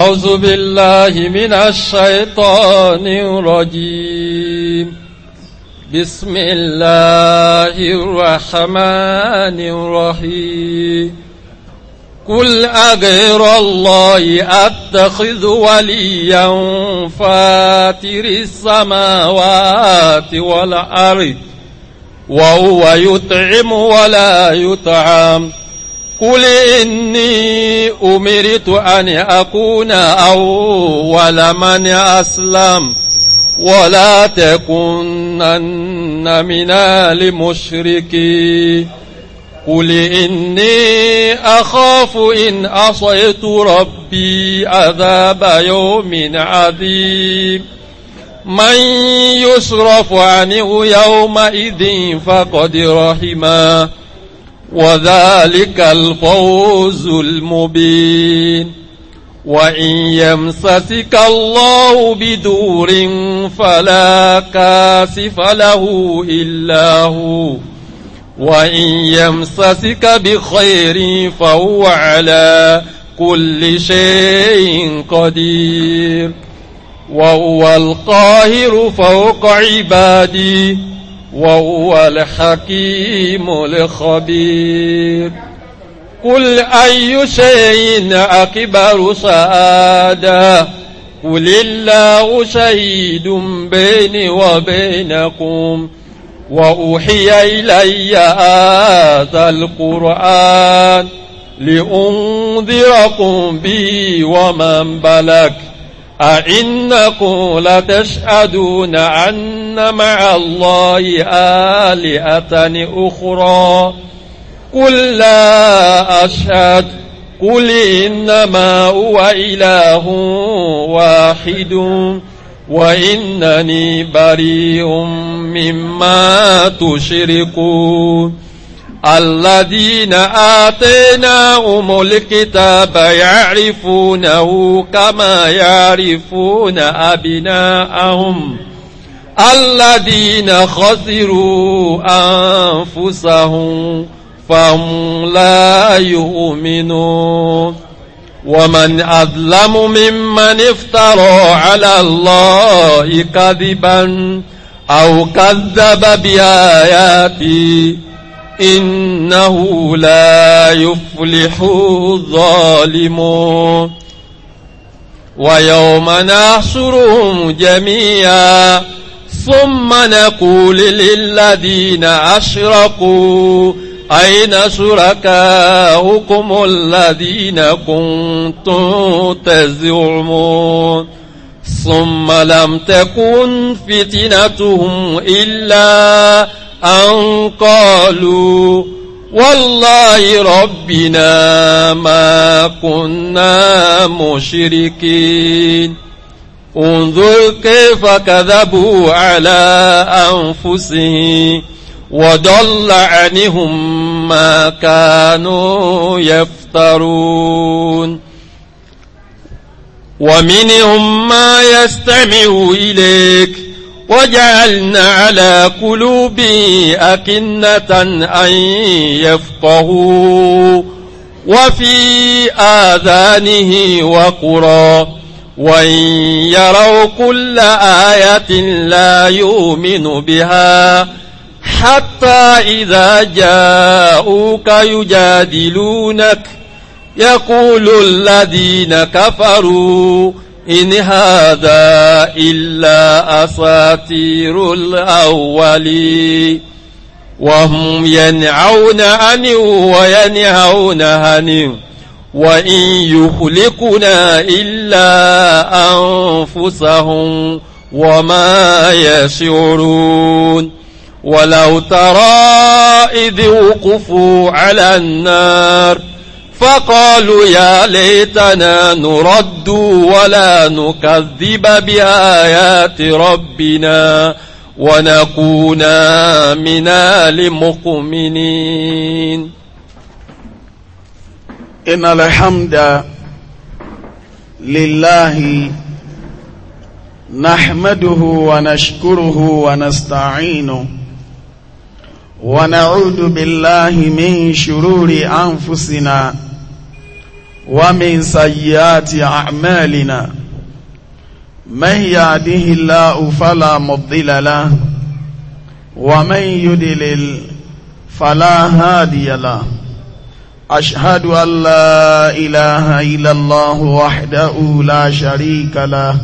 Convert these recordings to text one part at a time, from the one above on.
أعوذ بالله من الشيطان الرجيم بسم الله الرحمن الرحيم قل أغير الله أتخذ وليا فاتر السماوات والأرض وهو يطعم ولا يطعم قل إني أمرت أن أكون أول من أسلم ولا تكونن من المشركين قل إني أخاف إن عصيت ربي عذاب يوم عظيم من يصرف عنه يومئذ فقد رحمه وذلك الفوز المبين وإن يمسسك الله بدور فلا كاسف له إلا هو وإن يمسسك بخير فهو على كل شيء قدير وهو القاهر فوق عبادي وهو الحكيم الخبير قل أي شيء أكبر سعادة قل الله شهيد بيني وبينكم وأوحي إلي هذا القرآن لأنذركم به ومن بلغ أئنكم لتشهدون أن مع الله آلهة أخرى قل لا أشهد قل إنما هو إله واحد وإنني بريء مما تشركون الذين آتيناهم الكتاب يعرفونه كما يعرفون أبناءهم الذين خسروا أنفسهم فهم لا يؤمنون ومن أظلم ممن افترى على الله كذبا أو كذب بآياته إنه لا يفلح الظالمون ويوم نحشرهم جميعا ثم نقول للذين أشركوا أين شركاؤكم الذين كنتم تزعمون ثم لم تكن فتنتهم إلا أن قالوا والله ربنا ما كنا مشركين انظر كيف كذبوا على أنفسهم وضل عنهم ما كانوا يفترون ومنهم ما يستمع إليك وجعلنا على قلوبه أكنة أن يفقهوا وفي آذانه وقرا وإن يروا كل آية لا يؤمن بها حتى إذا جاءوك يجادلونك يقول الذين كفروا إن هذا إلا أساطير الأولين وهم ينعون عنه وينهون عنه وإن يخلقنا إلا أنفسهم وما يشعرون ولو ترى إذ وقفوا على النار فقالوا يا ليتنا نرد ولا نكذب بآيات ربنا ونكون من المؤمنين إن الحمد لله نحمده ونشكره ونستعينه ونعوذ بالله من شرور أنفسنا ومن سيئات أعمالنا من يهده الله فلا مضل له ومن يدلل فلا هادي له أشهد أن لا إله إلا الله وحده لا شريك له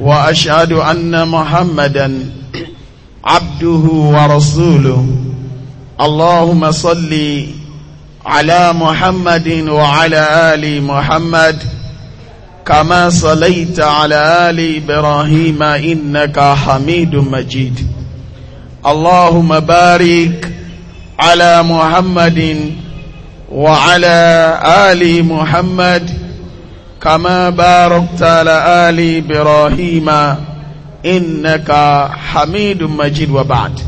وأشهد أن محمدا عبده ورسوله اللهم صلِّ على محمد وعلى آل محمد كما صليت على آل إبراهيم إنك حميد مجيد اللهم بارك على محمد وعلى آل محمد كما باركت على آل إبراهيم إنك حميد مجيد وبعد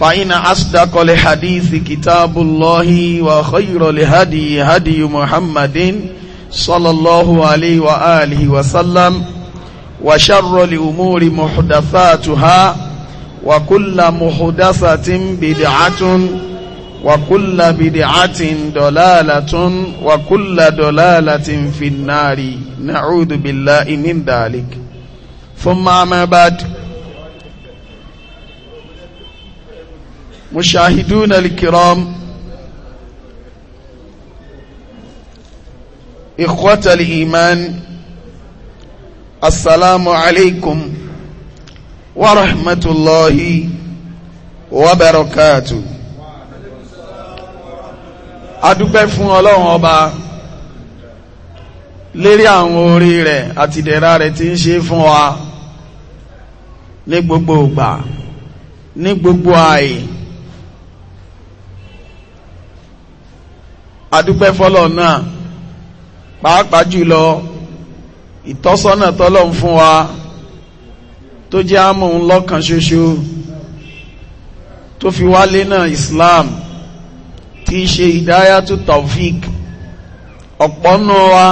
فإن أصدق لحديث كتاب الله وخير لهدي هدي محمد صلى الله عليه وآله وسلم وشر الأمور محدثاتها وكل محدثة بدعة وكل بدعة ضلالة وكل ضلالة في النار نعوذ بالله من ذلك ثم أما بعد مشاهدون الكرام إخوة الإيمان السلام عليكم ورحمة الله وبركاته adúpẹ́ fún ọlọ́run ọba lérí àwọn orí rẹ̀ àti dẹ̀ra rẹ̀ tí ń ṣe fún wa ní gbogbo ìgbà ní gbogbo ààyè adúpẹ́ fọ́lọ̀ náà pàápàá jùlọ ìtọ́sọ́nà tọ́lọ̀ ń fún wa tó jẹ́ àmọ́ ń lọ́kàn ṣoṣo tó fi wálé náà Islam tí í ṣe ìdáyàtú taufik ọ̀pọ̀ wa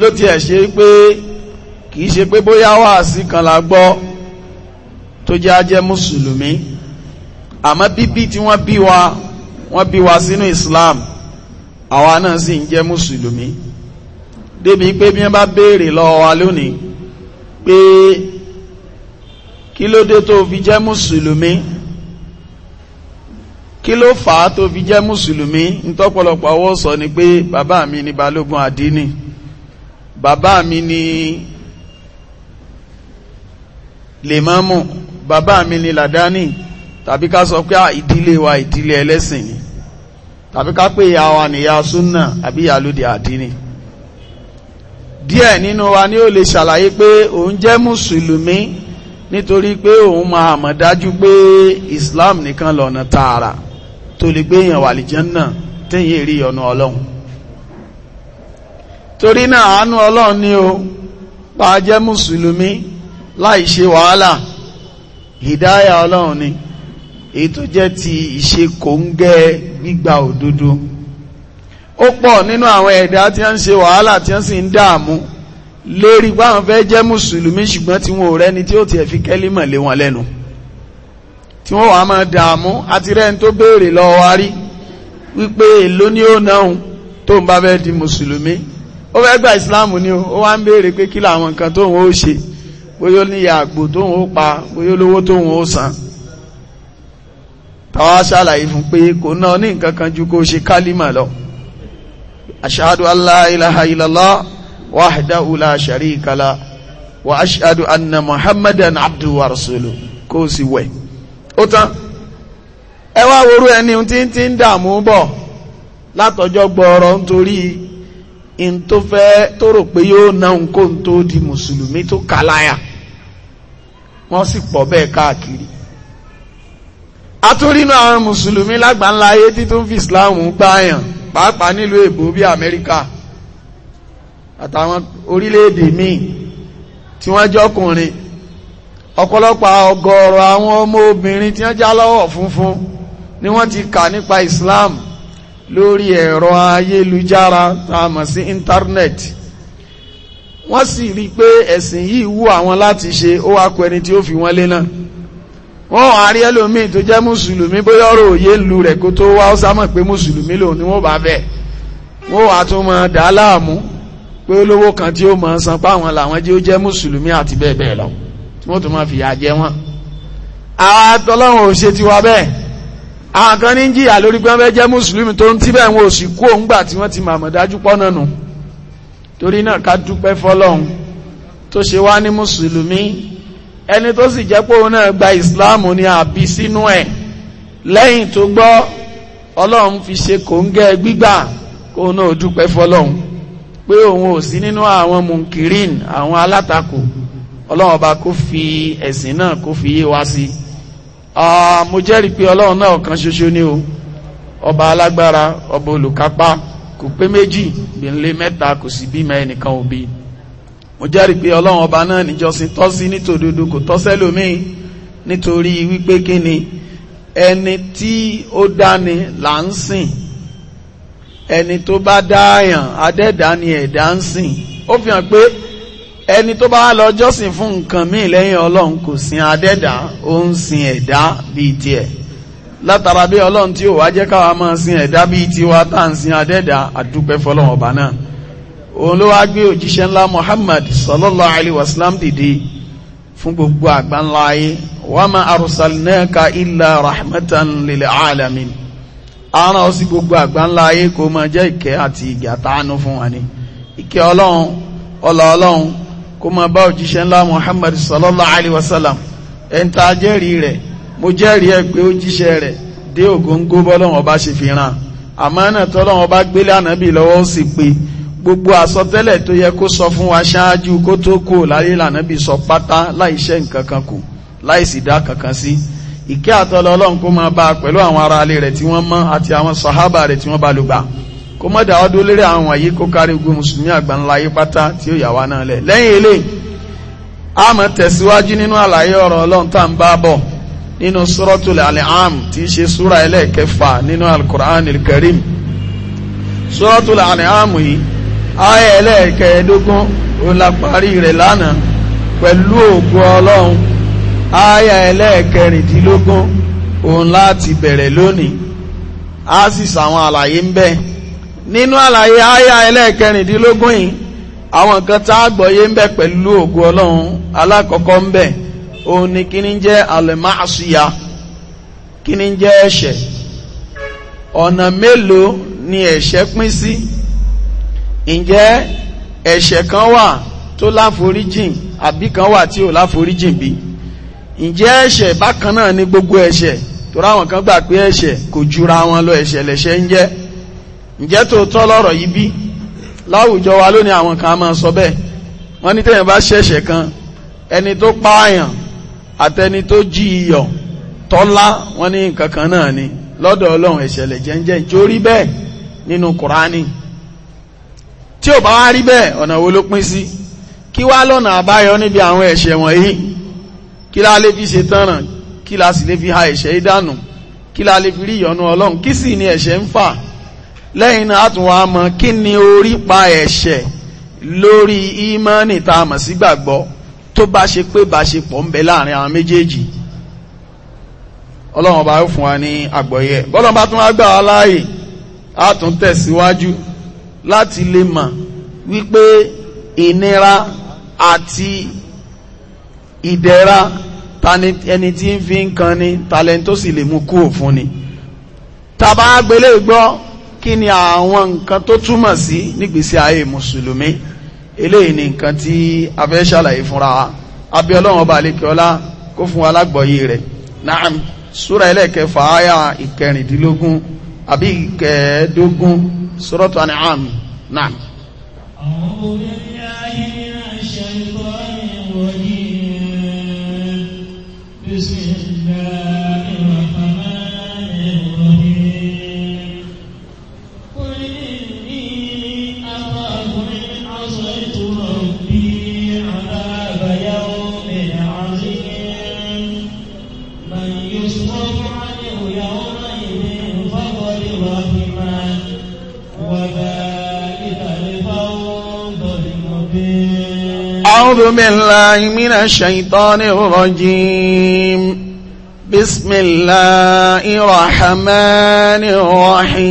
ló tiẹ̀ ṣe pé kì í ṣe pé bóyá wàásí kan la gbọ́ tó jẹ́ ajẹ́ mùsùlùmí àmọ́ bíbí tí wọ́n bí wa wọ́n bí wa sínú Islam àwa náà sì ń jẹ́ mùsùlùmí débi pé bí wọ́n bá béèrè lọ́wọ́ wa lónìí pé kí ló dé tó fi jẹ́ mùsùlùmí kí ló fà á tó fi jẹ́ mùsùlùmí ntọ́pọ̀lọpọ̀ àwọn sọ ni pé bàbá mi ni balógun àdínì bàbá mi ni lèmọ́mù bàbá mi ni làdání tàbí ká sọ pé ìdílé wa ìdílé ẹlẹ́sìn ni tàbí ká pé ìyá wa nìyá súnà àbí ìyá lóde àdínì díẹ̀ nínú wa ni ó lè ṣàlàyé pé òun jẹ́ mùsùlùmí nítorí pé òun máa mọ̀ dájú pé Islam nìkan lọ́nà tààrà tó lè gbé èèyàn wà lìjánná téèyàn rí ọ̀nà ọlọ́run torí náà àánú ọlọ́run ni o bá jẹ́ mùsùlùmí láì ṣe wàhálà hìdáyà ọlọ́run ni èyí jẹ́ ti ìṣe kòńgẹ́ gbígba òdodo ó pọ̀ nínú àwọn ẹ̀dá tí wọ́n ń ṣe wàhálà tí wọ́n sì ń dààmú lérí báwọn fẹ́ jẹ́ mùsùlùmí ṣùgbọ́n tí wọn ò rẹ́ni tí ó tiẹ̀ fi kẹ́límọ̀ lé wọn lẹ́nu tí wọ́n wàá máa dààmú àti rẹ́ni tó béèrè lọ́wọ́ wa rí wípé èló ni ó náà tó ń bá fẹ́ di mùsùlùmí ó fẹ́ gba ìsìláàmù ni ó wá ń béèrè pé kí làwọn nǹkan tóun ó ṣe bóyá ó tóun ó pa bóyá olówó tóun ó san tàwa ṣàlàyé fún pé kò náà ní nǹkan ju kó ṣe kálímà lọ ashadu allah ilaha illallah wahdahu la sharika la wa ashadu anna muhammadan abdu wa rasulu kó sì wẹ̀ ó tán ẹ wá worú ẹni tí ń tí ń dààmú bọ̀ látọjọ́ gbọ́ọ̀rọ̀ nítorí in tó fẹ́ tó rò pé yóò ná nǹkó tó di mùsùlùmí tó kàláyà wọ́n sì pọ̀ bẹ́ẹ̀ káàkiri atúrínú àwọn mùsùlùmí lágbàńlá ayé títún fi islam gbáyàn pàápàá nílùú èbó bí amẹ́ríkà àtàwọn orílẹ̀-èdè míì tí wọ́n jọ́kùnrin ọ̀pọ̀lọpọ̀ ọgọ́rọ̀ àwọn ọmọ obìnrin tí wọ́n já lọ́wọ́ funfun ni wọ́n ti kà nípa islam lórí ẹ̀rọ ayélujára tá a mọ̀ sí internet wọ́n sì rí i pé ẹ̀sìn yìí wù àwọn láti ṣe ó wá kọ ẹni tí ó fi wọ́n lé náà wọ́n wà á rí ẹlòmíì tó jẹ́ mùsùlùmí bóyá ọ̀rọ̀ òye lu rẹ̀ kó tó wá ó sámọ̀ pé mùsùlùmí lòun ni wọ́n bá bẹ̀ wọ́n wà á tún mọ dá láàmú pé olówó kan tí ó mọ san páwọn làwọn jẹ́ ó jẹ́ mùsùlùmí àti bẹ́ẹ̀ bẹ́ẹ̀ lọ tí wọ́n tún máa fìyà jẹ wọ́n. àwa tọ́lọ́run ò ṣe tiwa bẹ́ẹ̀ àwọn kan ní jìyà lórí pé wọ́n fẹ́ jẹ́ mùsùlùmí tó ń tíbẹ̀ wọn ò sì kú òun gbà tí wọ́n ti màmọ̀ dájú pọ́nà nù torí náà ká dúpẹ́ fọlọ́run tó ṣe wá ní mùsùlùmí ẹni tó sì jẹ́ pé òun náà gba ìsìláàmù ni àbí sínú ẹ̀ lẹ́yìn tó gbọ́ ọlọ́run fi ṣe kòńgẹ́ gbígbà kó náà dúpẹ́ fọlọ́run pé òun ò sí nínú àwọn munkirin àwọn alátakò ọlọ́run ọba kó fi ẹ̀sìn náà kó fi yé wa sí mo jẹ́rìí pé ọlọ́run náà ọ̀kan ṣoṣo ni o ọba alágbára ọba olùkápá kò pé méjì gbìnlẹ̀ mẹ́ta kò sì bímọ ẹnìkan òbí mo jẹ́rìí pé ọlọ́run ọba náà níjọsìn tọ́sí nítòdodo kò tọ́sẹ́ lómi nítorí wípé kí ni ẹni tí ó dáni là ń sìn ẹni tó bá dáàyàn adẹ́dá ni ẹ̀dá ń sìn ó fi hàn pé ẹni tó bá lọ jọ́sìn fún nǹkan míì lẹ́yìn ọlọ́run kò sin adẹ́dá ó ń sin ẹ̀dá bíi tiẹ̀ látara bí ọlọ́run tí ó wá jẹ́ káwa máa sin ẹ̀dá bíi tiwa tá à ń sin adẹ́dá àdúpẹ́ fọlọ́run ọba náà òun ló wá gbé òjíṣẹ́ ńlá Muhammad sallallahu alaihi wasallam dìde fún gbogbo àgbáńlá ayé wa ma arsalnaka illa rahmatan lil alamin ara ó sì gbogbo àgbáńlá ayé kó máa jẹ́ ìkẹ́ àti ìgbàtánú fún wa ní ìkẹ́ ọlọ́run ọlá ọlọ́run kó máa bá òjíṣẹ́ ńlá Muhammad sallallahu alaihi wasallam ẹni jẹ́rìí rẹ̀ mo gbogbo àsọtẹ́lẹ̀ tó yẹ kó sọ fún wa ṣáájú kó tó kó láyé lànàbí sọ pátá láìṣẹ́ nǹkankan kù láìsì dá kankan sí ìkẹ́ àtọ́lọ ọlọ́run kó máa bá a pẹ̀lú àwọn ará alé rẹ̀ tí wọ́n mọ́ àti àwọn sàhábà rẹ̀ tí wọ́n bá lò gbà kó mọ́ dáwọ́ dó lérí àwọn wọ̀nyí kó kárí gbogbo mùsùlùmí àgbáńlá ayé pátá tí ó yà wá náà lẹ̀ lẹ́yìn ilé a mọ̀ tẹ̀síwájú nínú àlàyé ọ̀rọ̀ ọlọ́run tá à ń bá bọ̀ nínú suratul An'am tí í ṣe súra ẹlẹ́ẹ̀kẹfà nínú al-Qur'an al-Karim suratul An'am yìí ayé ẹlẹ́ẹ̀kẹ́ẹ̀dógún òun la parí rẹ̀ lánàá pẹ̀lú ògo ọlọ́run ayé ẹlẹ́ẹ̀kẹrìndínlógún òun láti bẹ̀rẹ̀ lónìí a sì sàwọn àlàyé ń bẹ nínú àlàyé ayé ẹlẹ́ẹ̀kẹrìndínlógún yìí àwọn nǹkan tá a gbọ́yé ń bẹ pẹ̀lú ògo ọlọ́run alákọ̀ọ́kọ́ ń bẹ òun ni kí ni jẹ́ alẹ́máṣíya kí ni jẹ́ ẹ̀ṣẹ̀ ọ̀nà mélòó ni ẹ̀ṣẹ̀ pín sí ǹjẹ́ ẹ̀ṣẹ̀ kan wà tó láforíjìn àbí kan wà tí ò láforíjìn bí ǹjẹ́ ẹ̀ṣẹ̀ bákan náà ni gbogbo ẹ̀ṣẹ̀ torí àwọn kan gbà pé ẹ̀ṣẹ̀ kò jura wọn lọ ẹ̀ṣẹ̀ lẹ̀ṣẹ̀ ń jẹ́ ǹjẹ́ tó tọ́ lọ́rọ̀ yìí bí láwùjọ wa lónìí àwọn kan máa sọ bẹ́ẹ̀ wọ́n ní tẹ́yàn bá ṣẹ̀ṣẹ̀ kan ẹni tó pààyàn àtẹni tó jí iyọ̀ tọ́lá wọ́n ní nǹkan kan náà ni lọ́dọ̀ ọlọ́run ẹ̀ṣẹ̀ lẹ̀ṣẹ̀ ń ìjórí bẹ́ẹ̀ nínú Kùránì tí ò bá wá rí bẹ́ẹ̀ ọ̀nà wo ló pín sí kí wá lọ́nà àbáyọ níbi àwọn ẹ̀ṣẹ̀ wọ̀nyí kí la lè fi ṣe tánràn kí la sì lè fi ha ẹ̀ṣẹ̀ ìdánù kí la lè fi rí ìyọnu ọlọ́run kí sì ni ẹ̀ṣẹ̀ ń fà lẹ́yìn náà a tún wá mọ̀ kí ni orí pa ẹ̀ṣẹ̀ lórí ìmánì tá a mọ̀ sí gbàgbọ́ tó bá ṣe pé bá ṣe pọ̀ ń bẹ láàrin àwọn méjèèjì ọlọ́run ọba ó fún wa ní àgbọ́yé bọ́lọ́run bá tún wá gbà wá láàyè a tún tẹ̀síwájú láti lè mọ̀ wípé ìnira àti tani ẹni tí ń fi ń kan ni talentosi sì lè mú kúrò fún ni tàbá gbélé gbọ́ kí ni àwọn nǹkan tó túmọ̀ sí nígbésí ayé mùsùlùmí eléyìí ni nǹkan tí a fẹ́ ṣàlàyé fúnra wa abẹ́ ọlọ́run ọba àlekèọ́lá kó fún wa lágbọ̀ọ́yé rẹ̀ naam súra ẹlẹ́kẹfà áyà ìkẹrìndínlógún àbí ìkẹẹ̀ẹ́dógún suratu an'am naam. àwọn olóyè أعوذ بالله من الشيطان الرجيم بسم الله الرحمن الرحيم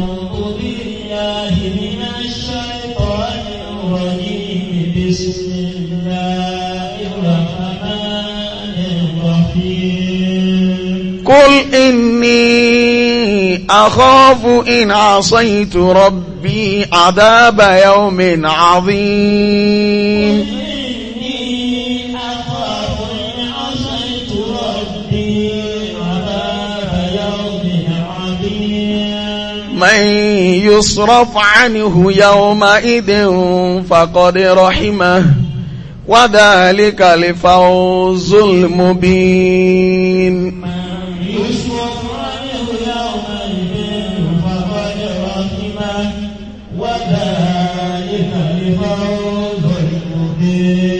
أعوذ بالله من الشيطان الرجيم بسم الله الرحمن الرحيم قل إني أخاف إن عصيت ربي عذاب يوم عظيم من يصرف عنه يومئذ فقد رحمه وذلك الفوز المبين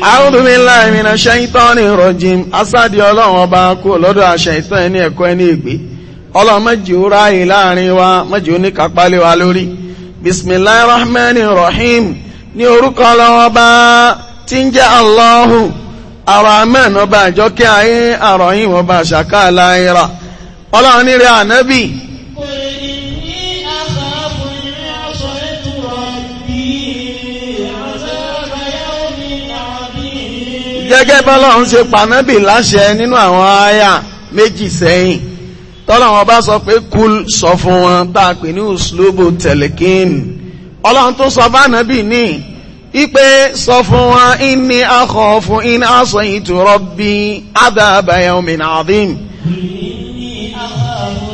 A'udhu billahi minash shaitani rajim asáàdì ọlọ́run ọba kú lọ́dọ̀ àṣẹ ìtàn ẹni ẹ̀kọ́ ẹni ìgbé ọlọ́run mẹ́jì ó ráyè láàrin wa mẹ́jì ó ní kápálẹ̀ wa lórí bismillahir rahmanir rahim ní orúkọ ọlọ́run ọba gẹ́gẹ́ bọ́lọ́run ṣe pànábì láṣẹ nínú àwọn àyà méjì sẹ́yìn tọ́lọ́run bá sọ pé kúl sọ fún wọn bá a pè ní uslubu tẹ̀lẹ́kìn ọlọ́run tó sọ fánàbì ní ipe sọ fún wọn inni akhafu in asaytu rabbi adhaba yawmin adhim inni akhafu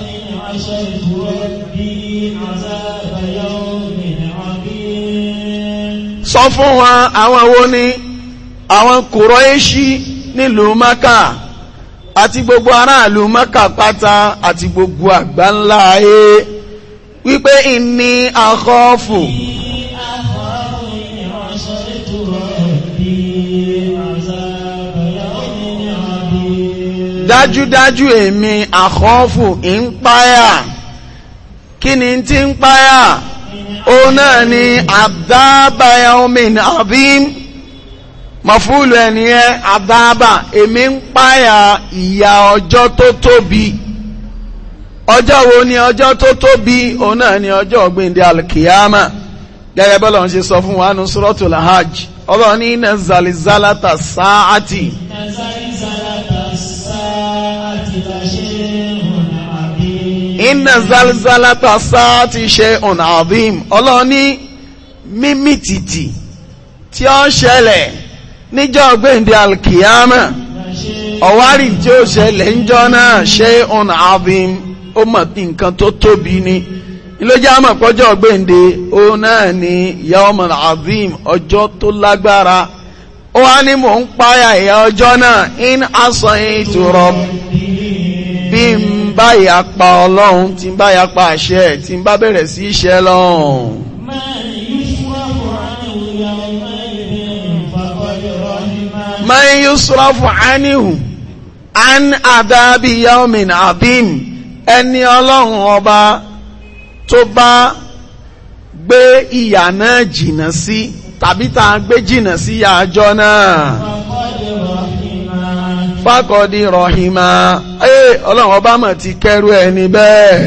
sọ fún wọn àwọn wo ni àwọn Kùrọ́ẹ́ṣì nílùú Mẹ́kà àti gbogbo aráàlú Mẹ́kà pátá àti gbogbo àgbáńlá ayé wípé ìní àkọ́ọ̀fù. dájúdájú èmi àkọ́ọ̀fù ń páyà kí ni tí ń páyà òun náà ni àdábáyà omi àbí. mọ̀fúlù ẹni ẹ àdáàbà èmi ń páyà ìyà ọjọ́ tó tóbi ọjọ́ wo ni ọjọ́ tó tóbi òun náà ni ọjọ́ ọ̀gbìndì alkiyama gẹ́gẹ́ bọ́lá ń ṣe sọ fún wa nù suratul hajj ọlọ́run ní iná zalizalata sáàtì. iná zalizalata sáàtì ṣe ọ̀nà àdìm ọlọ́run ní mímítìtì tí ó ń ṣẹlẹ̀ níjọ́ gbẹ̀ndẹ̀ alkiyama ọ̀wárì tí ó ṣẹlẹ̀ ńjọ́ náà ṣe on abim ó mọ̀ nǹkan tó tóbi ni ìlójá àmọ̀ pọ́jọ́ gbẹ̀ndẹ̀ ó náà ni yaoman abim ọjọ́ tó lágbára ó wá ní mò ń páyà ìyà ọjọ́ náà in asan ìtura bí n bá yà pa ọlọ́run tí n bá yà pa àṣẹ tí n bá bẹ̀rẹ̀ sí iṣẹ́ lọ́hùn. man yusrafu anihu an adabi yawmin abim ẹni ọlọ́run ọba tó bá gbé ìyà náà jìnà sí tàbí tá a gbé jìnà sí ìyà àjọ náà fákọ̀ọ́dí rọ̀hìmá ẹ ọlọ́run ọba mọ̀ ti kẹ́rù ẹni bẹ́ẹ̀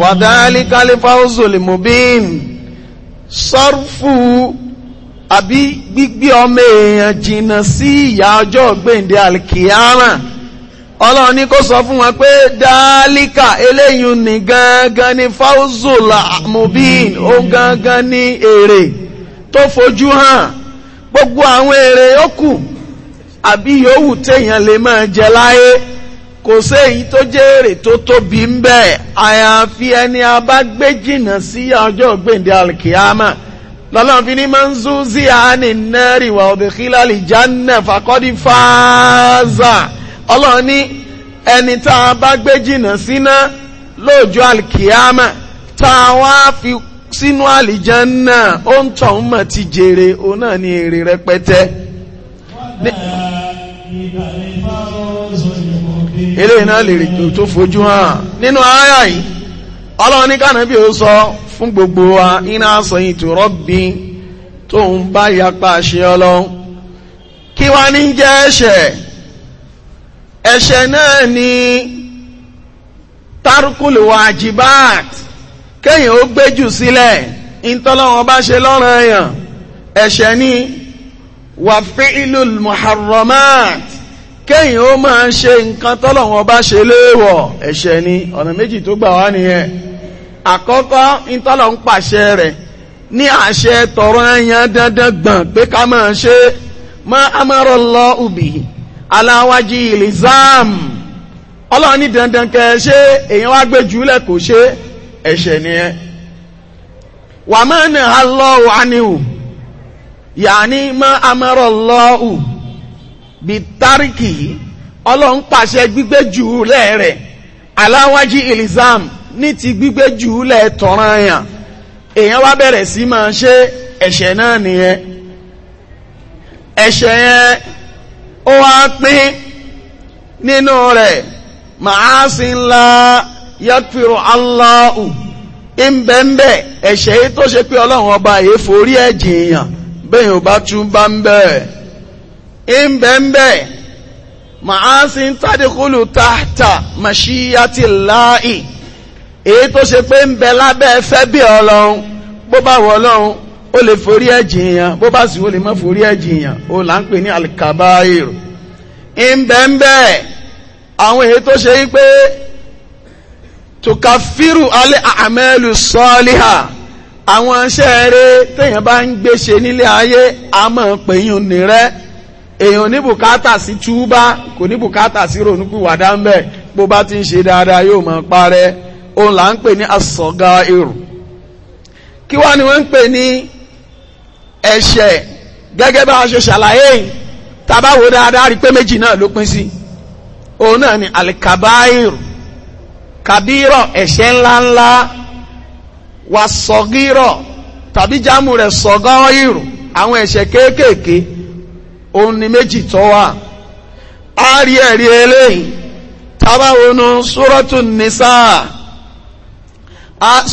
wàdálí kálífà ó zòlè mọ̀bíìn sọ́rfù àbí gbígbí ọmọ èèyàn jìnnà sí ìyá ọjọ́ gbèǹde alkiyama ọlọ́run ní kó sọ fún wọn pé dáálíkà eléyìí ní gangan ni fáúzùlà mubin ó gangan ní èrè tó fojú hàn gbogbo àwọn èrè yòókù àbí yòówù téèyàn lè máa jẹ láyé kò séyìí tó jèrè tó tóbi ń bẹ àyàfi ẹni a bá gbé jìnnà sí ọjọ́ gbèǹde alkiyama lọ́lọ́run fi ní máa ń zú sí àánì nẹ́rì wà òdìkílà lìjánà fàkọ́dí fáázà ọlọ́run ní ẹni tá a bá gbé jìnnà síná lóòjọ́ alkiyama tá a wá fi sínú àlìjánà ó ń tọ̀hún mọ̀ ti jèrè òun náà ní èrè rẹpẹtẹ eléyìí náà lè rìn tó fojú hàn nínú àyà yìí ọlọ́run ní kànábì ó sọ fún gbogbo wa iná sọ yìí tó rọ́bì tó ń bá yapa ṣe ọlọ́run kí wá ní jẹ́ ẹ̀ṣẹ̀ ẹ̀ṣẹ̀ náà ni tarukulu wajibat kéèyàn ó gbéjù sílẹ̀ ìtọ́lọ́wọ́n bá ṣe lọ́ranyàn ẹ̀ṣẹ̀ ni wàfíìlú kéyìn ó máa ń ṣe nǹkan tọ́lọ̀wọ̀n bá ṣe léèwọ̀ ẹ̀ṣẹ̀ ni ọ̀nà méjì tó gbà wá nìyẹn àkọ́kọ́ ìtọ́lọ̀ ń pàṣẹ rẹ̀ ní àṣẹ tọrọ ẹ̀yàn dandan gbọ̀n pé ká máa ṣe mọ́ amárọ̀lọ́ ubì aláwájú ìlìzáàmù ṣe wá gbé jùlẹ̀ kò ṣe ẹ̀ṣẹ̀ nìyẹn bitariki ọlọ́run pàṣẹ gbígbé jù lẹ́ẹ̀rẹ̀ aláwájí ilizam ní ti gbígbé jù lẹ́ẹ̀ tọ̀ràn àyàn èèyàn wá bẹ̀rẹ̀ sí máa ṣe ẹ̀ṣẹ̀ náà nìyẹn ẹ̀ṣẹ̀ yẹn ó wá pín nínú rẹ̀ màásí ńlá yàtúrò aláhù ìbẹ̀ǹbẹ̀ ẹ̀ṣẹ̀ yìí tó ṣe pé ọlọ́run ìbẹ̀m̀bẹ̀ màá sí ń tàdíkùlù tààtà èyí tó ṣe pé ń bẹ lábẹ́ fẹ́ bí ọlọ́run bó bá wọ ọlọ́run ó lè forí ẹ̀jì bó bá sì ó lè má forí ẹ̀jì ó là ń pè ní alkabair ìbẹ̀m̀bẹ̀ àwọn èyí tó ṣe pé tùkàfírù alẹ́ àmẹ́lù sọ́ọ́líhà àwọn téèyàn bá ń nílé ayé a máa èèyàn ní bùkátà sí túbá kò ní bùkátà sí ronúpìwàdà ń bẹ bó bá ti ń ṣe dáadáa yóò máa parẹ́ òun là ń pè ní asọgá èrò kí wá ni wọ́n ń pè ní ẹ̀ṣẹ̀ gẹ́gẹ́ bá a ṣe ṣàlàyé tabawo dáadáa rí pé méjì náà ló pín sí òun náà ni alikabair kabirọ ẹ̀ṣẹ̀ ńláńlá wa sọgírọ tàbí jámù rẹ̀ sọgọ́ èrò àwọn ẹ̀ṣẹ̀ kéékèèké òun ni méjì tó wà á rí ẹ̀rí eléyìí tábàwọnú súrọ́tù nìsá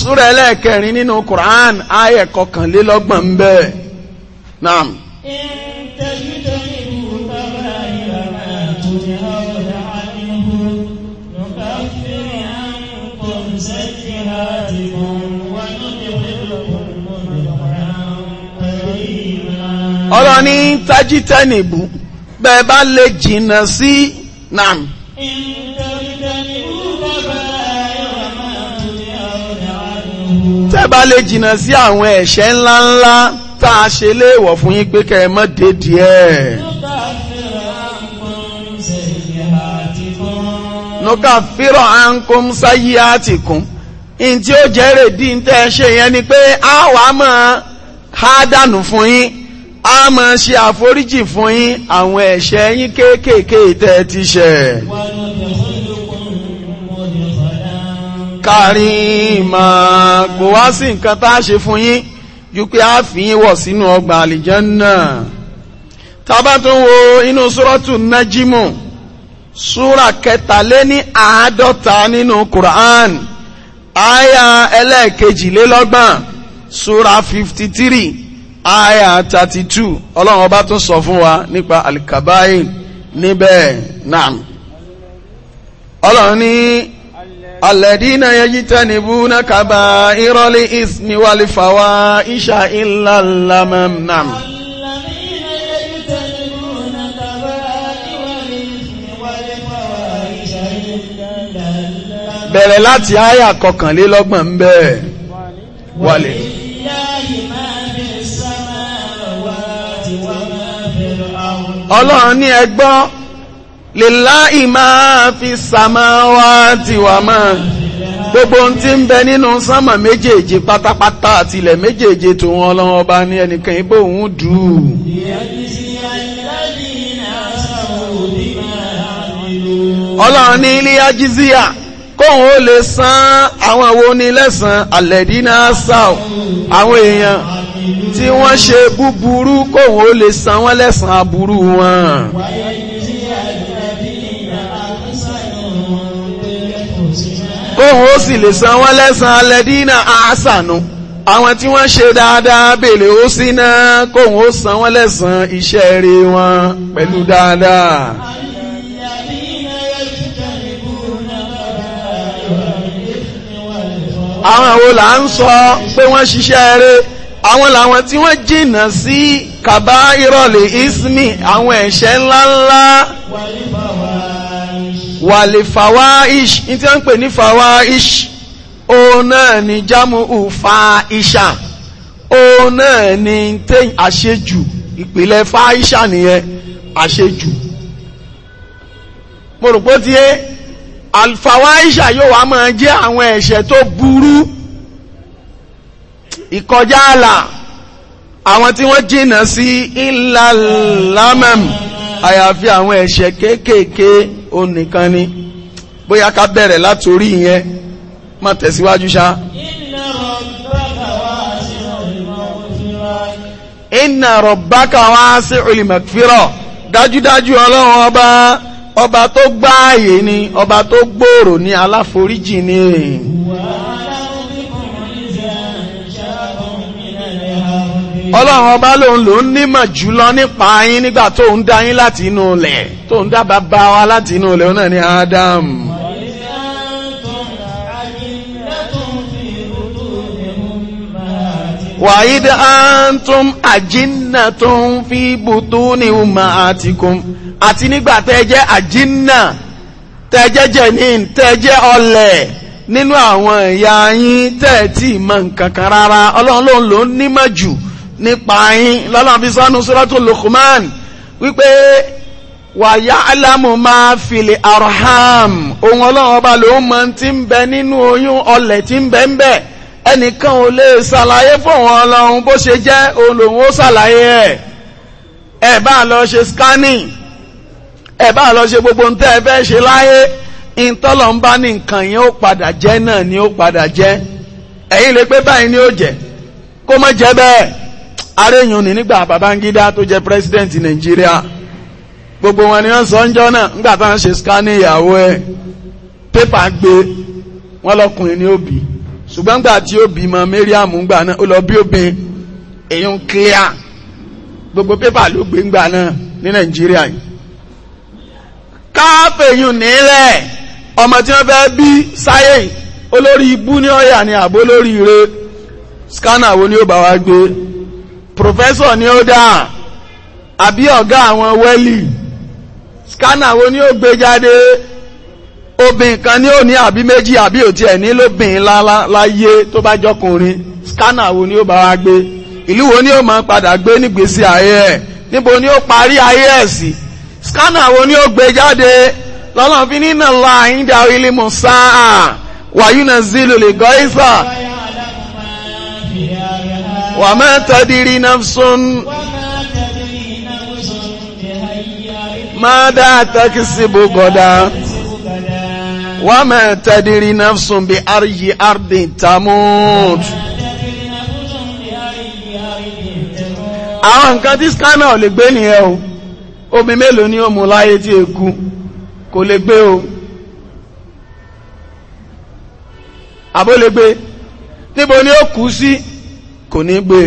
súrọ̀ ẹlẹ́ẹ̀kẹrin nínú Quran ayẹ̀ kọkànlélọ́gbọ̀n ń bẹ́ẹ̀ náà. ọ̀rọ̀ ní tajitẹ́nìbù bẹ́ẹ̀ bá lè jìnnà sí nam. tẹ́ bá lè jìnnà sí àwọn ẹ̀ṣẹ̀ ńláńlá tá a ṣe léèwọ̀ fún yín pé kẹ́ ẹ mọ́ dédìí ẹ̀. nuka fírọ̀ ankum sáyé àtìkún in ó jẹ́ rèdí tẹ́ ṣe yẹn ni pé a wàá mọ̀ ọ́ fún yín a máa ṣe àforíjì fún yín àwọn ẹ̀ṣẹ̀ yín kéékèèké tẹ́ ti ṣẹ̀. kárìmà kò wá sí nǹkan tá a ṣe fún yín ju pé a fi yín wọ̀ sínú ọgbà àlìjánná tábà tó wo inú súrọ́tù nájímù súrà kẹtàléní àádọ́ta nínú Qur'an àyà ẹlẹ́ẹ̀kejìlélọ́gbọ̀n súrà fifty three aya 32 ọlọ́run ọba tún sọ fún wa nípa alikabai níbẹ̀ náà ọlọ́run ní alẹ́dínà yẹjítẹ́ níbú náà kaba ìrọ́lẹ̀ ìsìn ìṣà ìlà náà bẹ̀rẹ̀ láti aya kọkànlélọ́gbọ̀n bẹ́ẹ̀ ọlọ́run ní ẹgbọ́ lillahi ma fi samawati wa ma gbogbo ohun tí ń bẹ nínú sánmà méjèèje pátápátá àti ilẹ̀ méjèèje tó wọn ọlọ́run ọba ní ẹnìkan ibò òun dùú. ọlọ́run ní ilé ajísíyà kóun ó lè san àwọn wo ni lẹ́sàn-án àlẹ́dínà àwọn èèyàn tí wọ́n ṣe búburú kóhun ó lè san wọ́n lẹ́san aburú wọn. kóhun ó sì lè san wọ́n lẹ́san alẹ́dínà àásànù àwọn tí wọ́n ṣe dáadáa bèlè ó sí náà kóhun ó san wọ́n lẹ́san iṣẹ́ rere wọn pẹ̀lú dáadáa. àwọn wo ń sọ pé wọ́n ṣiṣẹ́ rere àwọn làwọn tí wọ́n jìnnà sí kàbá ìrọ̀lẹ̀ ismi àwọn ẹ̀ṣẹ̀ ńláńlá wàlè fàwáìṣ ní tí wọ́n pè ní fàwáìṣ òun náà ni jámù ùfà ìṣà òun náà ni tẹ́yìn àṣejù ìpìlẹ̀ fáìṣà nìyẹn àṣejù mo rò pé ó ti yé àlfàwáìṣà yóò wá máa jẹ́ àwọn ẹ̀ṣẹ̀ tó burú ìkọjá àlà àwọn tí wọ́n jìnà sí illa lamam àyàfi àwọn ẹ̀ṣẹ̀ kéékèèké onìkan ni bóyá ká bẹ̀rẹ̀ látorí ìyẹn má tẹ̀síwájú ṣá. inna rabbaka wasi'ul maghfirah dájúdájú ọlọ́run ọba ọba tó gbáàyè ni ọba tó gbòòrò ni aláforíjì ni. ọlọ́run ọba lòun lòun nímọ̀ jùlọ nípa yín nígbà tó ń dá yín láti inú ilẹ̀ tó ń dá bàbá wa láti inú ilẹ̀ náà ni Adam. wàyídà antum àjínà tó ń fi bùtú ní umar àtìkùn àti nígbà tẹ́jẹ́ àjínà tẹ́jẹ́ jẹ̀nín tẹ́jẹ́ ọlẹ̀ nínú àwọn ìyá yín tẹ́ẹ̀tì mọ̀ nǹkan kan rárá ọlọ́run lòun lòun nímọ̀ jù nípa yín lọ́nà fi sọ́nu suratul Luqman wípé wa ya'lamu ma fil arham ohun ọlọ́run ọba ló mọ tí ń bẹ nínú oyún ọlẹ̀ tí ń bẹ ń bẹ ẹnìkan ò lè ṣàlàyé fóun ọlọ́run bó ṣe jẹ́ òun lòun ó ṣàlàyé ẹ̀ ẹ̀ bá lọ ṣe scanning ẹ̀ bá lọ ṣe gbogbo ntẹ́ ẹ fẹ́ ṣe láyé ìtọ́lọ̀ ń bá ní nǹkan yẹn ó padà jẹ́ náà ni ó padà jẹ́ ẹ̀yin lè pé báyìí ni ó jẹ́ kó má jẹ́ bẹ́ẹ̀ aréyìn ni nígbà Babangida tó jẹ́ president Nàìjíríà gbogbo wọn ni sọ ń jọ́ náà nígbà táwọn ṣe scanning ìyàwó pépà gbé wọn lọkùnrin ní òbí ṣùgbọ́n gbà tí ó ma Mariam gbà náà ó lọ bí obìnrin èyí ń clear gbogbo pépà ló gbé gbà náà ní Nàìjíríà yìí nílẹ̀ ọmọ tí fẹ́ bí olórí ibú ní ni àbó wo ni ó professor ni ó dáa àbí ọ̀gá àwọn wẹ́lì scanner wo ni ó gbé jáde obìnrin kan ni ó ní àbí méjì àbí òtí ẹ̀ ní lóbìnrin láyé tó bá jọkùnrin scanner wo ni ó bá wa gbé ìlú wo ni ó máa padà gbé nígbésí ayé ẹ̀ níbo ni ó parí ayé ẹ̀ sí scanner wo ni ó gbé jáde lọ́lọ́run fi nínà láàyín dárí límù sáà wàyúnà zilu lè gọ́ ìsà وما تدري نفس ماذا تكسب غدا وما تدري نفس بأي أرض تموت àwọn nǹkan tí scanner ò lè gbé nìyẹn o omi mélòó ni ó mú láyé tí èkú kò lè gbé o àbó lè gbé níbo ni ó kú sí kò ní gbé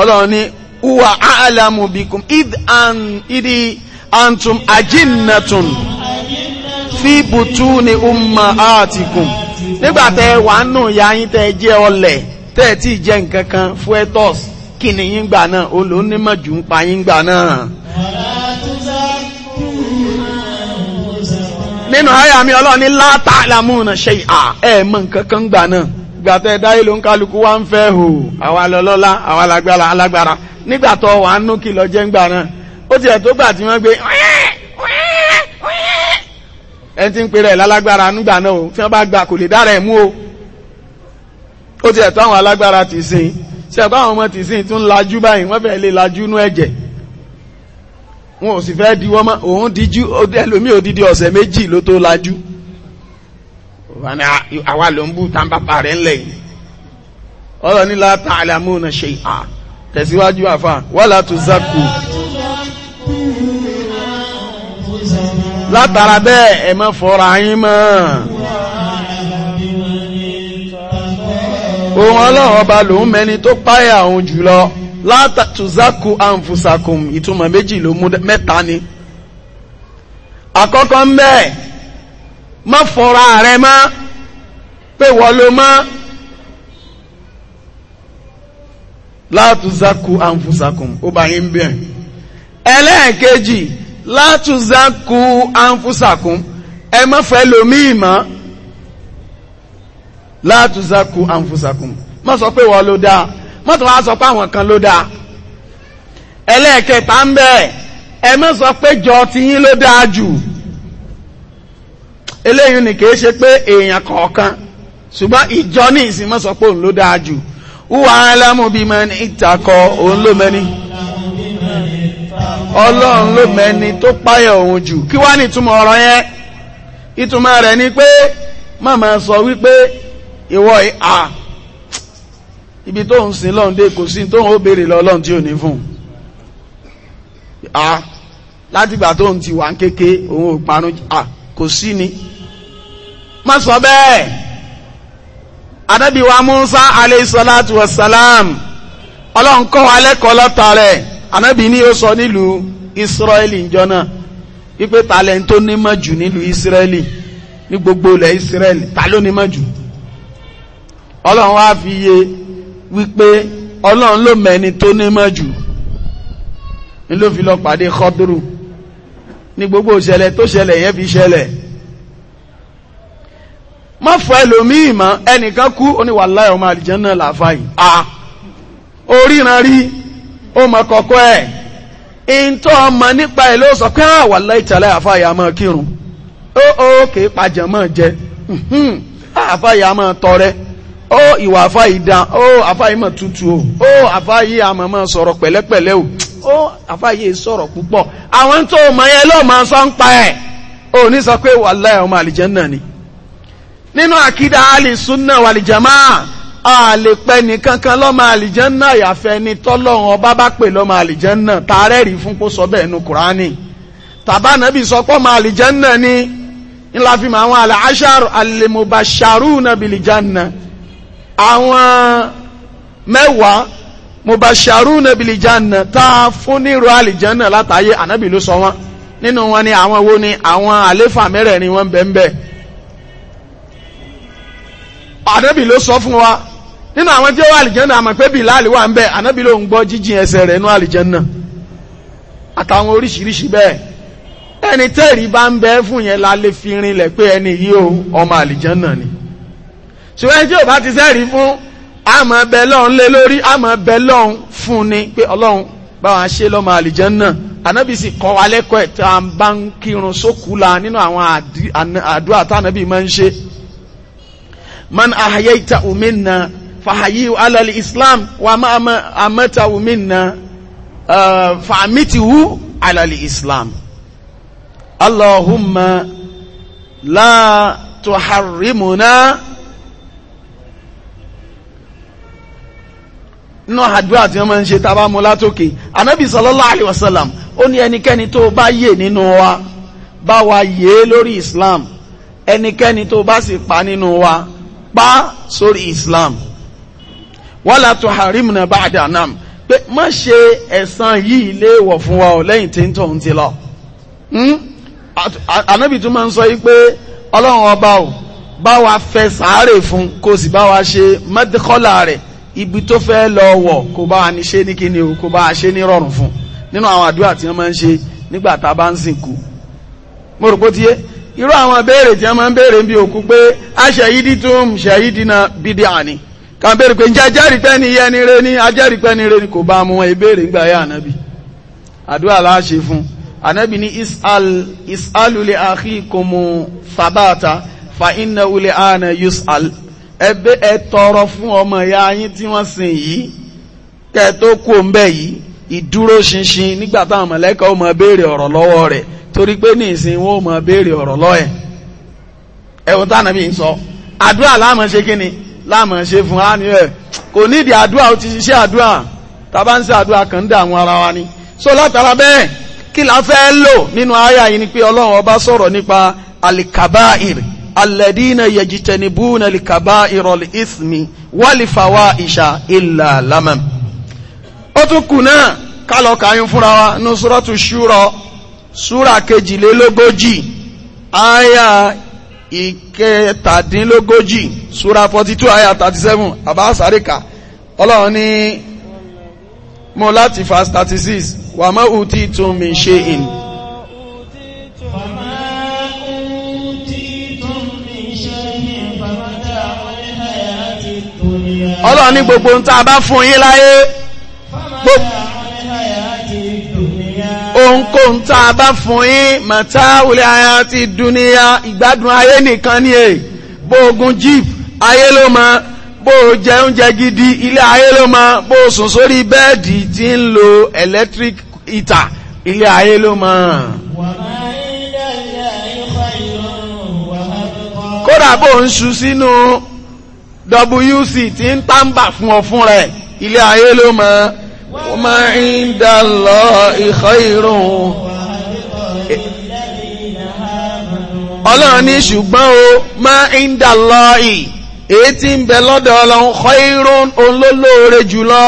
ọlọ́run ní uwa alamu bikum id an idi antum ajinnatun fi butuni ummahatikum nígbà tẹ́ wà nù ya yín tẹ́ jẹ́ ọlẹ̀ tẹ́ tí jẹ́ nǹkan kan fuetus kí ni yín gbà náà olónímọ̀ jù ń pa yín gbà náà. nínú àyà mi ọlọ́run ní látàlámù náà ṣe à ẹ̀ mọ̀ kan gbà náà ìgbà tẹ́ dáyé ló ń kálukú wá ń fẹ́ hò àwa lọ́lọ́lá àwa alágbára alágbára nígbà tó wà ń nú kí lọ jẹ́ ń gbà náà ó tiẹ̀ tó gbà tí wọ́n gbé ẹni tí ń pèrè ẹ̀ lálágbára nígbà náà o tí wọ́n bá gbà kò lè dára ẹ̀ mú o ó tiẹ̀ tó àwọn alágbára tì sìn ṣe ẹ̀bá àwọn ọmọ tì sìn tún lajú báyìí wọ́n fẹ́ẹ́ lè lajú nú ẹ̀jẹ̀ wọn ò sì fẹ́ diwọ́ mọ́ òun díjú ẹlòmíì òdìdí wọ́n ní àwa ló ń bú tàǹbàpà rẹ̀ ńlẹ̀ yìí ọlọ́ni látà àlàmúnà ṣe à tẹ̀síwájú àfà wala tuzaku látara bẹ́ẹ̀ ẹ má fọ́ra yín mọ́ ohun ọlọ́run ọba lòun mẹ́ni tó páyà òun jùlọ látà tuzaku anfusakum ìtumọ̀ méjì ló mú mẹ́ta ni àkọ́kọ́ ń bẹ́ẹ̀ ma fọ́ra rẹ ma pé wọ́n ló mọ́ látúzákú àǹfùsàkùn ó bá yín bẹ̀ ẹlẹ́ẹ̀kejì látúzákú àǹfùsàkùn ẹ má fẹ́ lómíì sọ pé wọ́n ló dáa má tó sọ kan ló ẹlẹ́ẹ̀kẹta ń sọ pé jọ ló eléyìí ni kìí ṣe pé èèyàn kọ̀ọ̀kan ṣùgbọ́n ìjọ ní ìsinmọ́ sọ pé òun ló dáa jù wúwa alámú bí mẹ́ni ìtakọ ọlọ́run ló tó páyà òun jù kí wá ní ìtumọ̀ ọ̀rọ̀ yẹn ìtumọ̀ rẹ̀ ni pé màmá sọ wípé ìwọ à ibi tó ń sin lọ́n dé kò sí tó ń ó béèrè lọ́lọ́n tí ò ní fún à látìgbà tó ń ti wà kéke òun ò parun à kò sí ni má sọ bẹ́ẹ̀ Ànábì wa Musa alayhi salatu wassalam ọlọ́run kọ́ wa lẹ́kọ̀ọ́ lọ́ta rẹ̀ Ànábì ni ó sọ nílùú Israeli njọ́ náà wípé ta lẹ́ni tó nímọ̀ jù nílùú Israeli ní gbogbo ilẹ̀ Israeli ta ló nímọ̀ jù ọlọ́run wá fi yé wípé ọlọ́run ló mẹ́ni tó nímọ̀ jù ní ló fi lọ pàdé Khadru ní gbogbo ìṣẹ̀lẹ̀ tó ṣẹlẹ̀ yẹn fi ṣẹlẹ̀ má fọ ẹlòmíì mọ́ ẹnìkan kú oníwàláì ọmọ àlìjẹ́nà làfà yìí a oríran rí ó mọ kọ̀kọ́ ẹ̀ ìntọ́ ọmọ nípa ẹ̀ ló sọ pé àwàláì ah, tẹ̀lé àfàyà mọ́ kírun ó ó kè é pàjẹ́ mọ́ jẹ ah, àfàyà mọ́ tọrẹ ó ìwà àfàyì dán ó àfàyì mọ́ tutù o ó àfàyì àmọ́ mọ́ sọ̀rọ̀ pẹ̀lẹ́pẹ̀lẹ́ o ó àfàyè sọ̀rọ̀ púpọ̀ àwọn tó mọ̀ yẹn ló máa sọ ń pa ẹ̀ ò ní sọ pé wàláì ọmọ àlìjẹ́nà ni nínú àkídà alìsúnà wàlìjàmá a lè pẹ́ nìkankan lọ́mọ àlìjánná àyàfẹ́ ni tọ́lọ́run ọba bá pè lọ́mọ àlìjánná tààrẹ́ rí fún kó sọ bẹ́ẹ̀ nu kùránì tàbá sọ pé ọmọ àlìjánná ni ńlá fi mọ àwọn àlàáṣàrò àlèmọ̀bàṣàrù nàbìlìjánná àwọn mẹ́wàá mọ̀bàṣàrù nàbìlìjánná tá a fún nírò àlìjánná látàyè ànábì ló sọ wọn nínú wọn ni àwọn wo ni àwọn àléfà mẹ́rẹ̀ẹ̀rin wọn bẹ́ẹ̀ bẹ́ẹ̀ ànábì ló sọ fún wa nínú àwọn tí ó wà àlìjẹ́nà àmọ̀ pé Bílálì wà ń bẹ̀ ànábì ló ń gbọ́ jíjìn ẹsẹ̀ rẹ̀ nú àlìjẹ́nà àtàwọn oríṣiríṣi bẹ́ẹ̀ ẹni tẹ́rì bá ń bẹ fún yẹn la fi rinlẹ̀ pé ẹni yìí o ọmọ àlìjẹ́nà ni ṣùgbọ́n ẹni tí ò bá ti sẹ́rì fún àmọ́ bẹ lọ́hún lé lórí àmọ́ bẹ lọ́hún fún ni pé ọlọ́hun báwa ṣe lọ́mọ àlìjẹ́nà ànábì sì kọ́ wa lẹ́kọ̀ọ́ ẹ̀ tá à bá ń kírun sókùú nínú àwọn àdúrà tá máa ń ṣe man ahayaita minna fahayihu ala al-islam wa ma amata minna uh, fa'amitihu ala al-islam allahumma la tuharrimuna inú àdúrà tí wọ́n máa ń ṣe tábà mú látòkè anábì sallallahu alaihi wasallam ó ní ẹnikẹ́ni tó bá yè nínú wa bá wa yè lórí islam ẹnikẹ́ni tó bá sì pa nínú wa pa sórí Islam wala na ba'da nam pé má ṣe ẹ̀san yìí léèwọ̀ fún wa ò lẹ́yìn tí ń tọ̀ ń ti lọ. Hmm? ànábì tún máa ń sọ yìí pé ọlọ́run ọba ò bá wa fẹ́ sàárè fún kó sì bá wa ṣe mẹ́tíkọ́là rẹ̀ ibi tó fẹ́ lọ wọ̀ kó bá wa ní ṣe ní kíni o kó bá wa ṣe ní rọrùn fún nínú àwọn àdúrà tí wọ́n máa ń ṣe nígbà tá a bá ń sìnkú. mo rò pé ó ti yé irú àwọn béèrè tí wọ́n máa ń béèrè bí òkú pé aṣẹ̀yídí tún ṣẹ̀yídí na bídí àní kàn béèrè pé njẹ́ ajẹ́rìí pẹ́ ni yẹni rẹ ni ajẹ́rìí pẹ́ ni rẹ ni kò bá mu wọn ìbéèrè ń gbà yá ànábì àdúrà láṣẹ fún ànábì ní isal isalule akhikum fabata fa inna ule ana yusal ẹbẹ ẹ tọrọ fún ọmọ ìyá yín tí wọ́n sìn yìí kẹ́ tó kú òǹbẹ yìí ìdúró ṣinṣin nígbà táwọn mọ̀lẹ́kà ó máa béèrè ọ̀rọ̀ lọ́wọ́ rẹ̀ torí pé ní ìsìn wọn ó máa béèrè ọ̀rọ̀ lọ́ẹ̀ ẹ̀wọ̀n táwọn mi ń sọ àdúrà láàmọ̀ ṣe kí ni láàmọ̀ ṣe fún wa ni ẹ̀ kò nídìí àdúrà ó ti ṣiṣẹ́ àdúrà tàbá ń ṣe àdúrà kan ń dà àwọn ara wa ni so látara bẹ́ẹ̀ kí la fẹ́ lò nínú àyà yìí ni pé ọlọ́run ọba sọ̀rọ̀ ó tún kù náà kálọ̀ kàáyún fúnra wa ní suratu shura súra kejìlélógójì àyà ìkẹtàdínlógójì súra 42 àyà 37 àbáṣàríkà ọlọ́run ní mọ́ láti verse 36 wà mọ́ ùtí tún mi ṣe in ọlọ́run ní gbogbo ń tá bá fún yín láyé ohunkóhun tá a bá fún yín mọ̀tá wùlẹ̀ ayá ti dúníyà ìgbádùn ayé nìkan ni èyí bó ogun jeep ayé ló mọ bó o jẹ oúnjẹ gidi ilé ayé ló mọ bó o sùn sórí bẹ́ẹ̀dì tí ń lo electric heater ilé ayé ló mọ. kódà bó ń ṣu sínú wc tí ń tàǹbà fún ọ fún rẹ ilé ayé ló mọ. وما عند الله خير ọlọ́run ní ṣùgbọ́n o ma inda Allahi èyí tí ń bẹ lọ́dọ̀ ọlọ́run khairun olólóore jùlọ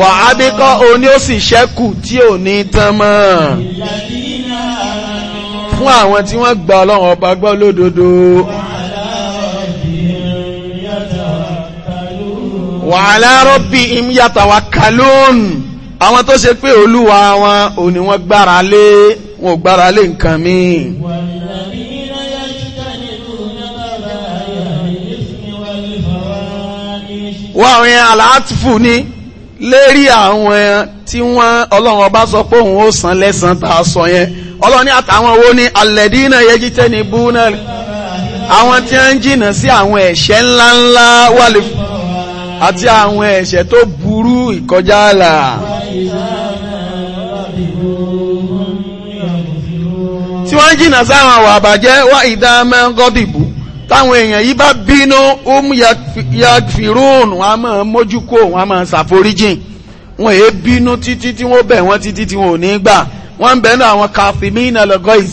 wà á bí kọ́ o ó sì ṣẹ́kù tí ò ní tán mọ́ fún àwọn tí wọ́n gba ọlọ́run ọba gbọ́ lódodo. wa ala rabbihim yatawakkalun àwọn tó ṣe pé olúwa wọn ò ní wọ́n gbára lé wọn ò gbára lé nǹkan míì wọ́n àwọn yẹn aláàtìfù ní lérí àwọn tí wọ́n ọlọ́run ọba sọ pé òun ó san lẹ́san tá a sọ yẹn ọlọ́run àtàwọn wo ni alẹ́dínà yẹjí tẹ́ni bú àwọn tí wọ́n ń jìnnà sí àwọn ẹ̀ṣẹ̀ ńláńlá wà lè fún àti àwọn ẹ̀ṣẹ̀ tó burú ìkọjá àlà tí wọ́n jìnnà sáwọn àwọ̀ àbàjẹ́ wá ìdámẹ́ gọ́dìbù táwọn èèyàn yìí bá bínú um yagfirun wọn a máa mójú kó wọn máa ṣàforíjìn wọn èé bínú títí tí wọ́n bẹ̀ wọ́n títí tí wọn ò ní gbà wọ́n ń bẹ̀ ní àwọn kàfímínà lọ́gọ́ìs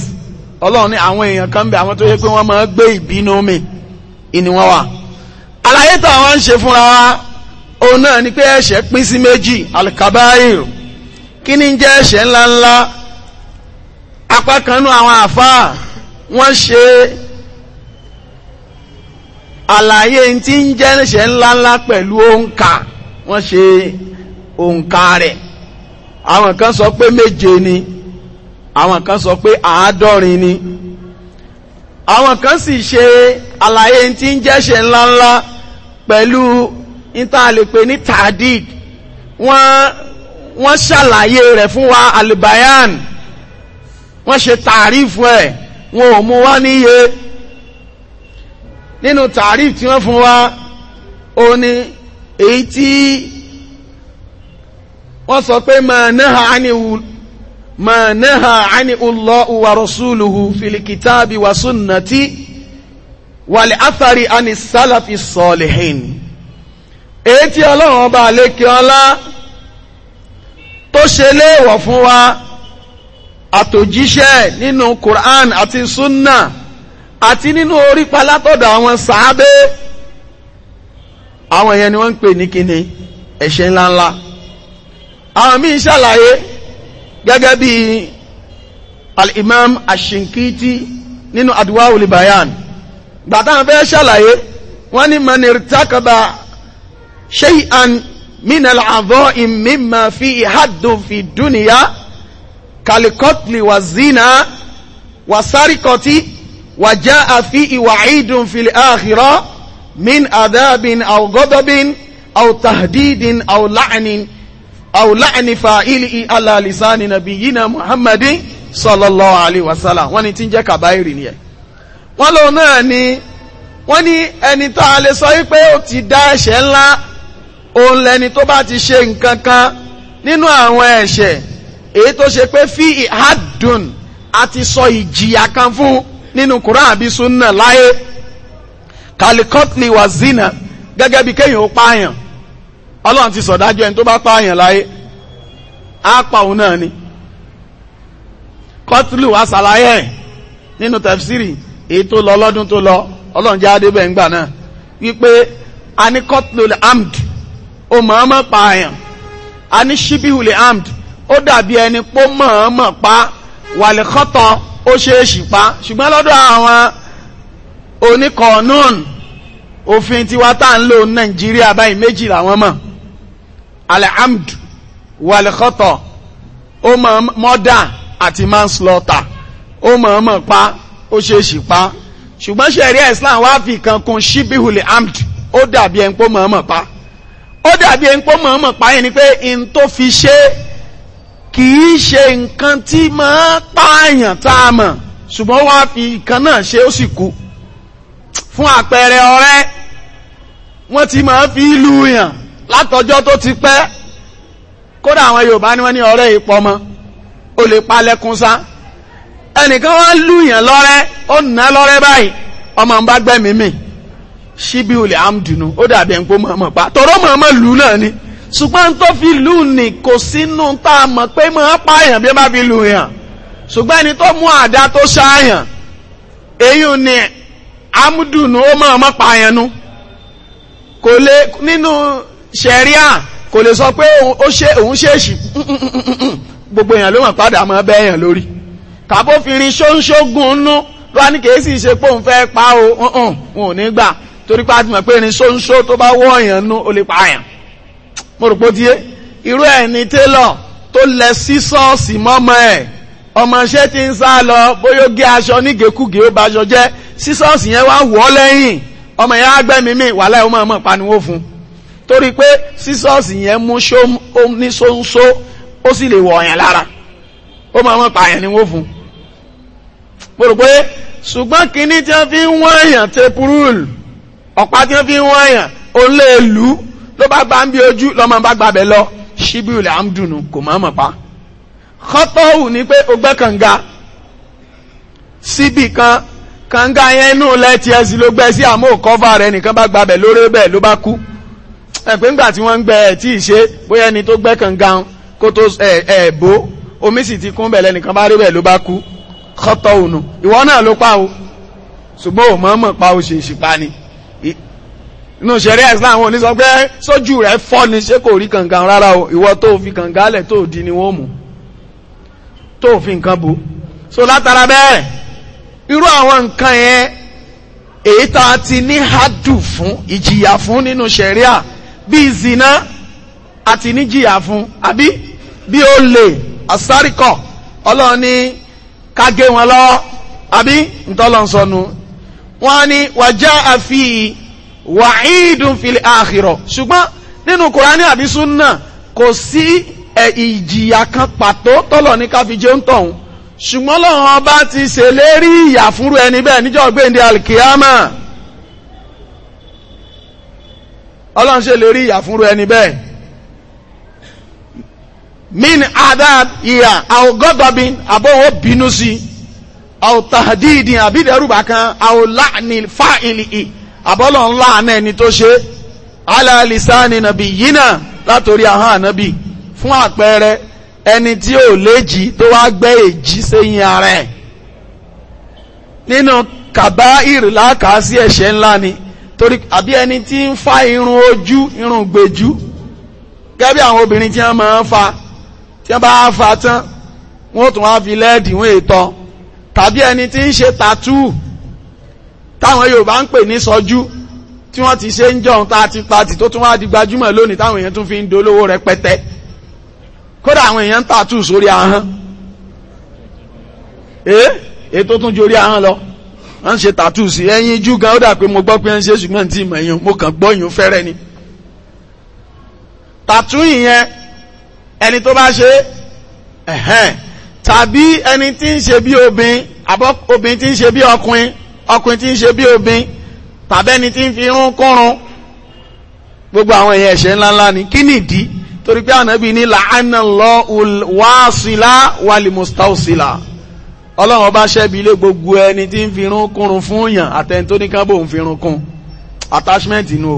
ọlọ́run ní àwọn èèyàn kan bẹ̀ àwọn tó yẹ pé wọ́n máa gbé ìbínú mi ìníwọ́n wa. àlàyé táwọn ń ṣe fúnra wa òun náà ni pé ẹ̀ṣẹ̀ pín sí méjì alkabair kí ni ń jẹ́ ẹ̀ṣẹ̀ ńláńlá apá kan nú àwọn àfáà wọ́n ṣe àlàyé tí ń jẹ́ ẹ̀ṣẹ̀ ńláńlá pẹ̀lú òǹkà wọ́n ṣe òǹkà rẹ̀ àwọn kan sọ pé méje ni àwọn kan sọ pé àádọ́rin ni àwọn kan sì ṣe àlàyé tí ń jẹ́ ẹ̀ṣẹ̀ ńláńlá pẹ̀lú ìtàlẹ̀pẹ̀ ní tadid wọ́n wọ́n ṣàlàyé rẹ̀ fún wa albayan wọ́n ṣe tààrífù ẹ̀ wọn ò mú wá níye nínú tààrífù tí wọ́n fún wa ó ní èyí tí wọ́n sọ pé ma naha aniwu ma naha aniwu Allahu wàlẹ̀ athari ani salafi sọ̀lẹ̀hìn èyí tí ọlọ́run ọba àlékè ọlá tó ṣe léèwọ̀ fún wa àtòjíṣẹ́ nínú Qur'an àti sunna àti nínú orí palátọ̀dọ̀ àwọn sàábé àwọn yẹn ni wọ́n ń pè ní kíni ẹ̀ṣẹ̀ ńláńlá àwọn míì ṣàlàyé gẹ́gẹ́ bí al-imam ashinkiti nínú adwaul bayan gbàtà fẹ́ ṣàlàyé wọ́n ní mọ̀nìrìtàkàbà ṣéyàn mínàlá àvọ́ ìmímà fi ìhádùn fi dúnìyà kàlíkọ́tìlì wà zina wà sárìkọ́tì wà já àfi ìwà ìdùn fìlì àhìrọ́ min àdábìn àwògọ́dọ́bìn àwòtàdídìn àwòláàní àwòláàní fa ìlì alàlìsánì nàbìyí na muhammadin sallallahu alaihi wasallam wọ́n ní tí ń jẹ́ wọ́n lòun náà ni wọ́n ní ẹni tá a lè sọ wípé ó ti dá ẹ̀ṣẹ̀ ńlá òun lẹni tó bá ti ṣe nǹkan kan nínú àwọn ẹ̀ṣẹ̀ èyí tó ṣe pé fi ìhádùn àti sọ ìjìyà kan fún nínú Qur'an àbí sunna láyé kalikotni wa zina gẹ́gẹ́ bí kéèyàn ó pààyàn Ọlọ́run ti sọ̀dájọ́ ẹni tó bá pààyàn láyé á pa òun náà ni kọ́tùlù wa ṣàlàyé nínú tafsiri èyí tó lọ lọ́dún tó lọ ọlọ́run jẹ́ adébẹ̀ ńgbà náà wípé a ní kọ́tùlùlẹ̀ amd ó mọ̀ọ́mọ̀ pa àyàn a ní ṣíbíhùlẹ̀ amd ó dàbí ẹni pó mọ̀ọ́mọ̀ pa wàlẹ̀ kọ́tọ̀ ó ṣeéṣì pa ṣùgbọ́n lọ́dọ̀ àwọn oníkọ̀ọ́nùn òfin tiwa tá à ń lò nàìjíríà báyìí méjì làwọn mọ̀ alẹ́ amd wàlẹ̀ kọ́tọ̀ ó mọ̀ọ́mọ̀ mọ́dà àti manslaughter ó mọ̀ọ́mọ̀ pa ó ṣe é ṣì pa ṣùgbọ́n ṣẹ̀rí Islam wá fi kan kun ṣíbíhùlẹ̀ amd ó dàbí ẹni pọ́ mọ̀ọ́mọ̀ pa ó dàbí ẹni pọ́ mọ̀ọ́mọ̀ pa yẹn ni pé n tó fi ṣe kì í ṣe nǹkan tí máa pààyàn tá a mọ̀ ṣùgbọ́n wá fi nǹkan náà ṣe ó sì kú fún àpẹẹrẹ ọ̀rẹ́ wọ́n ti máa fi lu yàn látọjọ́ tó ti pẹ́ kódà àwọn Yorùbá ni wọ́n ní ọ̀rẹ́ ìpọ́mọ ó lè palẹ̀kùn sá ẹnìkan wá lùyàn lọ́rẹ́ ó nà lọ́rẹ́ báyìí ọmọ nbá gbẹ́mí mi ṣíbí olè amdùnú ó dàbí ẹ̀ ń pọ́ mọ̀ọ́mọ̀ pa tọ́rọ́ mọ̀ọ́mọ̀ lù náà ni ṣùgbọ́n tó fi lù ní kò sínú tá a mọ̀ pé mọ̀ ọ́n pààyàn bí ẹ bá fi lù yàn ṣùgbọ́n ẹni tó mú àdá tó ṣáàyàn èyí ni amdùnú ó mọ̀ọ́mọ̀ pààyàn nu kò lè nínú ṣẹ̀ríà kò lè sọ pé òun ṣe òun ṣèṣì gbogbo èèyàn ló mọ̀ padà mọ́ bẹ́ẹ̀ yàn lórí kàbófinrin ṣóńṣógùn nú lọ́wọ́ ní kìí sì ṣe pé òun fẹ́ pa o wọn ò ní gbà torí pé a ti mọ̀ pé irin ṣóńṣó tó bá wọ́ èèyàn nú ó lè pa àyàn mo rò pé ó ti yé irú ẹ̀ ní télọ̀ tó lẹ sísọ́ọ̀sì mọ́mọ́ ẹ̀ ọmọọṣẹ́ ti ń sá lọ bóyá gé aṣọ nígekúge ó baṣọ jẹ́ sísọ́ọ̀sì yẹn wá wọ́ lẹ́yìn ọmọ yẹn á gbẹ́mí mi wàhálà ẹ̀ ó máa mọ̀ paniwó fún un torí pé sísọ́ọ̀sì yẹn mú ní ṣóńṣó ó sì lè wọ̀ ọ̀yàn lára ó mọ̀ pààyàn ni fún un mo rò pé ṣùgbọ́n kìíní tí wọ́n fi ń wọ́n èèyàn tẹ purul ọ̀pá tí wọ́n fi ń wọ́n èèyàn ó lé lù ló bá gbá ń bí ojú lọ́mọ bá gbàbẹ̀ lọ ṣíbíù là ń dùnú kò má mọ̀ pa kọ́tọ́hù ni pé o gbẹ́ kànga síbì kan kànga yẹn inú lẹ́tí ẹ̀sìn ló gbẹ́ sí àmọ́ kọ́fà rẹ̀ nìkan bá gbàbẹ̀ lórí bẹ́ẹ̀ ló bá kú ẹ̀pẹ́ ńgbà tí wọ́n ń gbẹ ẹ̀ tí ì ṣe bóyá ẹni tó gbẹ́ kànga kó tó ẹ̀ bó omi sì ti kún bẹ̀ lẹ́nìkan bá rí bẹ́ẹ̀ ló bá kú kọ́tọ̀ ònù ìwọ náà ló pa o ṣùgbọ́n ò mọ̀ọ́mọ̀ pa o ṣe ìṣìpa ni inú ṣẹ̀rí Islam wọn ní sọ pé sójú rẹ̀ fọ́ ni ṣé kò rí kankan rárá o ìwọ tó fi kankan lẹ̀ tó di ni wọ́n mú tó fi nǹkan bò so látara bẹ́ẹ̀ irú àwọn nǹkan yẹn èyí tá a ti ní hádù fún ìjìyà fún nínú ṣẹ̀ríà bíi zina àti níjìyà fún àbí bí ó lè àsárìkọ ọlọ́ọ̀ni ká gé wọn lọ́wọ́ àbí ntọ́lọ́nsọ́nu wọ́n ní wàjá àfi wàhídùn fil àkhírọ̀ ṣùgbọ́n nínú kùránì àbí súnà kò sí e, ìjìyà kan pàtó tọ́lọ̀ ní ká fi jẹ́ ń tọ̀hún ṣùgbọ́n lọ́wọ́n ọba ti ṣèlérí ìyà fúnrú ẹni bẹ́ẹ̀ níjọ́ gbéǹde alkiyama ọlọ́run ṣèlérí ìyà fúnrú ẹni bẹ́ẹ̀ min adab ìyà àwọn gọ́gọ́bin àbọ̀wọ́ bínú sí àwọn tahdidin àbídẹ́rùbà kan àwọn laani faili àbọ́lọ̀ ńlá àná ẹni tó ṣe alálìsáni nàbì yínà látòrí ahọ́n ànábì fún àpẹẹrẹ ẹni tí ò léjì tó wá gbẹ́ èjì sẹ́yìn ara ẹ̀ nínú kàbá ìrìlá kà á sí ẹ̀ṣẹ̀ ńlá ni torí àbí ẹni tí ń fa irun ojú irun gbèjú gẹ́gẹ́ àwọn obìnrin tí wọ́n máa ń fa tí wọ́n bá fa tán wọ́n tún wá fi lẹ́ẹ̀dì wọ́n ètò tàbí ẹni tí ń ṣe tàtú táwọn Yorùbá ń pè ní sọjú tí wọ́n ti ṣe ń jọun tá a ti pati tó tún wá di gbajúmọ̀ lónìí táwọn èèyàn tún fi ń dolówó rẹpẹtẹ kódà àwọn èèyàn ń tàtú sórí ahọ́n ee ètò tún jórí ahọ́n lọ wọ́n ń ṣe tàtú sí ẹyin ijú gan ó dà pé mo gbọ́ pé ń ṣe ṣùgbọ́n tí ìmọ̀ èèyàn mo kàn gbọ́ èèyàn fẹ́rẹ́ ni tàtú yìnyẹn ẹni tó bá ṣe ẹ̀hẹ́n tàbí ẹni tí ń ṣe bí obìn àbọ̀ obìn tí ń ṣe bí ọkùnrin ọkùnrin tí ń ṣe bí obìn tàbí ẹni tí ń fi irun kúrun gbogbo àwọn èèyàn ẹ̀ṣẹ̀ ńláńlá ni kí nìdí torí pé ànábì ní làánà lọ wàásìlá wàlì mustausila ọlọ́run ọba ṣẹ́bi ilé gbogbo ẹni tí ń fi irun kúrun fún yàn àtẹni tó ní kábò ń fi irun kún attachment inú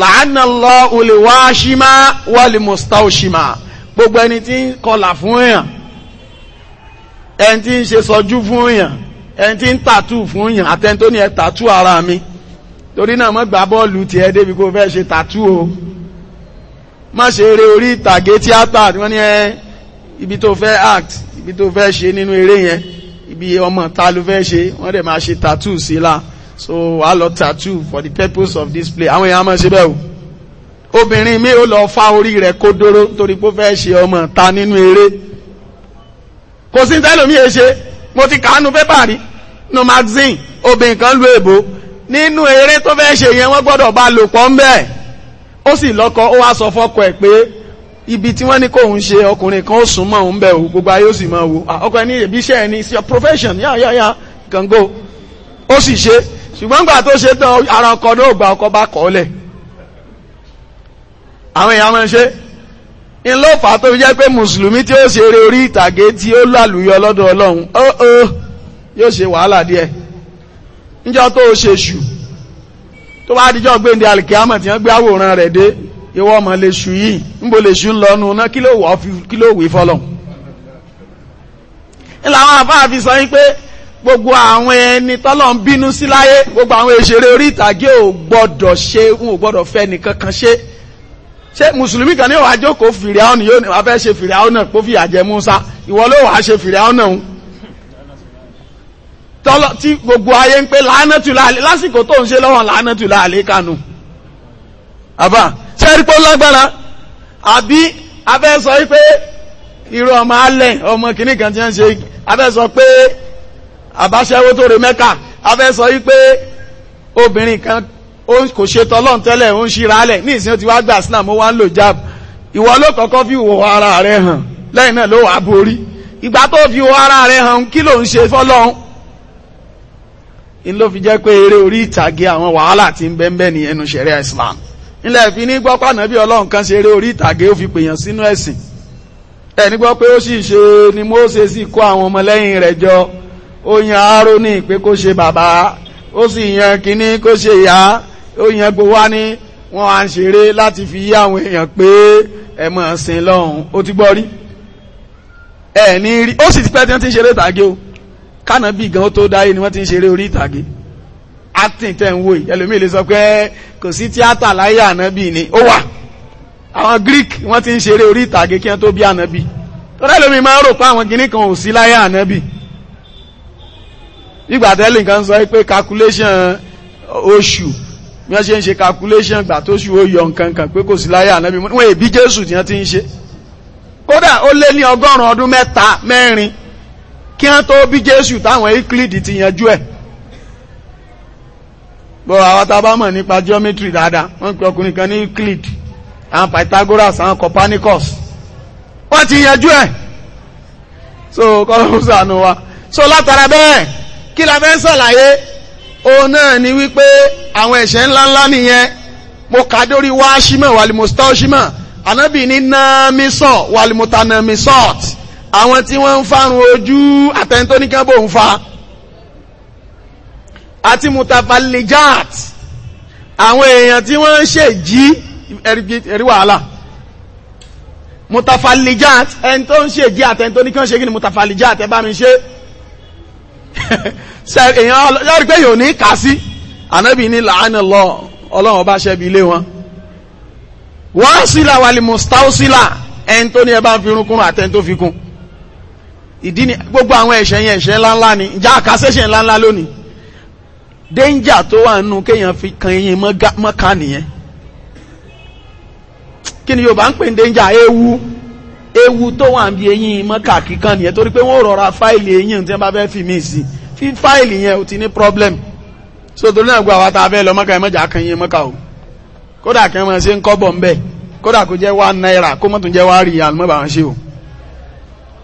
làánà lọ wàásìmá wàlì mustaushima gbogbo ẹni tí ń kọlà fún èèyàn ẹni tí ń ṣe sọjú fún èèyàn ẹni tí ń tàtú fún èèyàn àtẹni tó ní ẹ tàtú ara mi torí náà má gbá bọ́ọ̀lù tiẹ̀ débi kó fẹ́ ṣe tàtú o má ṣe eré orí ìtàgé tíátà wọ́n ní ẹ ibi tó fẹ́ act ibi tó fẹ́ ṣe nínú eré yẹn ibi ọmọ ta ló fẹ́ ṣe wọ́n dẹ̀ máa ṣe tàtú sí la so wàá lọ tàtú for the purpose of display àwọn èèyàn á máa ṣe bẹ́ẹ̀ o obìnrin mi ó lọ fa orí rẹ̀ kó dóró torí pé ó fẹ́ ṣe ọmọ ta nínú eré kò sí tẹ́lómi ẹ ṣe mo ti kàánu pépà rí nu magazine obìnrin kan lu èbó nínú eré tó fẹ́ ṣe yẹn wọ́n gbọ́dọ̀ bá lò pọ̀ ń bẹ́ẹ̀ ó sì lọ́kọ ó wá sọ fọ́kọ ẹ̀ pé ibi tí wọ́n ní kò ń ṣe ọkùnrin kan ó sùn mọ́ òun bẹ̀ ò gbogbo ayé ó sì máa wò ọkọ ẹ̀ ní ìbíṣẹ́ ẹ̀ your profession yá yá yá kàn go ó sì ṣe ṣùgbọ́n gbà tó ṣe tán ara ọkọ náà gba ọkọ bá kọ́ lẹ̀ àwọn èèyàn máa ń ṣe tó fi jẹ́ pé mùsùlùmí tí ó ṣe eré orí ìtàgé tí ó lálùyọ lọ́dọ̀ ọlọ́run ó oh, oh, yóò ṣe wàhálà díẹ̀ níjọ́ tó ṣe ṣù tó bá díjọ́ gbéǹde alìkíámọ̀ tí wọ́n gbé àwòrán rẹ̀ dé ọmọ lè ṣù yìí ń bo lè ṣù ń lọ́nu ná kí ló fi sọ pé gbogbo àwọn ẹni tọ́lọ̀ ń bínú sí gbogbo àwọn orí ìtàgé ò gbọ́dọ̀ ṣe ò gbọ́dọ̀ fẹ́ nìkan ṣé mùsùlùmí kan ní wàá jókòó fìrìhàn yóò ní wàá fẹ́ ṣe fìrìhàn náà kó fìyà jẹ Musa ìwọ ló wàá ṣe fìrìhàn náà tọ́lọ́ tí gbogbo ayé ń pé lánàtúlá àlè lásìkò tó ń ṣe lọ́wọ́ lánàtúlá àlè kanu àbá ṣẹ́rí pé ó lágbára àbí abẹ́ sọ pé irú ọmọ alẹ̀ ọmọ kìíní kan tí wọ́n ṣe abẹ́ sọ pé àbáṣẹ́wó tó rè mẹ́ka abẹ́ sọ pé obìnrin kan kò ṣe tọ́lọ́n tẹ́lẹ̀ ó ń ṣíra alẹ̀ ní ìsìn ó ti wá gbà islam ó wá ń lò jab ìwọ ló kọ́kọ́ fi wo ara rẹ hàn lẹ́yìn náà ló wà borí ìgbà tó fi wo ara rẹ hàn kí ló ń ṣe fọ́lọ́hún in ló fi jẹ́ pé eré orí ìtàgé àwọn wàhálà tí ń bẹ́ẹ̀ ní ẹnu ṣẹ̀rẹ́ islam nílẹ̀ fi ní gbọ́ pàná bí ọlọ́run kan ṣe eré orí ìtàgé ó fi pèèyàn sínú ẹ̀sìn ẹ̀ gbọ́ pé ó sì ṣe ni Mósè sì kó àwọn ọmọlẹ́yìn rẹ̀ jọ ó yan Árónì pé kó ṣe bàbá ó sì yan kínní kó ṣe ìyá ó yẹn gbowó wá ní wọ́n à ń ṣeré láti fi yí àwọn èèyàn pé ẹ mọ̀ sìn lọ́hùn ó ti gbọ́ rí ẹ ní rí ó sì ti pẹ́ tí wọ́n ti ń ṣeré ìtàgé o kánàbì gan ó tó dáyé ni wọ́n ti ń ṣeré orí ìtàgé acting tẹ̀ ń wò yìí ẹlòmíì lè sọ pé kò sí tíátà láyé ànábì ni ó wà àwọn Greek wọ́n ti ń ṣeré orí ìtàgé kí wọ́n tó bí ànábì tọ́lá ẹlòmíì máa ń rò pé àwọn kinní kan ò sí láyé ànábì ìgbà tẹ́lẹ̀ nǹkan sọ pé calculation oṣù bí wọ́n ṣe ń ṣe calculation gbà tó ṣù ó yọ nǹkan kan pé kò sí láyé ànábì mọ́ níwọ̀n èbí jésù tí wọ́n ti ń ṣe kódà ó lé ní ọgọ́rùn ọdún mẹ́ta mẹ́rin kí wọ́n tó bí jésù táwọn euclid ti yanjú ẹ̀ bọ́ àwọn tá mọ̀ nípa geometry dáadáa wọ́n pe ọkùnrin kan ní euclid àwọn pythagoras àwọn copernicus wọ́n ti yanjú ẹ̀ so kọ́lọ́mùsà nù wa so látara bẹ́ẹ̀ kí la fẹ́ sàlàyé òun náà ni wípé àwọn ẹ̀ṣẹ̀ ńláńlá nìyẹn mo kà dórí wáṣímọ̀ wàlìmọ̀sítọ́ṣímọ̀ ànábì ní nàámísọ̀ wàlìmọ̀tànàmísọ̀t àwọn tí wọ́n ń fárun ojú àtẹnitóníkẹ́bò ń fa àti mutafallijat àwọn èèyàn tí wọ́n ń ṣe jí ẹ̀rí wàhálà mutafallijat ẹni tó ń ṣe jí àtẹnitóníkẹ́ ṣe kí ni mutafallijat ẹ bá mi ṣe ṣe èèyàn yọrí pé yóò ní kà sí ànábì ní làánà lọ ọlọ́run ọba ṣẹ́bi ilé wọn. wọ́n sílà wàlí mustausila ẹni tó ní ẹ bá ń fi irun kún tó fi kún ìdí ni gbogbo àwọn ẹ̀ṣẹ̀ yẹn ẹ̀ṣẹ̀ ńláńlá ni ìjà àkàṣẹ̀ṣẹ̀ ńláńlá lónìí dénjà tó wà nù kéèyàn fi kan eyín mọ́ká nìyẹn kí ni yorùbá ń pè ní dénjà ewu ewu tó wà níbi eyín mọ́ká kíkan nìyẹn torí pé wọ́n rọra fáìlì eyín tí wọ́n bá fẹ́ fi mí sí fi fáìlì yẹn ò ti ní problem so torí náà gba àwọn àtàbẹ́ lọ mọ́ka ẹmọ́jà kan yẹn mọ́ka o kódà kí wọ́n ṣe ń kọ́bọ̀ ń bẹ̀ kódà kó jẹ́ wá náírà kó mọ́tún jẹ́ wá rí àlùmọ́bà wọn ṣe o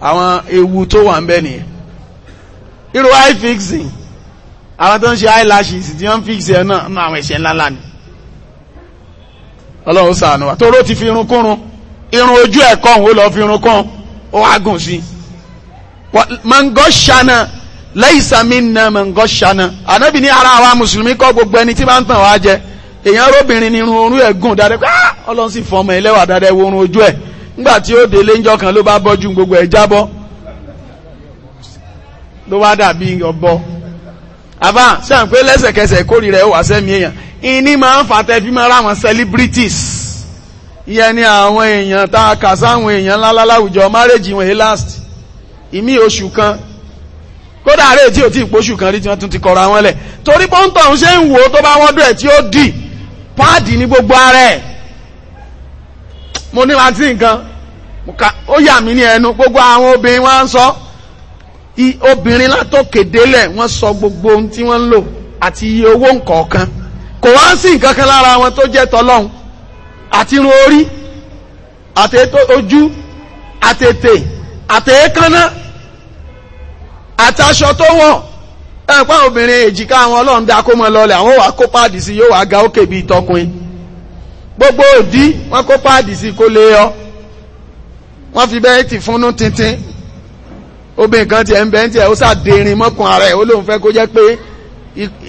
àwọn ewu tó wà ń bẹ̀ nìyẹn irú eye fixing àwọn tó ń ṣe eyelashes tí wọ́n fix ẹ̀ náà náà àwọn ẹ̀ṣẹ̀ ńláńlá ni ọlọ́run ṣàánú wa toró ti fi irun kúrun irun ojú ẹ̀ kọ́ òun ó lọ fi irun ó wá gùn sí mọ̀ngọ́ ṣáná laysa minna man ghashana ànábì ní ara àwa mùsùlùmí kọ́ gbogbo ẹni tí bá ń tàn wá jẹ èèyàn ni irun ẹ̀ gùn dáadáa pé ah! ọlọ́run sì fọmọ ẹ lẹ́wà dáadáa wo orun ojú ẹ̀ nígbà tí ó délé kan ló bá bọ́jú gbogbo ẹ̀ jábọ́ ló wá dàbí ọ̀bọ àbá sàn pé lẹ́sẹ̀kẹsẹ̀ kórìíra ẹ̀ wà sẹ́mi èèyàn ìní máa ń máa kódà àárẹ̀ tí ò tí ìpóṣù kan rí tí wọ́n tún ti kọra wọn lẹ̀ torí pọ́ńtọ̀ ń ṣe ń wò ó tó bá wọ́n dùn ẹ̀ tí ó dì páàdì ní gbogbo ara ẹ̀ mo ní láti nǹkan ó yà mí ní ẹnu gbogbo àwọn obìnrin wọn ń sọ obìnrin látòkè délẹ̀ wọ́n sọ gbogbo ohun tí wọ́n ń lò àti iye owó nǹkọ̀ọ̀kan kò wá sí nǹkan kan lára wọn tó jẹ́ tọlọ́hun àti irun orí àtètò ojú àtètè àtèékánná àtàṣọ tó wọ̀ ẹ̀pá obìnrin èjìká àwọn ọlọ́run dá kó mọ́ lọlẹ̀ àwọn wà kó páàdì sí yóò wà ga ókè bíi tọkùnrin gbogbo òdí wọ́n kó páàdì sí kó lé ọ wọ́n fi bẹ́ẹ̀tì fúnnú tintin obìnrin kan tiẹ̀ ń bẹ́ẹ̀ tiẹ̀ ó sàdérin mọ́kùn ara ẹ̀ ó lóun fẹ́ kó jẹ́ pé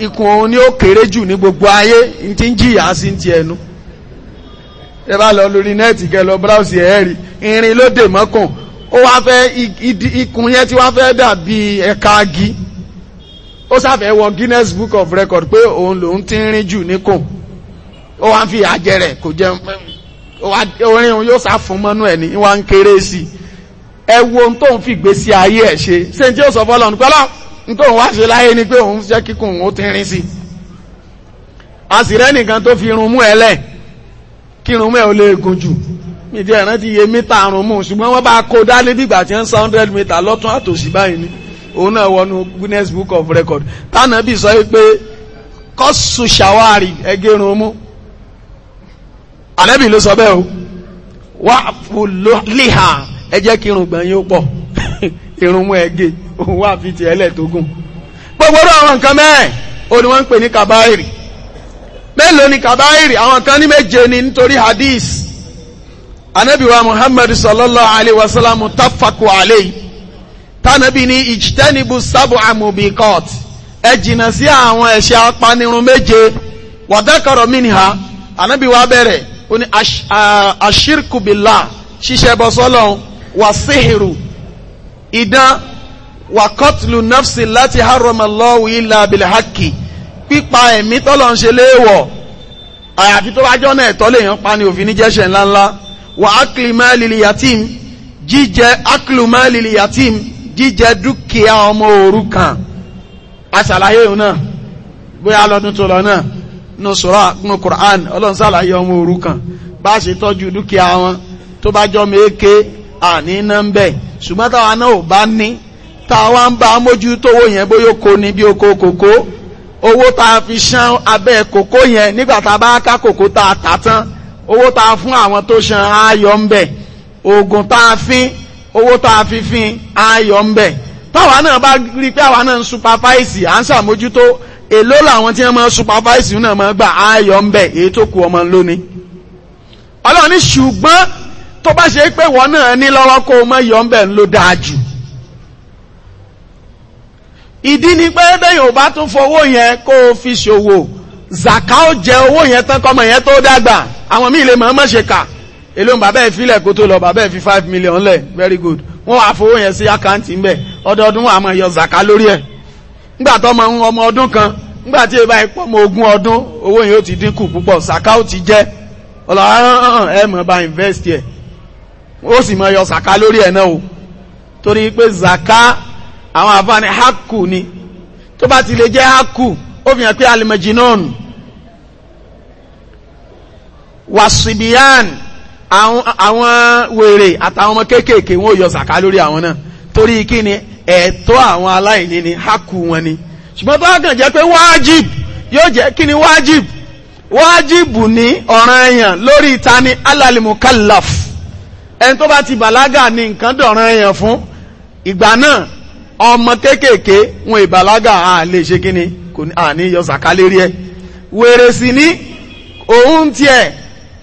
ikùn òun ni ó kéré jù ní gbogbo ayé ní ti ń jìyà sí ti ẹnu ẹ bá lọ lórí nẹ́ẹ̀tì kẹ lọ bráùsì ẹ̀ẹ́rì irin ló dè mọ́kùn ó wá fẹ́ ikun yẹn tí wá fẹ́ dàbí ẹ̀ka agi ó sáfẹ́ wọ Guinness Book of Record pé òun lòun ti ń rìn jù ní kò ó wá ń fi àjẹ rẹ̀ kò jẹun orin òun yóò sá fún mọ́nú ẹ̀ ní wá ń kéré sí i ẹ wo ohun tóun fi gbèsè ayé ẹ̀ ṣe ṣé n tí ó sọ fọlọ́ nípẹ́lá n tóun wá ṣe láyé ni pé òun jẹ́ kíkùn òun ti rìn sí i a nìkan tó fi irun mú ẹ lẹ̀ kí irun mú ẹ ò lè gùn jù mi jẹ́ ti iye mítà àrùn mú ṣùgbọ́n wọ́n bá kó dání dìgbà tí ń lọtụn hundred mítà lọ́tún àtòsí báyìí ni òun náà wọnú Guinness Book of Record tánà bí sọ pé kọ́sù ṣàwárì ẹgẹ́rùn mú ló sọ bẹ́ẹ̀ o wà ẹ jẹ́ kí yín ó pọ̀ irun mú òun wà àwọn nǹkan o wọ́n ń pè ní mélòó ni àwọn anabiwa muhammad sallallahu alayhi wa sallam tafaku alayhi tanabi ni ijtanibu sabu amubikot ẹ jìnnà sí àwọn ẹ̀ṣẹ̀ apanirun méje wàdákọ̀rọ̀ mìnìhà anabiwa bẹ̀rẹ̀ ó ní ashirkubila ṣiṣẹ́ bọ́ sọ́lọ́hún wà síhìrù idán wà kọ́tùlù nafsi láti haramallahu illa bilhaki pípa ẹ̀mí tọ́lọ̀ ń ṣe léèwọ̀ àyàfi tó bá jọ́nà ẹ̀tọ́ lèèyàn pa ni òfin níjẹ́ṣẹ̀ ńláńlá wà ákìlì máàlìlì yàtìm jíjẹ ákìlù máàlìlì yàtìm jíjẹ dúkìá ọmọ òrukàn aṣàlàyé òun náà bóyá lọ́dún tó lọ náà nù sọ́rọ̀ nù Qur'an ọlọ́run ṣàlàyé ọmọ òrukàn bá ṣe tọ́jú dúkìá wọn tó bá jọ méèké àní iná ń bẹ̀ ṣùgbọ́n táwa náà ò bá ní táwa ń bá mójútó owó yẹn bóyá oko ni bí oko kòkó owó tá a fi ṣán abẹ́ kòkó yẹn nígbà tá a bá ká kòkó tá a tà tán owó tá a fún àwọn tó ṣan ayọ̀ ń bẹ̀ oògùn tá a fín owó tá a fi fín ayọ̀ ń bẹ̀ táwa náà bá rí i pé àwa náà ń supervise à ń ṣàmójútó èló làwọn tí wọ́n máa supervise náà máa gbà ayọ̀ ń bẹ̀ èyí tó kù ọmọ lónìí ọlọ́run ní ṣùgbọ́n tó bá ṣe pé wọ́n náà ní lọ́wọ́ kó o mọ yọ̀ ń bẹ̀ ló dáa jù ìdí ni pé bẹ́yìn ò bá tún fowó yẹn kó o fi ṣòwò zaka jẹ owó yẹn tán kọ́mọ yẹn tó dàgbà àwọn míì lè mọ̀ mọ̀ ṣe kà èló bàbá ẹ̀ filẹ̀ kó tó lọ bàbá ẹ̀ fi five million lẹ̀ very good wọ́n wàá fowó yẹn sí àkáǹtì ń bẹ̀ ọdọọdún wàá máa yọ zaka lórí ẹ̀ ńgbà tó ọmọ ọmọ ọdún kan ńgbà tí ogún ọdún owó yẹn ó ti dínkù púpọ̀ zàká ó ti jẹ́ ọlọ́run ẹ̀ mọ̀ bá invest yẹ ó sì yọ lórí ẹ̀ o torí pé àwọn ni tó bá ti lè jẹ́ ó fi wàṣìbíyàn àwọn wèrè àtàwọn ọmọ kéékèèké wọn ò yọ sàká lórí àwọn náà torí kí ni ẹ̀tọ́ àwọn aláìní ni hákù wọn ni ṣùgbọ́n tó kàn jẹ́ pé wájib yóò jẹ́ kí ni wájib wájib ní ọ̀ranyàn lórí ìta ni alálìmùkálàf ẹni tó bá ti bàlágà ni nǹkan dọ̀ranyàn fún ìgbà náà ọmọ kéékèèké wọn ìbàlágà à lè ṣe kí ni kò ní yọ sàká lérí ẹ wèrè sí ni òun tiẹ̀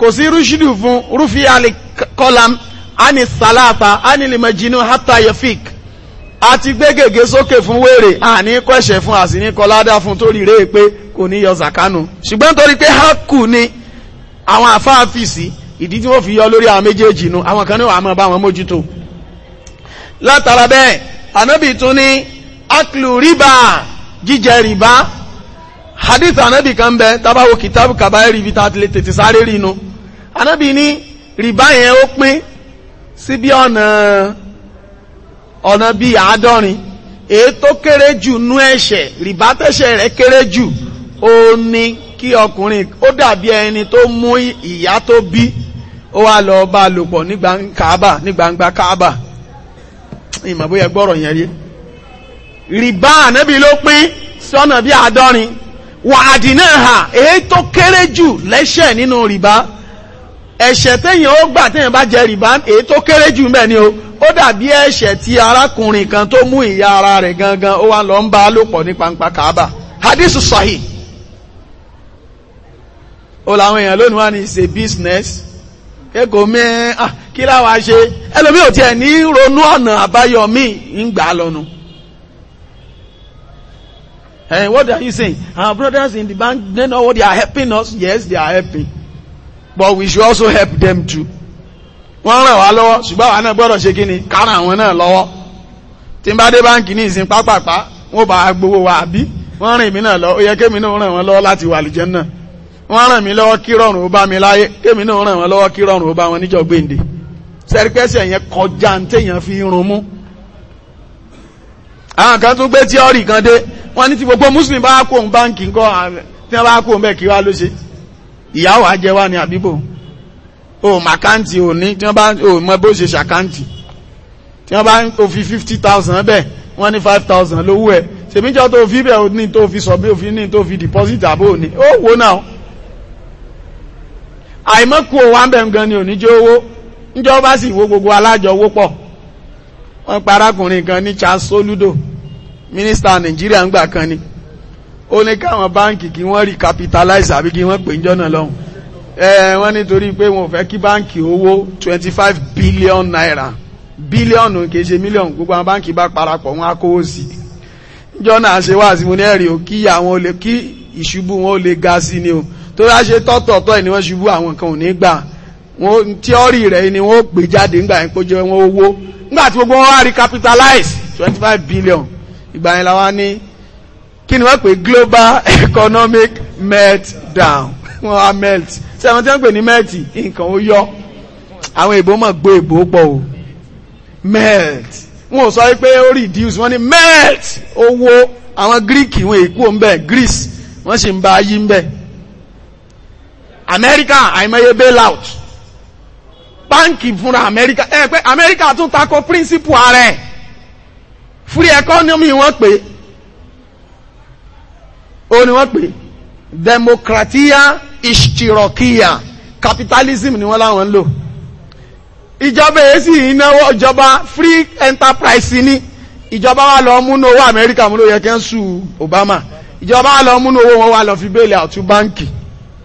kò sí rúṣìdù fún rúfi alikọlam ani salata ani limajinu hata yefik a ti gbé gègé sókè fún wèrè àní kọ́ṣẹ̀ fún àsìní kọládá fún tó ríré pé kò ní yọ zakanu ṣùgbọ́n torí pé haku ni àwọn àfáàfìsì ìdí tí wọ́n fi yọ lórí àwọn méjèèjì nu àwọn kan ní wàá mọ̀ bá wọn mójútó látara bẹ́ẹ̀ ànábì tún ní aklu riba jíjẹ riba hadith ànábì kan bẹ tábàwò kìtàbù kàbáyé ribi tá a ti lè tètè sáré anábì ní rìbá yẹn ó pín sí bí ọ̀nà ọ̀nà bí àádọ́rin èyí tó kéré jù nú ẹ̀ṣẹ̀ rìbá tẹ́ṣẹ̀ rẹ̀ kéré jù ó ní kí ọkùnrin ó dàbí ẹni tó mú ìyá tó bí ó wá lọ bá a lò pọ̀ ní gbangba ní gbangba káàbà ìmọ̀ bóyá gbọ́rọ̀ yẹn rí rìbá ànábì ló pín sọ́nà bí àádọ́rin wàdí náà hà èyí tó kéré jù lẹ́ṣẹ̀ nínú rìbá ẹ̀ṣẹ̀ téèyàn ó gbà téèyàn bá jẹ rìbá èyí tó kéré jù mẹ́ ni o ó dàbí ẹ̀ṣẹ̀ ti arákùnrin kan tó mú ìyá ara rẹ̀ gangan ó wá lọ ń bá a lò pọ̀ ní pampa kaaba hadith sahi ó làwọn èèyàn lónìí wá ní ṣe business kéko mẹ́ẹ́ ah kí láwa ṣe ẹlòmíì tiẹ̀ ní ronú ọ̀nà àbáyọ míì ń gbà á lọ́nu. what are you saying? Our brothers in the bank, they know what they are helping us. Yes, they are helping. but we should also help them too wọ́n ràn wá lọ́wọ́ ṣùgbọ́n àwọn náà gbọ́dọ̀ ṣe kí ni káràn àwọn náà lọ́wọ́ tí n bá dé báńkì ní ìsìn pápápá wọ́n bá gbowó wa àbí wọ́n ràn mí náà lọ ó yẹ kémi náà ràn wọ́n lọ́wọ́ láti wà lìjẹ́ náà wọ́n ràn mí lọ́wọ́ kí rọrùn ó bá mi láyé kémi náà ràn wọ́n lọ́wọ́ kí rọrùn ó bá wọn níjọ́ gbèǹde sẹ́ríkẹ́sẹ̀ yẹn kọjá ní téèyàn fi rún mú. àwọn kan tún gbé tíọ́rì kan dé wọ́n ní ti gbogbo mùsùlùmí bá kó òun báńkì ńkọ́ tí wọ́n bá kó òun bẹ́ẹ̀ kí wá ló ṣe ìyáwó àjẹwà ni àbíbò o màkáǹtì ò ní tí wọ́n bá o mọ bó ṣe ṣàkáǹtì tí wọ́n bá o fi fifty thousand bẹ́ẹ̀ wọ́n ní five thousand lówó ẹ̀ ṣèmíjọ́ tó fi bẹ́ẹ̀ o ní tó fi sọ bí o fi ní tó fi deposit àbó òní ó wò náà àìmọ́kù òwò àbẹ̀m gan ni òní jẹ́ owó níjọ́ bá sì wo gbogbo alájọ owó pọ̀ wọ́n pa arákùnrin kan ní Charles Soludo mínísítà Nàìjíríà ńgbà kan ni ó ní káwọn báǹkì kí wọ́n rí capitalize àbí kí wọ́n pè ń jọ́nà lọ́hùn ẹ wọ́n nítorí pé wọn fẹ́ kí báǹkì owó twenty five billion naira bílíọ̀nù kì í ṣe mílíọ̀nù gbogbo àwọn báǹkì bá parapọ̀ wọn á kówó sí i jọ́nà ṣe wá sí mo ní ẹ̀rí o kí àwọn olè kí ìṣubú wọn ó lè ga sí ni o tó bá ṣe tọ́tọ̀ọ̀tọ̀ ẹ̀ ni wọ́n ṣubú àwọn kan ò ní gbà wọn tíọ́rì rẹ̀ ni wọ́n ó gbé jáde ńgbà yẹn kójọ wọn owó ńgbà tí gbogbo wọn wá rí capitalize twenty five billion ìgbà yẹn la wá ní kí ni wọ́n pè global economic meltdown wọ́n á melt ṣé àwọn tí wọ́n pè ní melt nǹkan ó yọ àwọn èbó mọ̀ gbé èbó pọ̀ o melt wọn ò sọ wípé ó reduce wọ́n ní melt owó àwọn greek wọn èkó ń bẹ̀ greece wọ́n sì ń bá ayé ń bẹ̀ america àìmọye bailout báńkì fúnra america ẹ pé america tún takò principle ààrẹ free economy wọ́n pè é ó ní wọ́n pè democratia ishtirokiya capitalism ni wọ́n láwọn ń lò ìjọba èyí sì ìjọba free enterprise ni ìjọba wa lọ múnú owó amẹ́ríkà múnú yẹ kẹ́ ń sùn obama ìjọba wa lọ múnú owó wọn wa lọ fi bẹ́ẹ̀lì àtú báǹkì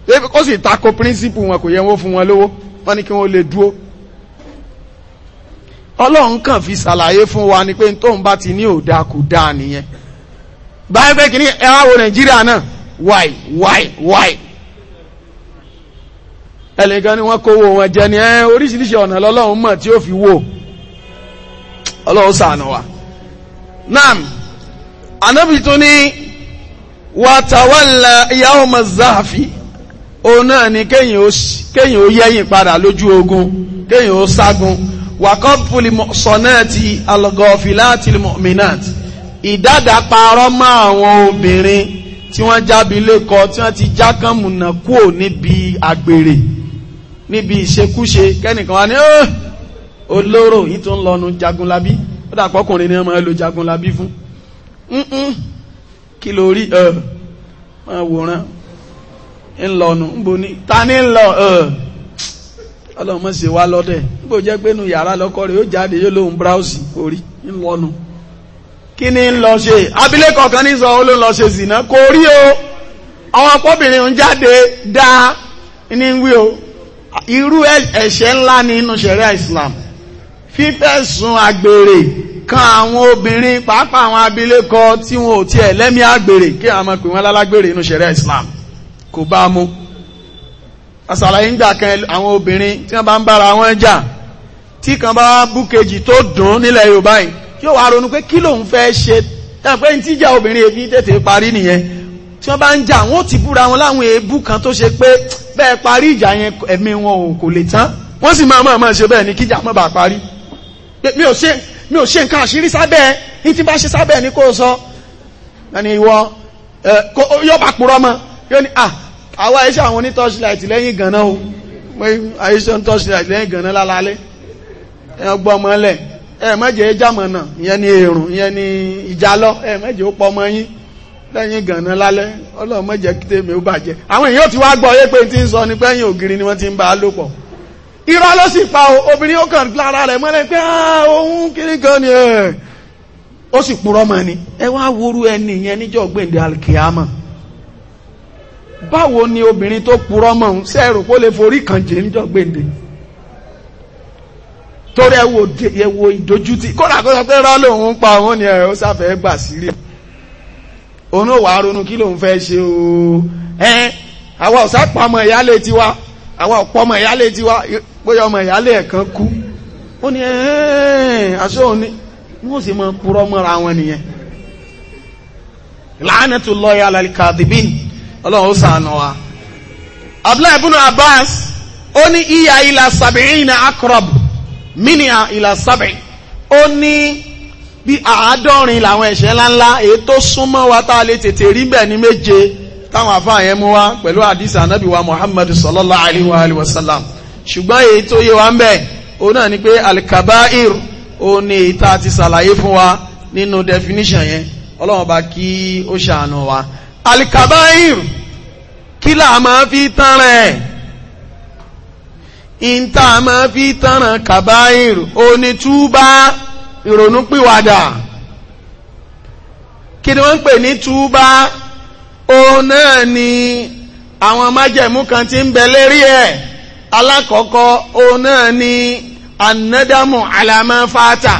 ó sì tako principle wọn kò yẹ wọ́n fún wọn lówó wọ́n ní kí wọ́n lè dúró ọlọ́run kàn fi ṣàlàyé fún wa ni pé tóun bá ti ní òdà kò dáa nìyẹn báyìí pé kìíní ẹ wá wo nàìjíríà náà wáì wáì wáì ẹnìkan ni wọ́n kówó wọn jẹ ní ẹ oríṣiríṣi ọ̀nà lọ́lọ́run mọ̀ tí ó fi wò ọlọ́run ṣàánú wa naam anabi tún ní wàtàwálà yawma zahafi òun náà ni kéyìn ó yẹ́yìn padà lójú ogun kéyìn ó ságun wàkọ́pùlì sọ̀nẹ́ẹ̀tì algọ́fìláàtì mọ̀mìnáàtì ìdádá parọ́ mọ́ àwọn obìnrin tí wọ́n jábi lẹ́kọ tí wọ́n ti já kán múnà kúò níbi àgbèrè níbi ìṣekúṣe kẹ́nìkan wá ní olóró yìí tó ń lọnu jagunlabí ó dà pọ́kùnrin ni wọ́n máa lo jagunlabí fún nǹkan kí ló rí ẹ̀ máa wòran ńlọnu ńbo ní ta ní ńlọ ẹ̀ ọlọ́mọ sì wá lọ́dẹ̀ níbo jẹ́ pé nu yàrá lọ́kọ́ rẹ̀ yóò jáde yóò lóun bráùsì kò rí ńlọnu kí ni ń lọ ṣe abilékọ kan ní sọ ó ló ń lọ ṣe zìnà kò rí o àwọn akọ́bìnrin ń jáde dá ní wí o irú ẹ̀ṣẹ̀ ńlá ni inú ṣẹ̀ríà Islam fífẹ̀sùn àgbèrè kan àwọn obìnrin pàápàá àwọn abilékọ tí wọn ò tiẹ̀ lẹ́mí àgbèrè kí àwọn ọmọ pè wọ́n lálágbèrè inú ṣẹ̀ríà Islam kò bá mu àṣàlàyé ń gbà kan àwọn obìnrin tí wọ́n bá ń bára wọn jà tí kan bá bú kejì tó dùn nílẹ̀ Yorùbá yìí yóò wá ronú pé kí lòun fẹ́ ṣe tẹ́ pé ní tíjà obìnrin èbí tètè parí nìyẹn tí wọ́n bá ń jà wọ́n ti búra wọn láwọn èébú kan tó ṣe pé bẹ́ẹ̀ parí ìjà yẹn ẹ̀mí wọn ò kò lè tán wọ́n sì máa máa máa ṣe bẹ́ẹ̀ ni kíjà má bàa parí mi ò ṣe mi ò ṣe nǹkan àṣírí sábẹ́ ní tí bá ṣe sábẹ́ ni kò sọ ẹni ìwọ yóò bá purọ́ mọ́ yóò ní à àwa àyíṣẹ́ àwọn oní torchlight lẹ́yìn gan-an o àyíṣẹ́ oní torchlight lẹ́yìn gan-an lálálẹ́ ẹ̀ ọgbọ́n mọ́lẹ̀ ẹ mẹ́jẹ̀ ìjàmọ̀nà ìyẹn ni èrùn ìyẹn ni ìjálọ́ ẹ mẹ́jẹ̀ ó pọmọ yín lẹ́yìn gànà lálẹ́ ọlọ́run kí tèmi ó bàjẹ́ àwọn èèyàn ti wá gbọ́ yé pé tí ń sọ ni pẹ́yìn ògiri ni wọ́n ti ń bá a lò pọ̀ irọ́ ló sì pa obìnrin ó kàn lára rẹ̀ pé ohun kiri kan ni ẹ̀ ó sì purọ́ mọ́ ni ẹ ni obìnrin tó purọ́ mọ́ ń sẹ́rù kó lè forí kàn torí ẹ wo ìdójútì kódà kó sọ pé rán lòun ń pa òun ni ẹ ó sáfẹ́ gbà sílé òun ò ronú kí lòun fẹ́ ṣe o ẹ àwa ọ̀sá pa ìyálé tiwa àwa ọ̀pọ̀ ọmọ ìyálé tiwa bóyá ọmọ ìyálé kú ó ní aṣọ òní sì mọ purọ́ mọ́ra wọn nìyẹn ọlọ́run ó wa abdullahi abbas ó ní ìyá ilà sàbẹ̀yìn mínìà ìlà sábẹ̀ ó ní bí àádọ́rin làwọn ẹ̀ṣẹ̀ ńláńlá èyí tó súnmọ́ wa tá a lè tètè rí bẹ̀ ní méje táwọn àfáà yẹn mú wá pẹ̀lú àdìsá anábì wa muhammadu sallallahu alayhi wa sallam ṣùgbọ́n èyí tó yé wa ń bẹ̀ òun náà ni pé alikabair òun ni èyí tá a ti ṣàlàyé fún wa nínú definition yẹn ọlọ́run bá kí ó ṣàánú wa alikabair kí là máa fi tán rẹ̀ ìntà máa fi tànà kàbáyìrì onítúbá ìrònúpìwàdà kí ni wọ́n ń pè ní túbá òun náà ni àwọn májẹ̀mú kan ti ń bẹ lérí ẹ̀ alákọ̀ọ́kọ́ òun náà ni anádàmù àlàmà fata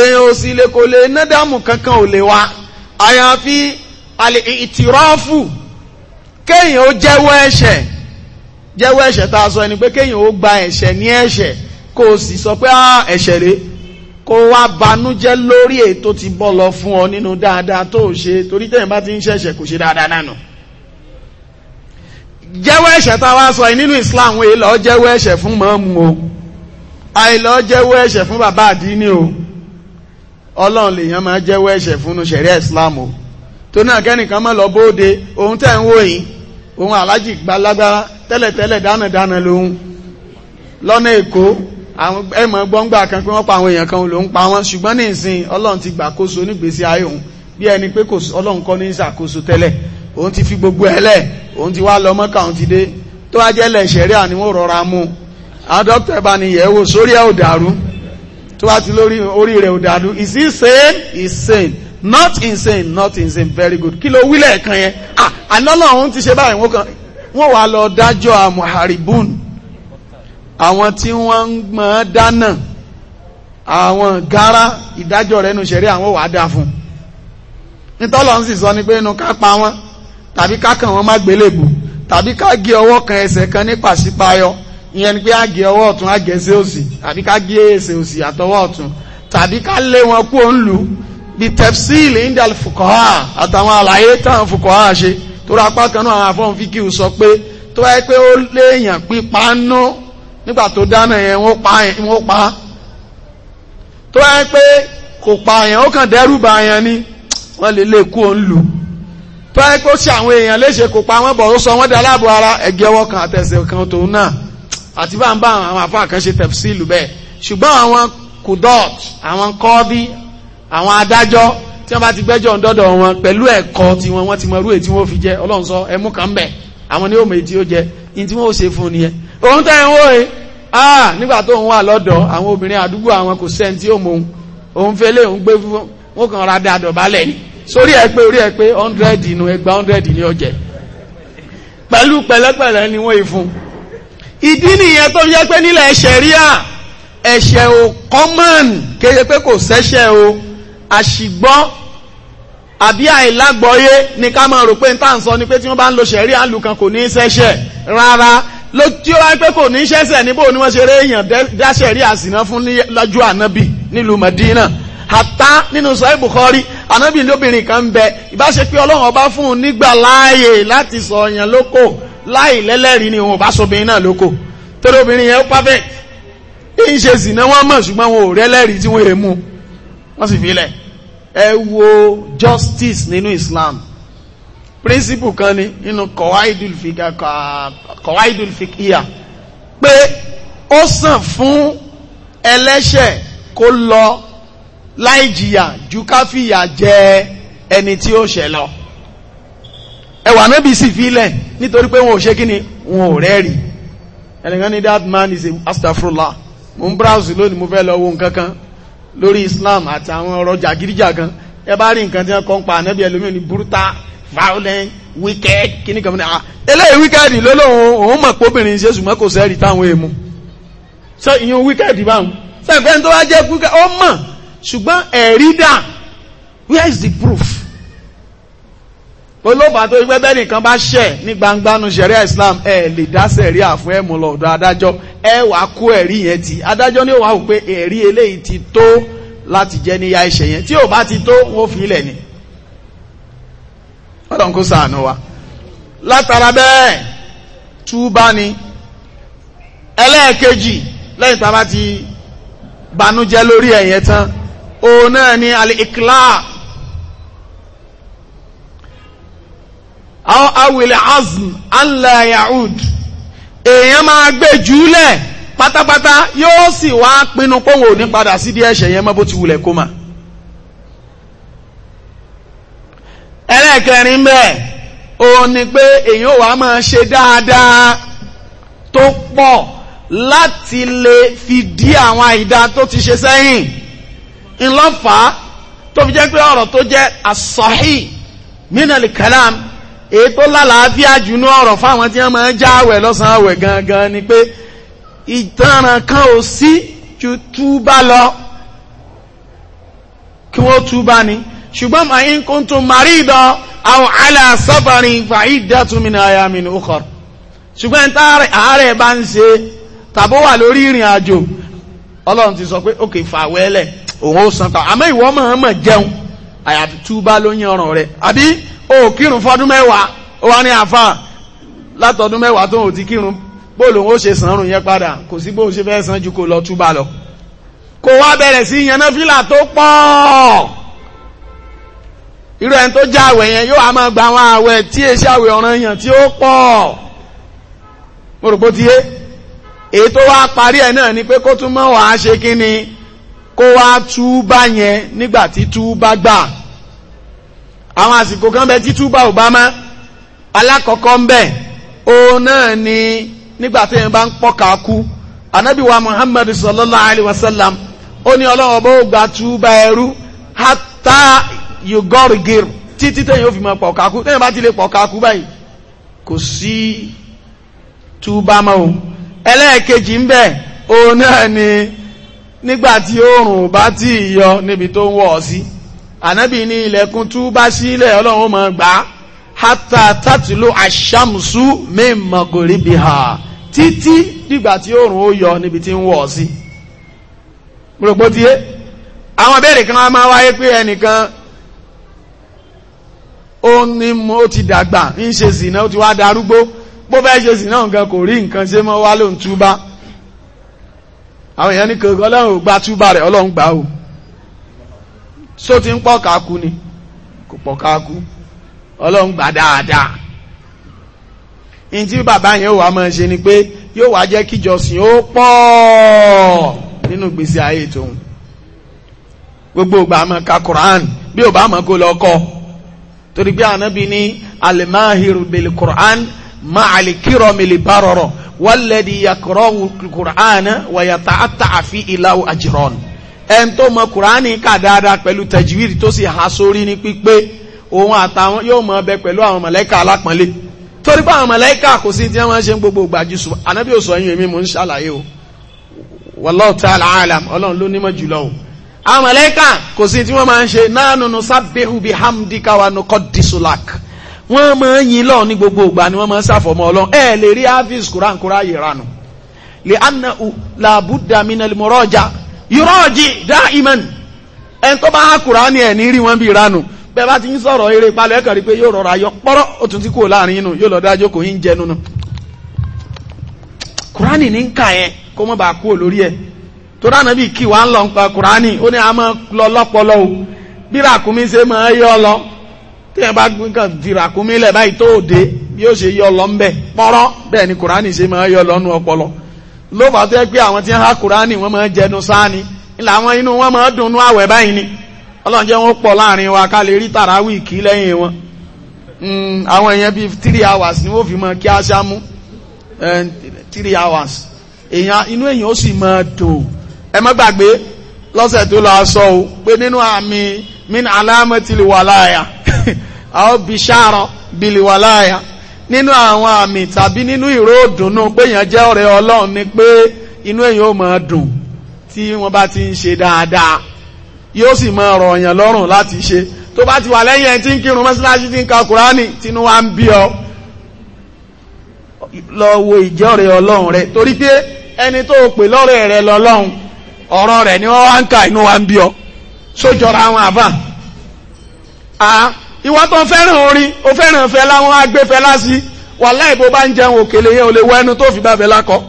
èèyàn ò sì lè kò lè nádàmù kankan ò lè wa àyàfi àlè ìtìrọ́fù kéèyàn ó jẹ́wọ́ ẹ̀ṣẹ̀ jẹ́wọ́ ẹ̀ṣẹ̀ tá a sọ ẹni pé kéèyàn ó gba ẹ̀ṣẹ̀ ní ẹ̀ṣẹ̀ kó o sì sọ pé á ah, ẹ̀ṣẹ̀ rèé kó wá banújẹ́ lórí ètò ti bọ́ lọ fún ọ nínú dáadáa tó ṣe torí tẹ́yìn bá ti ń ṣẹ̀ṣẹ̀ kò ṣe dáadáa nánu jẹ́wọ́ ẹ̀ṣẹ̀ tá wá sọ nínú Islam wo ìlọ jẹ́wọ́ ẹ̀ṣẹ̀ fún mọ́mú o àìlọ jẹ́wọ́ ẹ̀ṣẹ̀ fún bàbá àdínní o ọlọ́run lèèyàn máa jẹ́wọ́ ẹ̀ṣẹ̀ fún un ṣẹ̀rí Islam o tó náà kẹ́nìkan mọ́ lọ bóde ohun tẹ́ ń wò yín òun alájì gbalagbára tẹ́lẹ̀tẹ́lẹ̀ dánàdánà lòun lọ́nà èkó àwọn ẹmọ gbọ́ngbà kan pé wọ́n pa àwọn èèyàn kan lòun pa wọ́n ṣùgbọ́n ní ìsìn ọlọ́run ti gbàkóso nígbésí ayé òun bí ẹni pé ọlọ́run kọ́ ní ìṣàkóso tẹ́lẹ̀ òun ti fi gbogbo ẹ̀ lẹ̀ òun ti wá lọ mọ́kà òun ti dé tó wá jẹ́ lẹ̀ṣẹ̀ rí is he not insane not insane very good kí ló wílẹ̀ kan yẹn ah ànọ́nà òun ti ṣe báyìí wọ́n kan wọ́n wá lọ dájọ́ àmọ̀háribùn àwọn tí wọ́n ń gbọ́n dáná àwọn gara ìdájọ́ rẹ̀ nù ṣẹ̀rí àwọn wàá dá fún nítọ́lọ́ ń sì sọ ni pé inú ká pa wọ́n tàbí ká kàn wọ́n má gbélébù tàbí ká gé ọwọ́ kan ẹsẹ̀ kan ní pàṣípayọ ìyẹn ni pé á ọwọ́ ọ̀tún á òsì tàbí ká gé ẹsẹ̀ òsì àtọwọ́ ọ̀tún tàbí ká lé wọn kú òǹlù bí tefsil indal fukoha àtàwọn àlàyé táwọn fukoha ṣe tó ra apá kan náà àwọn afọ́n fíkìú sọ pé tó wáyé pé ó léèyàn pípa nú nígbà tó dáná yẹn wọ́n pa á tó wáyé pé kò pa yẹn ó kàn dẹ́rù bà yẹn ni wọ́n lè lè kú òun lù tó wáyé pé ó ṣe àwọn èèyàn léṣe kò pa wọ́n bọ̀ ó sọ wọ́n di aláàbò ara ẹ̀gẹ́ ọwọ́ kan àtẹ̀sẹ̀ kan tòun náà àti bá ń bá àwọn afọ́ àkànṣe tefsil bẹ́ẹ̀ ṣùgbọ́n àwọn kudot àwọn kọ́ọ́dí àwọn adájọ́ tí wọ́n bá ti gbẹ́jọ́ ńdọ́dọ̀ wọn pẹ̀lú ẹ̀kọ́ tí wọ́n wọ́n ti mọ irú èyí tí wọ́n fi jẹ ọlọ́run sọ ẹmú kan bẹ̀ àwọn ní òmè tí ó jẹ ní tí wọ́n ó ṣe fún un nìyẹn òun tẹ́ ẹ̀ ń wò ẹ́ ah nígbà tó ń wà lọ́dọ̀ àwọn obìnrin àdúgbò àwọn kò sẹ́ni tí ó mọ òun òun fẹ́lẹ́ òun gbé fún wọn kàn ra dáadọ̀ balẹ̀ ni sórí ẹ pé orí ẹ pé hundred inú ẹgbàá hundred ní ọjẹ pẹ̀lú pẹ̀lẹ́pẹ̀lẹ́ ni wọ́n ìfún ìdí nìyẹn tó yẹ pé nílẹ̀ ṣẹ̀ríà ẹ̀ṣẹ̀ ò common kéye pé kò sẹ́ṣẹ̀ o àṣìgbọ́ àbí àìlágbọ́yé ni ká máa rò pé n tá à sọ ni pé tí wọ́n bá ń lo ṣẹ̀rí àlù kan kò ní í ṣẹ́ṣẹ̀ rárá ló tí ó wáyé pé kò ní í ṣẹ́ṣẹ̀ níbo ni wọ́n ṣe eré èèyàn dá ṣẹ̀rí àsìná fún lọ́jọ́ ànábì nílùú Madina àtá nínú sọ́ọ́ Bukhari ànábì lóbìnrin kan ń bẹ ìbáṣe pé Ọlọ́run ọba fún un nígbà láàyè láti sọ ọ̀yàn lóko láì lẹ́lẹ́rìí ni òun ọba sobìnrin náà lóko torí obìnrin yẹn ó perfect ń ṣe sì náà wọ́n mọ̀ ṣùgbọ́n wọn ò rẹ́lẹ́rìí tí wọ́n èrè mú wọ́n sì fi lẹ̀ ẹ wo justice nínú Islam principle kan ni nínú kọ̀wáìdùl fìkìyà pé ó sàn fún ẹlẹ́ṣẹ̀ kó lọ láì jìyà ju ká fìyà jẹ ẹni tí ó ṣẹ̀ lọ ẹwà náà bí sì fílẹ̀ nítorí pé wọn ò ṣe kí ni wọn ò rẹ́rìí ẹnìkan ní that man is a astafrula mo ń browse lónìí mo fẹ́ lọ wo nǹkan kan lórí Islam àti àwọn ọ̀rọ̀ jàgídíjàgan ẹ bá rí nǹkan tí wọ́n kọ́ ń pa ànábì ẹlòmíràn ní burúta violent wicked kíní kan náà eléyìí wicked lọ́lọ́run òun mọ̀ pé obìnrin ṣe ṣùgbọ́n kò sẹ́rì táwọn èèmù ṣe ìyẹn wicked báwọn sẹ́fẹ́ tó wá jẹ́ wicked ó mọ̀ ṣùgbọ́n ẹ̀rí dà where is the proof olófà tó gbé bẹ́ẹ̀ nìkan bá ṣẹ̀ ní gbangbanu sẹ̀ríà Islam ẹ lè dá sẹ̀ríà fún ẹ mú lọ ọ̀dọ̀ adájọ́ ẹ wà kó ẹ̀rí yẹn ti adájọ́ ni ó wà wò pé ẹ̀rí eléyìí ti tó láti jẹ́ níyà ẹ̀ṣẹ̀ yẹn tí ò bá ti tó wọ́n fi ilẹ̀ ni ọlọ́run kó ṣàánú wa látara bẹ́ẹ̀ túbá ni ẹlẹ́ẹ̀kejì lẹ́yìn tá a bá ti banújẹ́ lórí ẹ̀yẹ tán òun náà ni alẹ́ awil azm anla yaud èèyàn máa gbé jùlẹ̀ pátápátá yóò sì wá pinnu pòwò ní padà sí díẹ̀ ẹ̀ṣẹ̀ yẹn mọ́ bó ti wulẹ̀ kó mà ẹlẹ́ẹ̀kẹrin bẹ́ẹ̀ ó ní pé èèyàn wà máa ṣe dáadáa tó pọ̀ láti lè fi dí àwọn àìdá tó ti ṣe sẹ́yìn ńlọ́fà tó fi jẹ́ pé ọ̀rọ̀ tó jẹ́ asọ́hì mínàlì kàlám èyí tó lálàáfíà jù ní ọ̀rọ̀ fáwọn tí wọ́n máa ń jáwẹ̀ lọ́sàn-án àwẹ̀ gangan ni pé ìtanràn kan ò sí ju túbá lọ kí wọ́n túbá ni ṣùgbọ́n ma in kuntum maridan aw ala safarin fa iddatun min ayamin ukhar ṣùgbọ́n táàrẹ̀ àárẹ̀ bá ń ṣe tàbó wà lórí ìrìn àjò ọlọ́run ti sọ pé òkè fàwẹ́lẹ̀ òun ó san ta àmọ́ ìwọ mọ̀ọ́mọ̀ jẹun àyàfi túbá ló yan ọ̀ràn rẹ̀ àbí o kírun fọdún mẹ́wàá ó wá ní àfà látọdún mẹ́wàá tó ò ti kírun bóòlù ó ṣe sanrun yẹn padà kò sí bóòlù ṣe fẹ́ san ju kò lọ túbà lọ kò wá bẹ̀rẹ̀ sí yanáfílà tó pọ̀ irú ẹni tó já àwẹ̀ yẹn yóò á máa gba àwọn àwẹ̀ tí èsì àwẹ̀ ọ̀ràn yàn tí ó pọ̀ mo rò pé yé èyí tó wá parí ẹ̀ náà ni pé kó tún mọ́ wàá ṣe kí ni kó wá túbà yẹn nígbà tí túbà gbà àwọn àsìkò kan bẹ títú bá obama alákọ̀ọ́kọ́ náà ni nígbà tí yẹn bá ń pọ́ka kú anabi wa alayhi wa sallam ó ní ọlọ́wọ́ bó gba túbà ẹrú hata yugorgir títí tẹ̀yìn pọ̀ka kú tẹ̀yìn bá ti o ẹlẹ́ẹ̀kejì ń bẹ̀ òun náà ni nígbà tí oòrùn bá ti yọ níbi tó ń wọ̀ ọ́ sí. Si ànábì ní ilẹ̀kùn tú bá sílẹ̀ ọlọ́run ó máa gbà á hátà tàtìlú àṣàmùsù mímọ̀ kò rí bi hà títí dìgbà tí oòrùn ó yọ níbi tí ń wọ̀ sí. gbogbo àwọn abẹ́rẹ́ kan máa wáyé pé ẹnìkan ó ní ó ti dàgbà ń ṣe zìnà ó ti wá darúgbó bó fẹ́ ṣe zìnà nǹkan kò rí nǹkan ṣe mọ́ wá ló túbá àwọn èèyàn ní kò ọlọ́run ò gba túbá rẹ̀ ọlọ́run gbà ó só ti ń pọ̀ káku ni kò pọ̀ káku ọlọ́run gbà dáadáa ní tí bàbá yẹn wà máa ṣe ni pé yóò wá jẹ́ kíjọsìn ó pọ̀ nínú gbèsè ayé tòun gbogbo ìgbà àmọ́ ka Quran bí ò bá mọ̀ kó torí pé ànábì ní alimahiru bil Quran maali kiro mili baroro waladi yakoro Quran wayata ata afi ilawu ẹn tó mọ kùránì kà dáadáa pẹ̀lú tẹ̀jìwìrì tó sì há sórí ní pípé òun àtàwọn yóò mọ ọbẹ̀ pẹ̀lú àwọn mọ̀lẹ́kà alápọ̀nlé torí pé àwọn mọ̀lẹ́kà kò sí tí wọ́n ṣe ń gbogbo gbàjú sùn ànábì òsùn ẹ̀yìn èmi mò ń ṣàlàyé o wallahu ta'ala alam ọlọ́run ló nímọ̀ jùlọ o àwọn mọ̀lẹ́kà kò sí tí wọ́n máa ń ṣe nahnu nusabbihu bihamdika wa nuqaddisu lak wọ́n ní yúrọ́ọ̀jì dáìmẹ́n ẹni tó bá há kùránì ẹ̀ ní rí wọn bí ìranù bẹ́ẹ̀ bá ti ń sọ̀rọ̀ eré palẹ̀ ẹ̀kàn rí pé yóò rọra yọ pọ́rọ́ ó tún ti kúrò láàrin inú yóò lọ dájọ́ kò ń jẹnu nù kùránì ní ń kà yẹn kó mọ́ bá kúrò lórí ẹ̀ tó dáná bíi kí wà ń lọ ń pa kùránì ó ní a máa lọ lọ́pọlọ o bí ràkúnmí ṣe máa yọ lọ tí ẹ bá gbìkan fi ràkúnmí lẹ̀ báyìí tó òde bí ó ṣe yọ lọ ń bẹ̀ pọ́rọ́ bẹ́ẹ̀ ni kùránì ṣe máa yọ lọ́nu ọpọlọ ló bá tó yẹ pé àwọn tí ń ha kùránì wọ́n jẹnu sáni ńlá àwọn inú wọn máa ń àwẹ̀ báyìí ni ọlọ́njẹ́ wọn pọ̀ láàrin wa ká lè rí tààrà kí lẹ́yìn wọn hmm, àwọn èèyàn hours ni wọ́n fi kí eh, hours inú èèyàn ó sì ẹ gbàgbé lọ́sẹ̀ tó lọ sọ o pé nínú àmì nínú àwọn àmì tàbí nínú ìró òdùnnú pé èèyàn jẹ́ ọ̀rẹ́ ọlọ́run ni pé inú èèyàn ò máa dùn tí wọ́n bá ti ń ṣe dáadáa yóò sì máa rọ̀ èèyàn lọ́rùn láti ṣe tó bá ti wà lẹ́yìn ẹni tí ń kírun mọ́sálásí tí ń ka kùránì tínú wa ń bí ọ lọ wo ìjẹ́ ọ̀rẹ́ ọlọ́run rẹ torí pé ẹni tó o pè lọ́rẹ́ rẹ lọ́lọ́run ọ̀rọ̀ rẹ̀ ni wọ́n wá ń ka inú wa ń bí ọ sójọra àwọn àbá a ìwọ tó fẹ́ràn orin o fẹ́ràn fẹlá wọn á gbé fẹlá sí wàláì bó bá ń jẹun òkèlè yẹn ò lè wọ ẹnu tó fi bá fẹlá kọ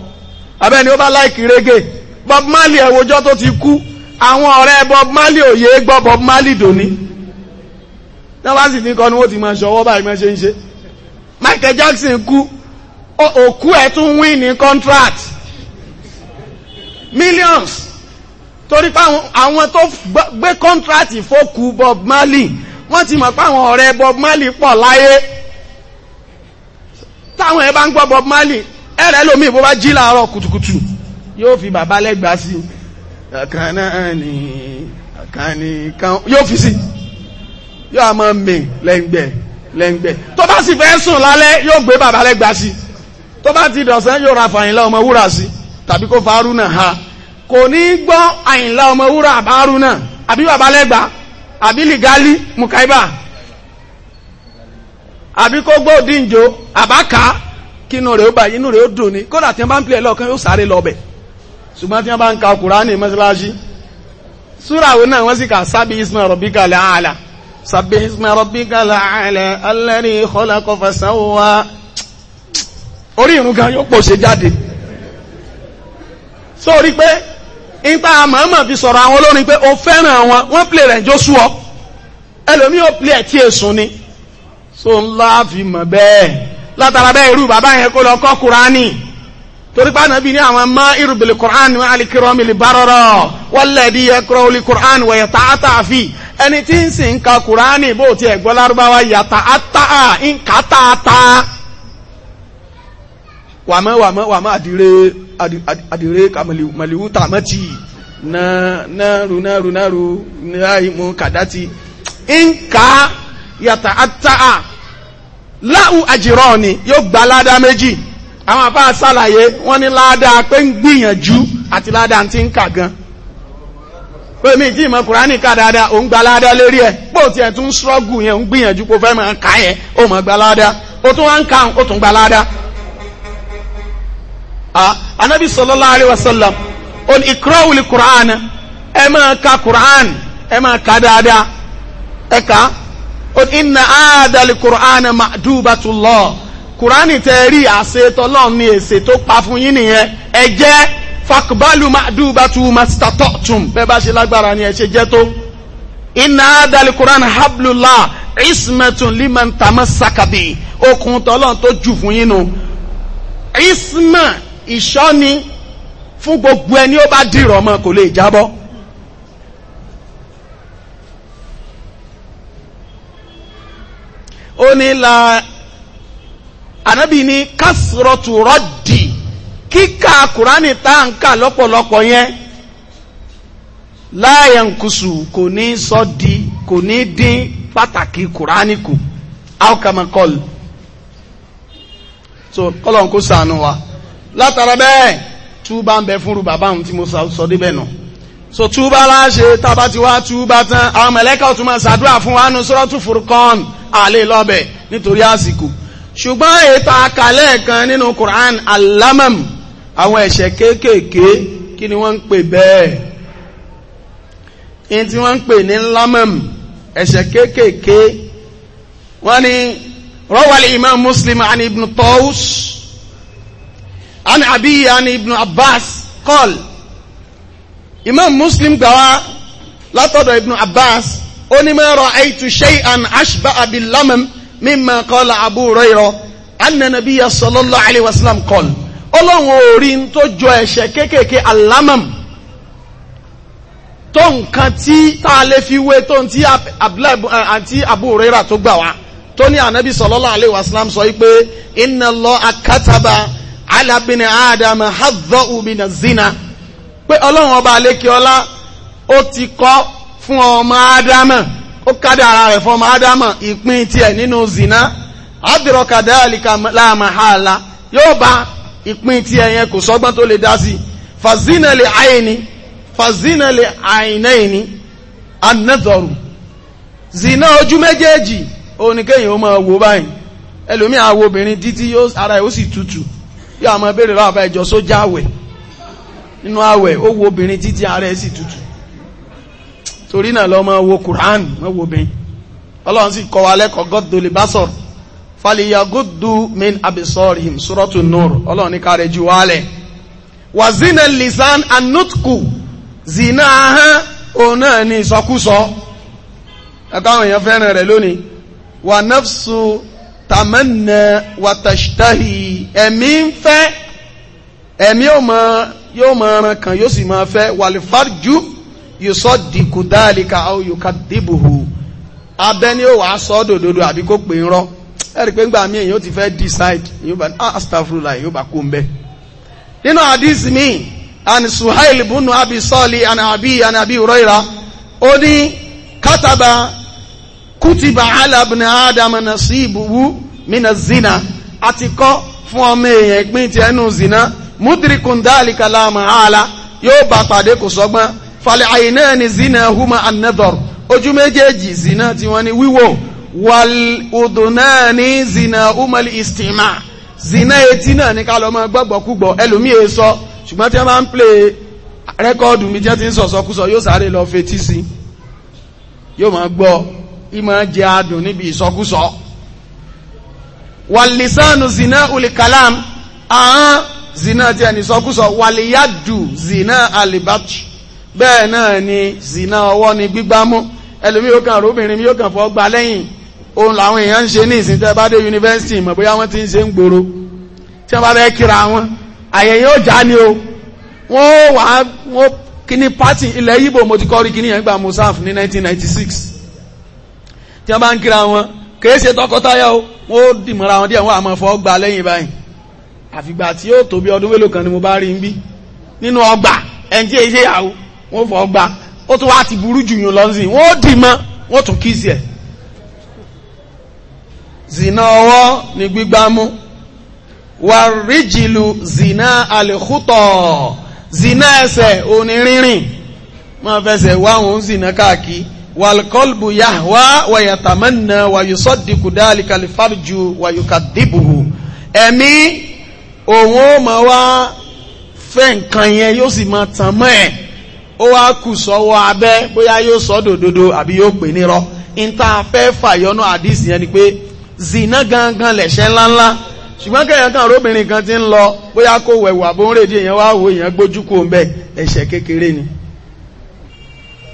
abẹ́ni ó bá láìkì reggae Bob Marley ẹ̀wòjọ́ tó ti kú àwọn ọ̀rẹ́ Bob Marley òye gbọ́ Bob Marley dòní náà wá sì ní kọ́ ni wọ́n ti máa ṣọwọ́ báyìí máa ṣe ń ṣe Michael Jackson kú òkú ẹ̀ tún win ní contract millions torí pé àwọn tó gbé contract fókù Bob Marley wọ́n ti mọ̀ pé àwọn ọ̀rẹ́ Bob Marley pọ̀ láyé táwọn ẹ bá ń gbọ́ Bob Marley ẹ̀rẹ́ lómi bó bá jí láàárọ̀ kùtùkùtù yóò fi bàbá lẹ́gbàá sí ọ̀kan náà ni ọ̀kan ni kan yóò fi sí yóò máa mè lẹ́ngbẹ̀ lẹ́ngbẹ̀ tó bá sì fẹ́ sùn lálẹ́ yóò gbé bàbá lẹ́gbàá sí tó bá ti dọ̀sán yóò ra fàyìnlá ọmọ wúrà sí tàbí kó fa arúnà ha kò ní gbọ́ àyìnlá ọmọ wúrà àbárúnà àbí bàbá lẹ́gbàá àbí lìgálí mùkáíbà àbí kó gbọ́ òdíǹjò àbáka kí inú rẹ̀ ó bá inú rẹ̀ ó dùn ní kódà tí wọ́n bá ń pilẹ̀ lọ́ọ̀kan yóò sáré lọ́bẹ̀ ṣùgbọ́n tí wọ́n bá ń ka kùránì mọ́sálásí súràwọ̀ náà wọ́n sì kà sábì ismail rọ̀bíkà làálà sábì ismail rọ̀bíkà làálà alẹ́rì kọ́lákọ́ fẹsẹ̀wá orí ìrùn kan yóò pọ̀ ṣe jáde nípa àmọ́mọ́ fi sọ̀rọ̀ àwọn olórin pé o fẹ́ràn wọn wọ́n pleere rẹ̀ elu o ẹlòmí ò ni so ńlá fi mọ̀ bẹ́ẹ̀ látara bẹ́ẹ̀ irú bàbá yẹn kó lọ kọ́ kúránì torí pa nàbí ní àwọn má wọn lè olè tààtà fi ẹni tí ń sìn wàmọ́ wàmọ́ wàmọ́ àdìrẹ àdìrẹ kàmàlìwú tàmátì náàrù náàrù náàrù náàrù kàdátì ǹkà yàtà àtàà láwù àjìrọ̀ ni yóò gba ládàá méjì àwọn àbá ṣàlàyé wọ́n ní ládàá pé ń gbìyànjú àti ládàá ti ń kà gan pé mi jí ìmọ̀ kùránì ká dáadáa òun gba ládàá lérí ẹ̀ pò tí ẹ̀ tún ṣọ́gù yẹn ń gbìyànjú kó fẹ́ máa ń kà yẹn ó mọ̀ gba ládàá ó tún wá ń kà ó tún gba ládàá anabi ah, sallallahu alayhi wa sallam on ikrawuli quran ẹ máa ka quran ẹ máa ka dáadáa ẹ ka on inna aadali quran ma'dubatullah quran tẹ rí àṣetọ lọ́n ní èsè tó pa fún yín nìyẹn ẹ jẹ́ fakbalu ma'dubatu mastatọ́tum bẹ́ẹ̀ bá ṣe lágbára ni ẹ ṣe jẹ́ tó inna aadali quran hablullah ismatun liman tamassaka bi okùn tọ́lọ́n tó jù fún yín nu isma ìṣọ́ ni fún gbogbo ẹni ó bá dìrọ̀ mọ́ kò lè jábọ́ ó ní la ànábì ní kásìrọ̀tù rọ́dì kíkà kùránì tá à ń kà lọ́pọ̀lọpọ̀ yẹn láyẹ̀nkùsù kò ní sọ di kò ní dín pàtàkì kùránì kù alkamakọ́lù so kọ́lọ̀ ń kó wa látara bẹ́ẹ̀ túbá ń bẹ fúnru bàbá òun tí mo sọ débẹ̀ nù so túbá láṣe tábà tí wá túbá tán àwọn mẹ̀lẹ́kà ò tún máa ṣàdúrà fún wa nù sọ́rọ́tù furkan àlè lọ́bẹ̀ nítorí àsìkò ṣùgbọ́n ètò àkàlẹ̀ kan nínú Quran alamam àwọn ẹ̀ṣẹ̀ kéékèèké kí ni wọ́n ń pè bẹ́ẹ̀ in tí wọ́n ń pè ní lamam ẹ̀ṣẹ̀ kéékèèké wọ́n ní rawal imam Muslim an ibn Tawus عن أبي عن ابن عباس قال إمام مسلم قال لا تدع ابن عباس أني ما رأيت شيئا أشبه باللمم مما قال أبو هريرة أن النبي صلى الله عليه وسلم قال ọlọ́run orin tó jọ ẹ̀ṣẹ̀ kéékèèké alámàm tó nǹkan tí tá a lè fi wé tó ń tí eh, àti Abu Hurairah tó gbà wá tó ní ànábì sallallahu alaihi wasallam sọ wípé inna Allah akátaba alábìnrin àádámà hazọ́ òmìnà zina pé ọlọ́run ọba alékiọlá ó ti kọ́ fún ọmọ ádámà ó kádà ara rẹ̀ fún ọmọ ádámà ìpín tiẹ̀ nínú zina adìrọ̀kadà àlìkà láàmà hàlà yóò bá ìpín tiẹ̀ yẹn kò sọ́gbọ́n tó lè dá sí fàzínà lè àìní fàzínà lè àìnáìní anẹ́tọ̀rù zina ojú méjèèjì oníkẹ́yìn ó máa wò báyìí ẹlòmíà wo obìnrin títí ara ẹ̀ ó sì tutù yóò àmọ́ béèrè lọ́wọ́ àbájọ sójà àwẹ̀ nínú àwẹ̀ ó wo obìnrin títí ààrẹ sì tutù torí náà lọ mọ́ wo kùránì mọ́ wo obìnrin ọlọ́run sì kọ́ wa lẹ́kọ̀ọ́ gọ́dọ̀ lè bá sọ̀rọ̀ fàlìyà gọ́dọ̀ min abisọ́rìhìm sọ́rọ́tù nùrù ọlọ́run ní kárẹ̀ ju wálẹ̀ wà zina lisan anutku zina ahán òun náà ní ìsọkúsọ ẹ̀ka àwọn èèyàn fẹ́ràn rẹ̀ lónìí wà nafsu tàmánà wàtàṣtáhì ẹ̀mí ń fẹ́ ẹ̀mí yóò máa ran kan yóò sì máa fẹ́ wàlífàájú yóò sọ dìkù dáàlìkà àwọn yòókà dìbòhò abẹ́ ni ó wàá sọ dòdòdò àbí kó pè ń rọ́ ẹ̀rí pé ńgbà mí èyàn ti fẹ́ decide yóò bá ah, astafurula yóò bá kó ń bẹ́ nínú àdìsí mi àni suhail bunu abi sọ́ọ̀lì àni abi àni abi rọ́ìra ó ní kátàbà kútìbà alabni adam nasibuhu mina zina àti kọ́ fún ọmọ èèyàn ìpín ti ẹnu zina mudrikun dhalika la mahala yóò bá pàdé kò sọ́gbọ́n falẹ̀ àyínà ni zina huma anador ojú méjèèjì zina tí wọ́n ní wíwò wal uduna ni zina huma istima zina etí náà ní ká lọ máa gbọ́gbọ́ kúgbọ́ ẹlòmíye sọ ṣùgbọ́n tí wọ́n máa ń play rẹ́kọ́ọ̀dù mi jẹ́ ti ń sọ̀sọ́kúsọ yóò sáré lọ fetí sí yóò máa gbọ́ ìmọ̀ jẹ́ adùn níbi ìsọkúsọ wàlìsánù zina olùkàlám ahán zina tí a ní sọkúsọ wàlìyàdù zina alibatu bẹ́ẹ̀ náà ni zina ọwọ́ ni gbígbámú ẹlòmí yóò kàn róbìnrin yóò kàn fọ́ gba lẹ́yìn ohun làwọn èèyàn ń ṣe ní ìsìntẹ́ yunifásitì mọ̀ bóyá wọ́n ti ń ṣe ń gbòòrò tí wọ́n bá fẹ́ kíra wọn àyè yóò já ni o wọ́n wà wọ́n kíní pátì ilẹ̀ yíbò mo ti kọ́ rí kíní yẹn gbà musaaf ní 1996 tí wọ́n bá ń kíra wọn kìí ṣe tọkọtaya o wọn ó dìmọ̀ra wọn díẹ̀ wọn àmọ́ fọ́ gba lẹ́yìn báyìí àfìgbà tí ó tó ọdún mélòó kan ni mo bá rí ń bí nínú ọgbà ẹni tí èyí ṣe yàwó wọn fọ́ gba ó tún wá ti burú jù yún lọ́nzìn wọn ó dìmọ̀ wọn tún kí sí ẹ̀ zina ọwọ́ ni gbígbá mú wà ríjìlù zina àlèkútọ̀ zina ẹsẹ̀ onírìnrìn máa fẹsẹ̀ wá òun zina káàkiri wàlkọ́lbù yahwa wàyàtàmánà wàyùsọ́dìkù dáàlì kàlífàrjù wàyùkàdìbùhù ẹ̀mí òun ó máa wá fẹ́ nǹkan yẹn yóò sì máa tàn mọ́ ẹ̀ ó wá kù sọ́wọ́ abẹ́ bóyá yóò sọ dòdodo àbí yóò pè nírọ́ níta fẹ́ fàyọnú àdìsí yẹn ni pé zina gangan lẹ̀ṣẹ̀ ńláńlá ṣùgbọ́n kẹ́yàn kan róbìnrin kan ti ń lọ bóyá kó wẹ̀wà bó ń rèdí èèyàn wá wo èèyàn gbójú kò ń bẹ̀ ẹ̀ṣẹ̀ kékeré ni.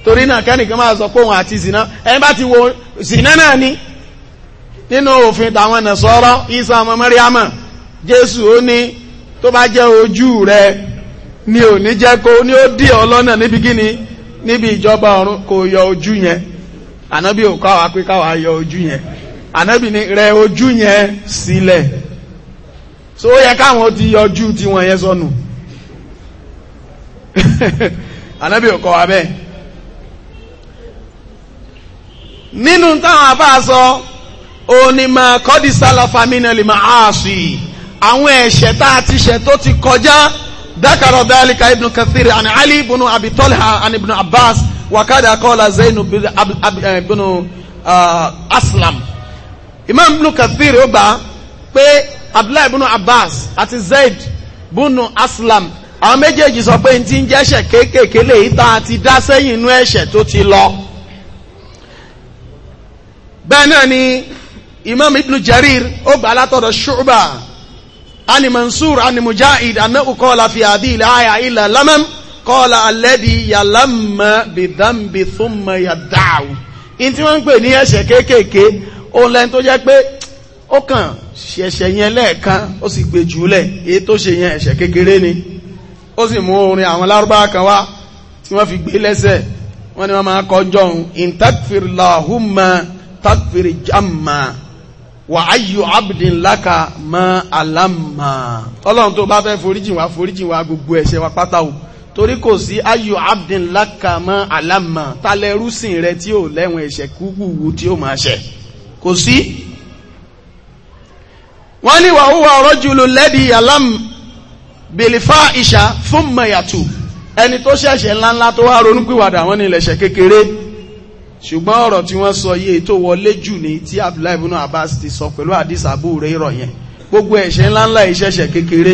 torí náà kẹ́nìkan máa sọ pé àti zina ẹni bá ti wo zina náà ni nínú òfin tàwọn nàṣọ́rọ́ isa ọmọ mẹ́ríàmà jésù ó ní tó bá jẹ́ ojú rẹ ni ò ní jẹ́ kó ní ó dí ọ lọ́nà níbi kíni níbi ìjọba ọ̀run kò yọ ojú yẹn ànábì ò káwa pé káwa yọ ojú yẹn ànábì ni rẹ ojú yẹn sílẹ̀ so ó yẹ káwọn ti nínú táwọn àbá sọ onímọ̀ kọ́dí sálàfà mínà lè máa ṣì àwọn ẹ̀ṣẹ̀ tá a ti ṣẹ̀ tó ti kọjá dákàrọ̀ dálíkà ibn kathir àni ali ibn abi talha àni ibn abbas wakada kọ́lá zainu ibn eh, ah, aslam imam ibn kathir ó gbà pé abdullahi ibn abbas àti zaid ibn aslam àwọn méjèèjì sọ pé n ti ń jẹ́ṣẹ̀ kéékèèké lèyí tá a ti dá sẹ́yìn inú ẹ̀ṣẹ̀ tó ti lọ bẹ́ẹ̀ náà ni imam ibn jarir ó gbà látọ̀dọ̀ ṣùgbà ani mansur ani mujahid anahu kọ́la fi àdí ilẹ̀ àyà ilẹ̀ lamam kọ́la alẹ́di yàlámà bìdánbì thumma yàdáwù in tí wọ́n ń pè ní ẹ̀ṣẹ̀ kéékèèké òun lẹ́ni tó jẹ́ pé ó kàn ṣẹ̀ṣẹ̀ yẹn lẹ́ẹ̀kan ó sì gbé jùlẹ̀ èyí tó ṣe yẹn ẹ̀ṣẹ̀ kékeré ni ó sì mú orin àwọn lárúbá kan wá tí wọ́n fi gbé lẹ́sẹ̀ wọ́n ní wọ́n máa kọjọ́ ohun intakfirlahumma takfiri jamma wa áyù abdin laka ma alamma ọlọ́run tó bá fẹ́ foríjìn wa foríjìn wa gbogbo ẹ̀ṣẹ̀ wa pátá o torí kò sí ayò abdin laka ma alamma talẹ́rúsìn rẹ tí ó lẹ́wọ̀n ẹ̀ṣẹ̀ kúkúwú tí ó máa ṣẹ̀ kò sí wọ́n ní wà húwà rọ́jùlù lẹ́dí alam bilifa isha fún mayatu ẹni tó ṣẹ̀ṣẹ̀ ńláńlá tó wá ronúpìwàdà wọ́n ní ilẹ̀ṣẹ̀ kékeré ṣùgbọ́n ọ̀rọ̀ tí wọ́n sọ yìí tó wọlé jù ní tí Abdullahi ibn Abbas ti sọ pẹ̀lú àdìs Abu Hurairah yẹn gbogbo ẹ̀ṣẹ̀ ńláńlá ìṣẹ̀ṣẹ̀ kékeré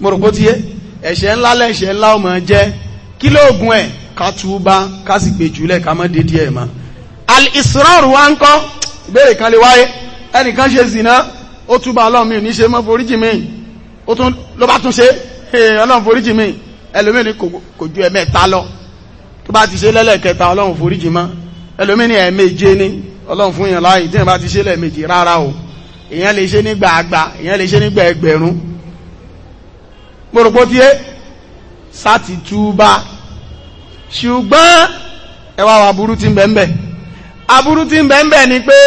mo rò pé ó ti yé ẹ̀ṣẹ̀ ńlá lẹ́ṣẹ̀ ńlá ọmọ jẹ́ kí lóògùn ẹ̀ ká túbá ká sì gbé jùlẹ̀ ká mọ́ dédé ẹ̀ mọ́ al-israr wa ń kọ́ ìbéèrè kan lè wáyé ẹnìkan ṣe zìnà ó túbá Ọlọ́run mi ní ṣe mọ́ foríjì mi ó tún ló bá tún ṣe Ọlọ́run foríjì mi ẹlòmíràn tó bá ti ṣe lẹ́lẹ́kẹta ọlọ́run foríjì mọ́ ẹlòmínì ẹ̀ẹ̀méje ní ọlọ́run fún yàn láàyè tí èèyàn bá ti ṣe lẹ́ẹ̀méje rárá o èèyàn lè ṣe nígbà àgbà èèyàn lè ṣe nígbà ẹgbẹ̀rún gbòròpó tiẹ́ sáti túbá ṣùgbọ́n ẹ wá aburú ti ń bẹ ń bẹ aburú ti ń bẹ ń bẹ ni pé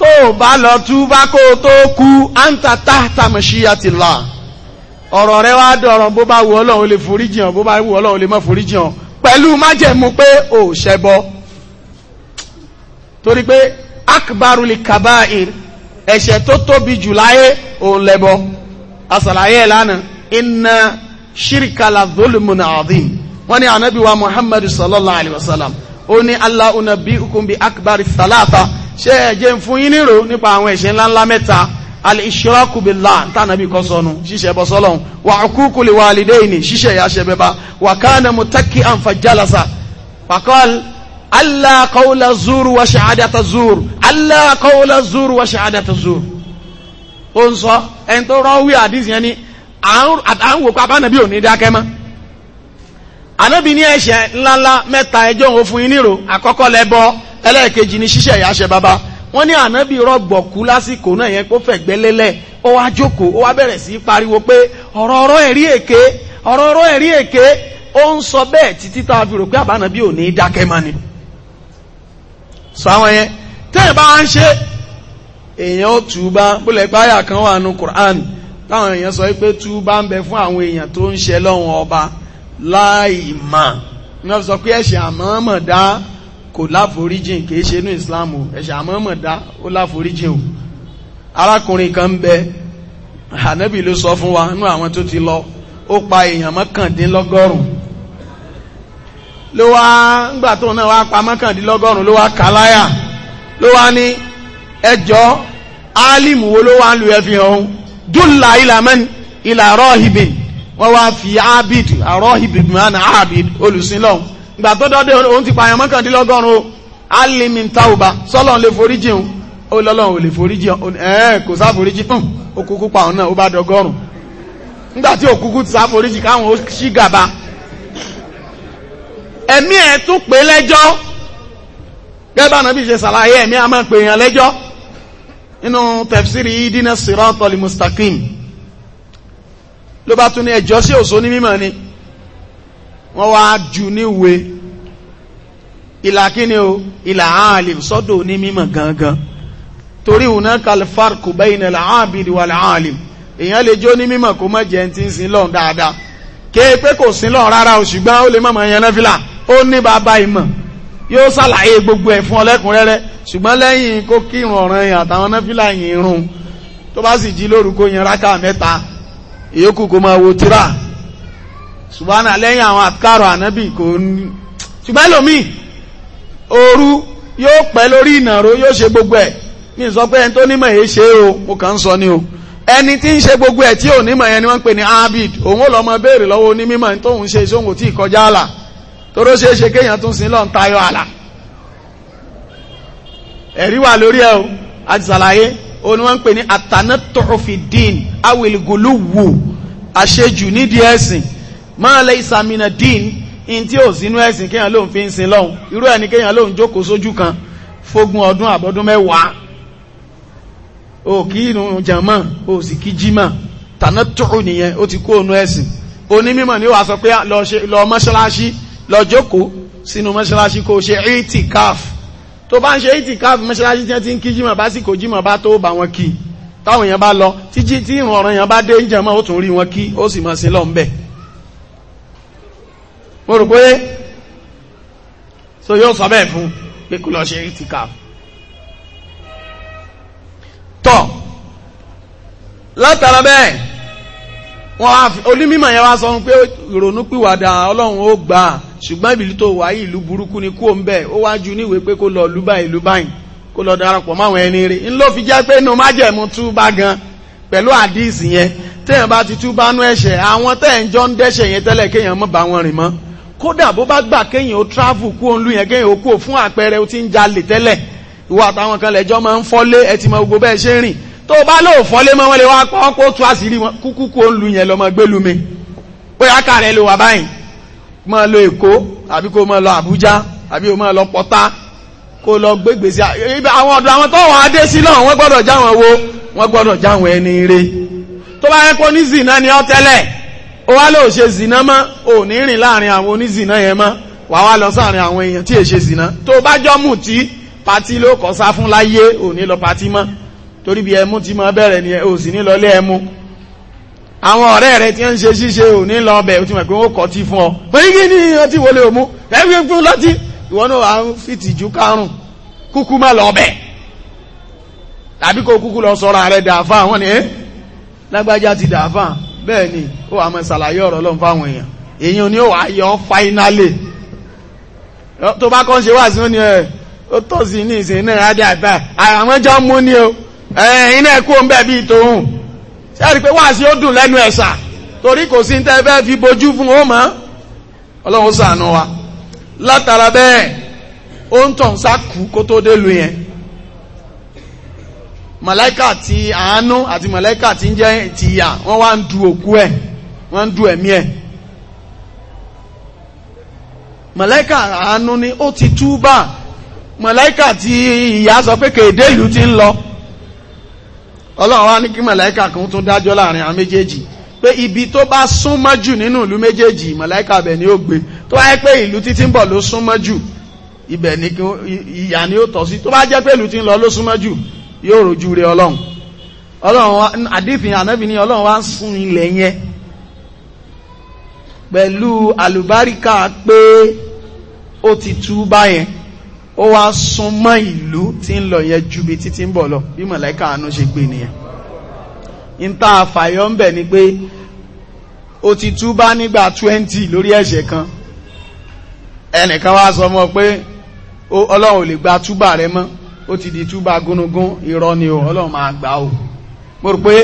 tó o bá lọ túbá kó o tó kú áńtà táàtà mashiyatillah ọ̀rọ̀ rẹ wá dọ̀rọ̀ bó bá wù ọlọ́run lè foríjì hàn bó bá wù ọlọ́run lè má foríjì hàn pẹ̀lú májẹ̀mú pé ò ṣẹbọ torí pé akbaruli kabair ẹ̀ṣẹ̀ tó tóbi jù láyé òun lẹ́bọ asàlàyé ẹ̀ lánàá inna shirikala zolomuna ọ̀dín wọ́n ní anabi wa muhammadu sallallahu alayhi wa sallam ó ní allah unabi ukumbi akbari salata ṣe ẹ̀jẹ̀ fún yín nírò nípa àwọn ẹ̀ṣẹ̀ ńláńlá mẹ́ta al-ishraku billah tánàbí kọ́ sọnù ṣíṣẹ́ bọ́ sọ́lọ́hun wà huququ li walidayni ṣíṣẹ́ ìyá ṣe bẹ́bá wà kana muttaki'an fajalasa faqal alla qawla zur wa shahadata zur alla qawla zur wa shahadata zur ó ń sọ ẹni tó rọ́wí àdìsí yẹn ni à ń wò pé abánàbí ò ní dákẹ́ mọ́ ànábì ní ẹ̀ṣẹ̀ ńláńlá mẹ́ta ẹjọ́ òun fún àkọ́kọ́ lẹ́bọ ẹlẹ́ẹ̀kejì ni ṣíṣẹ́ ìyá ṣe bàbá wọ́n ní ànábì rọ̀gbọ̀kú lásìkò náà yẹn kó fẹ̀gbẹ́ lélẹ̀ ó wá jókòó ó wá bẹ̀rẹ̀ sí pariwo pé ọ̀rọ̀ ọ̀rọ̀ ẹ̀rí èké ọ̀rọ̀ ọ̀rọ̀ ẹ̀rí èké ó ń sọ bẹ́ẹ̀ títí tá a fi rò pé àbánábì ò ní dákẹ́ mọ́ ni. sọ àwọn yẹn tẹ́yìn bá wá ń ṣe èèyàn ó túbá bólẹ̀ páyà kan wà nù Qur'an táwọn èèyàn sọ pé túbá ń bẹ fún àwọn èèyàn tó ń ṣe lọ́wọ́n ọba láì mà ní kò láforíjìn kìí ṣe inú islam o ẹ̀ṣẹ̀ àmọ́mọ̀dá ó láforíjìn o arákùnrin kan bẹ ànábì ló sọ fún wa nínú àwọn tó ti lọ ó pa èèyàn mọ́kàndínlọ́gọ́rùn-ún ló wá ńgbà tó náà wá pa mọ́kàndínlọ́gọ́rùn-ún ló wá kàláyà ló wá ní ẹjọ́ álìmù wo ló wá ń lu ẹfi ọ̀hún dúlà ìlàmẹ́ni ìlà rọ́ọ̀hìbìn wọ́n wá fi ábìd àrọ́ọ̀hìbìn mọ́nà ábìd olùsìn lọ́hùn ìgbà tó dọ́dẹ̀ òun ti pààyàn mọ́kàndínlọ́gọ́rùn-ún alimin tauba sọ́lọ́n lè forí jìn ó lọ́lọ́run ò lè forí jìn ẹ̀ẹ́ kò sáforí jìn hàn ó kúkú pa òun náà ó bá dọ́gọ́rùn nígbà tí òkúkú ti sáforí jìn káwọn ó ṣí gàba ẹ̀mí ẹ̀ tún pè lẹ́jọ́ gẹ́gbà náà bí ṣe ṣàlàyé ẹ̀mí a máa pè yàn lẹ́jọ́ nínú tafsiri idina siratal mustaqim ló bá tún ní ẹjọ́ sí òṣó wọ́n wá jù níwe ìlà kíni o ìlà àlìm sọ́dọ̀ ní mímọ̀ gangan torí ìwùná kalifarku bẹ́yìnà làábìdì wà làálìm èèyàn lè jó ní mímọ̀ kó mọ̀ jẹ́ ti ń sin lọ́n dáadáa kéé pé kò sin lọ́n rárá o ṣùgbọ́n ó lè mọ̀mọ̀ yẹn náfìlà ó ní bàbá ìmọ̀ yóò ṣàlàyé gbogbo ẹ̀ fún ọlẹ́kùnrẹ́rẹ́ ṣùgbọ́n lẹ́yìn kó kírun ọ̀ràn yẹn àtàwọn náfìlà yẹn irun tó bá sì jí lórúkọ yẹn rákà mẹ́ta ìyókù kó máa wo tíra subhana lẹ́yìn àwọn àkàrọ̀ ànábì kò ní ṣùgbọ́n lómi ooru yóò pẹ́ lórí ìnàró yóò ṣe gbogbo ẹ̀ ní sọ pé ẹni tó nímọ̀ èyí ṣe o mo kàn ń sọ ni o ẹni tí ń ṣe gbogbo ẹ̀ tí ò nímọ̀ yẹn ni wọ́n ń pè ní abid òun ò lọ́mọ béèrè lọ́wọ́ onímọ̀ tó ń ṣe sóhun tí ìkọjá àlà tóró ṣe é ṣe kéèyàn tún sin lọ́n tayọ àlà ẹ̀rí wà lórí ẹ̀ o àti ṣàlàyé òun ni wọ́n ń pè ní atanatọ́fìdín awìlgùlù wù àṣejù nídìí ẹ̀sìn ma laysa mina dín in tí ò sínú ẹ̀sìn kéèyàn lòun fi ń sin lọ́hùn irú ẹni kéèyàn lòun jókòó sójú kan fógún ọdún àbọ́dún mẹ́wàá o kí inú jàmọ́ o sì kí jímọ̀ tàná tóó nìyẹn ó ti kó onú ẹ̀sìn onímọ̀ ni wàá sọ pé ah, lọ mọ́ṣáláṣí lọ jókòó sínú mọ́ṣáláṣí kó o ṣe itikaf tó bá ń ṣe itikaf mọ́ṣáláṣí tí wọ́n ti ń kí jímọ̀ bá sì kó jímọ̀ bá tó bá wọn kí táwọn èèyàn bá lọ tí ìrùn ọ̀ràn èèyàn bá dé jàmọ́ ó tún rí wọn kí ó sì máa sin lọ́nbẹ̀ẹ́ mo rò so yóò sọ bẹ́ẹ̀ fún pé kó lọ ṣe ìtìká tọ̀ látara bẹ́ẹ̀ wọ́n á fi onímọ̀ yẹn wá sọ pé ìrònú pìwàdà ọlọ́run ó gbà ṣùgbọ́n ìbìlú tó wà yìí ìlú burúkú ni kó ń bẹ̀ ó wájú níwèé pé kó lọ ìlú báyìí ìlú báyìí kó lọ darapọ̀ máwọn ẹni rí ń ló fi jẹ́ pé inú májẹ̀mú túbá gan pẹ̀lú àdíìsì yẹn téèyàn bá ti túbá nú ẹ̀ṣẹ̀ àwọn téèyàn jọ ń dẹ́ṣẹ̀ yẹn tẹ́lẹ̀ kéèyàn mọ́ bá wọn rìn mọ́ kódà bó bá gbà kéèyàn ó travel kú òun lù yẹn kéèyàn ó kú fún àpẹẹrẹ ó ti ń jalè tẹ́lẹ̀ ìwọ àtàwọn kan lẹ́jọ́ máa ń fọ́lé ẹ ti mọ gbogbo bẹ́ẹ̀ ṣe ń rìn tó o bá lóò fọ́lé mọ́ wọn lè wá pọ́n kó tú àṣírí wọn kúkú kú òun lù yẹn lọ́mọ gbélu mi bóyá kàrẹ́ ló wà báyìí máa lọ Èkó àbí kó máa lọ Àbújá àbí kó lọ Pọ́tà kó lọ gbégbèsè àwọn ọ̀dọ́ àwọn tó wọ́n adé sí náà wọ́n gbọ́dọ̀ jáwọn wo wọ́n gbọ́dọ̀ jáwọn ẹni ire tó bá yẹ ni ọ́ ó wá lóò ṣe zìnà mọ́ ò ní rìn láàrin àwọn onízìnà yẹn mọ́ wà wá lọ sáàrin àwọn èèyàn tí è ṣe zìnà tó bá jọ mù tí patí ló kọ́ sá fún láyé ò ní lọ patí mọ́ torí bí ẹmu ti mọ́ bẹ̀rẹ̀ ni ò sì ní lọ lé ẹmu àwọn ọ̀rẹ́ rẹ tí ń ṣe ṣíṣe ò ní lọ bẹ̀ ó ti mọ̀ pé ó kọ́ tí fún ọ oníkí ni ọtí wọlé òmu ẹgbẹ́ fún lọ́tí ìwọ náà à ń fìtìjú kárùn kúkú má lọ bẹ̀ tàbí kó kúkú lọ sọ̀rọ̀ ààrẹ dàáfà wọn ni lágbájá ti dàáfà bẹ́ẹ̀ ni ó wà máa ṣàlàyé ọ̀rọ̀ Ọlọ́run fáwọn èèyàn èèyàn ni ó wà yọ fáínálì tó bá kàn ṣe wà sí ní ẹ ó tọ́ sí ní ìsìn náà adé àbá àwọn jọ mú ni o iná ẹ̀kú òun bẹ́ẹ̀ bíi tòun ṣẹ́ẹ̀rì pé wàásí ó dùn lẹ́nu ẹ̀sà torí kò sí tẹ́ fẹ́ fi bojú fún ó mọ́ Ọlọ́run ó wa látara bẹ́ẹ̀ ó ń tàn sá kú kó tó dé lu yẹn màláíkà ti àánú àti màláíkà ti ń jẹ́ ti ìyà wọ́n wá ń du òkú ẹ̀ wọ́n ń du ẹ̀mí ẹ̀ màláíkà àánú ni ó ti túbà màláíkà ti ìyà sọ pé kèdè ìlú ti ń lọ ọlọ́run wá ní kí màláíkà kan tún dájọ́ láàrin àwọn méjèèjì pé ibi tó bá súnmọ́ jù nínú ìlú méjèèjì màláíkà bẹ̀ ni ó gbé tó wáyé pé ìlú títí ń bọ̀ ló súnmọ́ jù ibẹ̀ ni ìyà ni ó tọ́ sí tó bá jẹ́ pé ìlú ti ń lọ ló súnmọ́ jù yóò rojú rẹ ọlọ́run ọlọ́run àdífin ànábì ní ọlọ́run wá ń sún ilẹ̀ yẹn pẹ̀lú àlùbáríkà pé ó ti tú báyẹn ó wá sún mọ́ ìlú tí ń lọ yẹn ju bí títí ń bọ̀ lọ bí mọ̀lẹ́kà àánú ṣe gbé nìyẹn ń tá fàyọ́ ń bẹ̀ ni pé ó ti tú bá nígbà twenty lórí ẹ̀ṣẹ̀ kan ẹnìkan wá sọ mọ́ pé ọlọ́run ò lè gba túbà rẹ mọ́ ó ti di túbà gúnugún irọ́ ni o ọlọ́run máa gbà o mo rò pé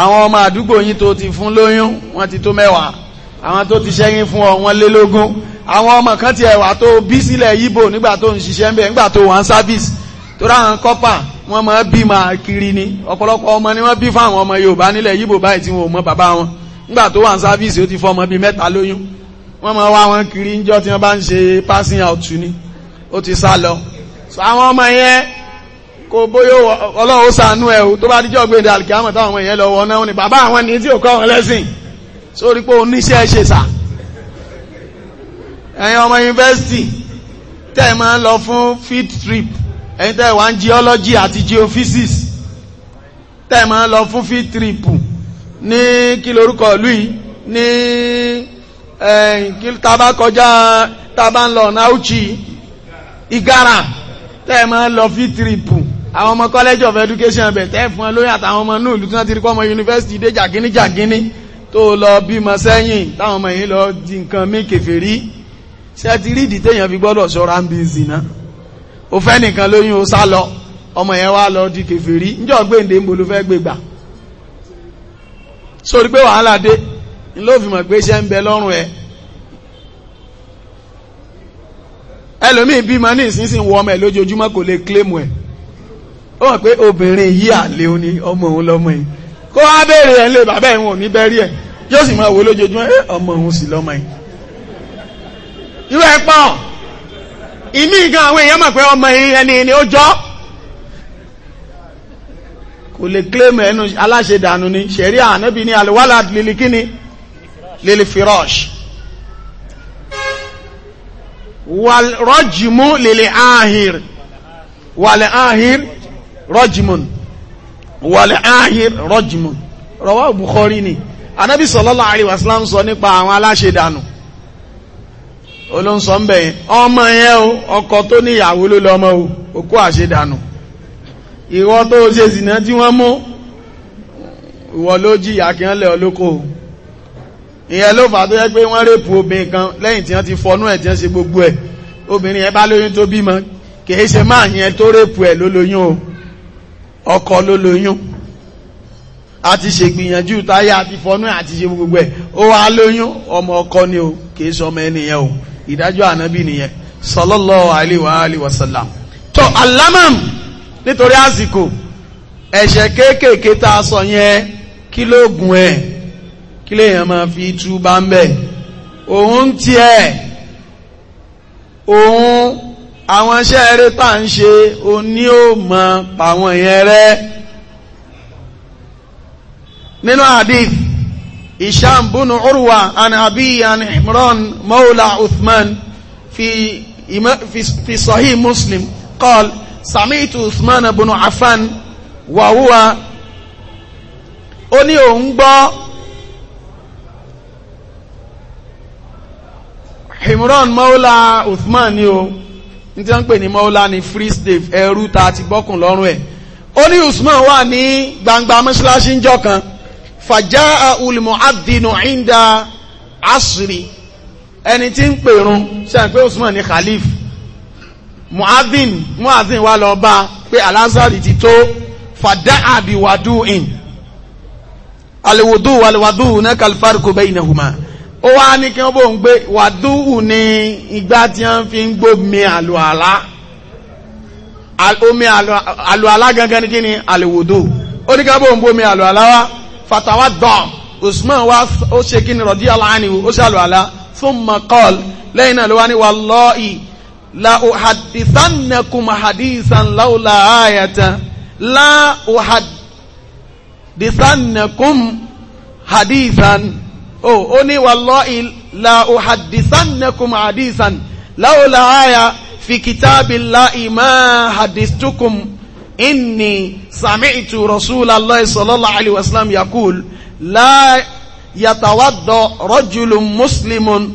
àwọn ọmọ àdúgbò yín tó ti fún lóyún wọ́n ti tó mẹ́wàá àwọn tó ti ṣẹ́yìn fún ọ wọ́n lé lógún àwọn ọmọ kan ti ẹ̀wà tó bí sílẹ̀ yíbò nígbà tó ń ṣiṣẹ́ ń bẹ̀ nígbà tó wọ́n sábìsì tó ráhàn kọ́pà wọ́n máa bí máa kiri ni ọ̀pọ̀lọpọ̀ ọmọ ni wọ́n bí fáwọn ọmọ Yorùbá nílẹ̀ yíbò báyìí tí wọn ò mọ bàbá wọn nígbà tó wọ́n sábìsì ó ti fọmọ bíi mẹ́ta lóyún wọ́n máa wá wọn kiri níjọ́ tí wọ́n bá ń ṣe passing out ni ó ti sá lọ so àwọn ọmọ yẹn kò bóyá ọlọ́run ṣàánú ẹ̀ o tó bá díjọ́ gbé ìdàlùkì àmọ́ táwọn ọmọ yẹn lọ wọ náà ni bàbá àwọn ní tí ò kọ́ wọn lẹ́sìn sórí pé oníṣẹ́ ṣe sà ẹ̀yin ọmọ yunifásitì tẹ́ ẹ ń lọ fún field trip ẹ̀yin tẹ́ wá ń geology àti geophysics tẹ́ ẹ ń lọ fún field trip ní kí lorúkọ ìlú yìí ní ẹ̀yìn kí tá a bá kọjá tá a bá ń lọ náà ó chi igara. tẹ́ máa lọ fí tìrìpù àwọn ọmọ college of education bẹ̀ tẹ́ fún lóyún àtàwọn ọmọ inú ìlú tí wọ́n ti rí kọ́ ọmọ yunifásitì dé jàgíní jàgíní tó lọ bímọ sẹ́yìn táwọn ọmọ yìí lọ di nǹkan mí kèfèrí ṣe ti rí ìdí téèyàn fi gbọ́dọ̀ ṣọ́ra ń bí zìnà ó fẹ́ nìkan lóyún ó sá lọ ọmọ yẹn wá lọ di rí njọ́ gbèǹde ń bolú fẹ́ gbègbà sórí pé wàhálà dé ńlọ́ọ̀fìmọ̀ pé ń bẹ lọ́rùn ẹ̀ ẹlòmíì bímọ ní ìsinsìn wọ ọmọ ẹ̀ lójoojúmọ́ kò lè kílèmù ẹ̀ ó hàn pé obìnrin yìí àlè òní ọmọ òun lọ́mọ yìí kó wá béèrè ẹ̀ ń lè bàbá ẹ̀ wọn ò ní bẹ́rí ẹ̀ yóò sì máa wo lójoojúmọ́ ẹ̀ ọmọ òun sì lọ́mọ yìí. irú ẹ̀ pọ̀ ìmí nǹkan àwọn èèyàn mọ̀ pé ọmọ yìí ẹni ni ó jọ́ kò lè kílèmù ẹnu aláṣẹ dànù ni ṣẹ̀rí ànábì ni àlùwálà lílikíni lílifirọ́ọ̀ṣì rọ́jìmú lèlè ahìr wàlẹ̀ ahìr rọ́jìmún wàlẹ̀ ahìr rọ́jìmún rọwọ́ Bukhari ni anábì sallallahu alaihi wasallam ń sọ nípa àwọn aláṣẹ dànù olóńsọ ń bẹ̀yẹn ọmọ yẹn o ọkọ tó níyàwó ló lọ́mọ o òkú àṣẹ dànù ìwọ tó ṣe zìnà tí wọ́n mú ìwọ ló jìyà olóko ìyẹn ló fà tó yẹ pé wọ́n rèpù obìnrin kan lẹ́yìn tí wọ́n ti fọnú ẹ̀ tí wọ́n ṣe gbogbo ẹ̀ obìnrin yẹn bá lóyún tó bímọ kìí ṣe máa yẹn tó rèpù ẹ̀ ló lóyún o ọkọ ló lóyún a ti ṣègbìyànjú táyà àti fọnú ẹ̀ àti ṣe gbogbo ẹ̀ ó wá lóyún ọmọ ọkọ ni o kìí ṣe ọmọ ẹnìyẹn o ìdájọ́ ànábì nìyẹn sallallahu alaihi wa alihi wasallam tó alámàm nítorí àsìkò ẹ̀ṣẹ̀ kéékèèké tá a sọ yẹn kí ló gùn kílé èèyàn máa fi tú bá ń bẹ̀ òun tiẹ̀ òun àwọn iṣẹ́ eré tá à ń ṣe òní ò mọ pàwọn yẹn rẹ́ nínú hadith isham bunu urwa an abi an imran mawla uthman fi في صحيح مسلم قال سمعت عثمان بن عفان وهو ó ní òun gbọ́ Imran maula Uthman ni o ní tí wọ́n ń maula ni free slave ẹrú ta ti bọ́kùn lọ́rùn ẹ̀ ó ní Usman wà ní gbangba mọ́ṣáláṣí ń jọ́ kan fàjá olùmọ̀ádìnà ìndà asiri ẹni tí ń pèrún ṣe pé Usman ní khalif muadhin muadhin wà lọ bá pé alazari ti tó fàdá àbíwádùn in alìwòdó wàlìwádùn náà kàlfàrùkù bẹ́ẹ̀ ìnahùmá ó wá ní kí wọ́n bò ń gbé wàdúhù ní igbá tí wọ́n fi ń gbómi àlùàlá omi àlùàlá gangan ní kí ni àlùwòdò ó ní kí wọ́n bò ń gbómi àlùàlá wá fatawa dọ̀m usman wá ó ṣe kí ni rọ̀dí aláàánì ó ṣe àlùàlá fún makol lẹ́yìn náà ló wá ní wallahi la uhadithannakum hadithan laula ayatan la uhadithannakum o ó ní wallahi la uhaddisannakum hadisan láwòlá aya fi kitabillahi ma haddistukum inni sami'tu rasulallahi sallallahu alaihi wasallam yaqul la yatawadda rajulun muslimun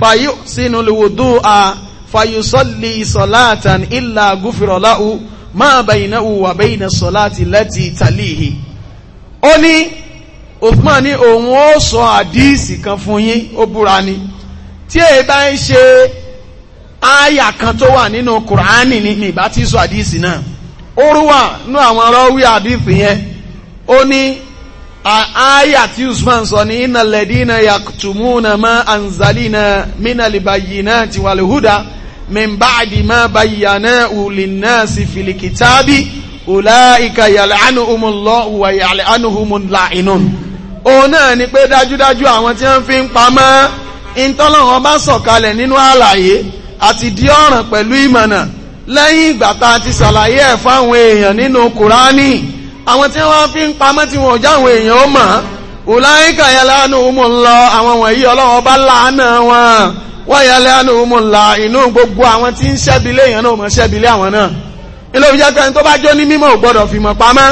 fayusinu alwudu'a fayusalli salatan illa ghufira lahu ma baynahu wa bayna salati lati talihi ó ní Uthman ní òun ó sọ àdíìsì kan fún yín ó búra ni tí èyí bá ń ṣe áyà kan tó wà nínú kùránì ní mi ìbá tí sọ àdíìsì náà orúwà nú àwọn rọ́wí àdíìsì yẹn ó ní áyà tí Usman sọ ní innal ladina yaktumuna ma anzalina minal bayyinati wal huda min ba'di ma bayyanahu linnasi fil kitabi ulaika yal'anuhumullahu wa yal'anuhumul la'inun òun náà ni pé dájúdájú àwọn tí wọ́n fi ń pamọ́ ìtọ́lọ́wọ́n bá sọ̀kalẹ̀ nínú àlàyé àti di ọ̀ràn pẹ̀lú ìmọ̀nà lẹ́yìn ìgbà tá a ti ṣàlàyé ẹ̀ fáwọn èèyàn nínú kùránì àwọn tí wọ́n fi ń pamọ́ tí wọ́n jáwọn èèyàn ó mọ̀ ọ̀láyínkà yẹlẹ́nu umu ńlọ àwọn wọ̀nyí ọlọ́wọ́ bá láàánà wọn wọ́n yẹlẹ́nu umu ńlá inú gbogbo àwọn tí ń ṣẹ́bilé èèyàn náà mọ̀ ṣẹ́bilé àwọn náà ilé òfin jẹ́ pé ẹni tó bá jó ní mímọ́ ò gbọ́dọ̀ fìmọ̀ pamọ́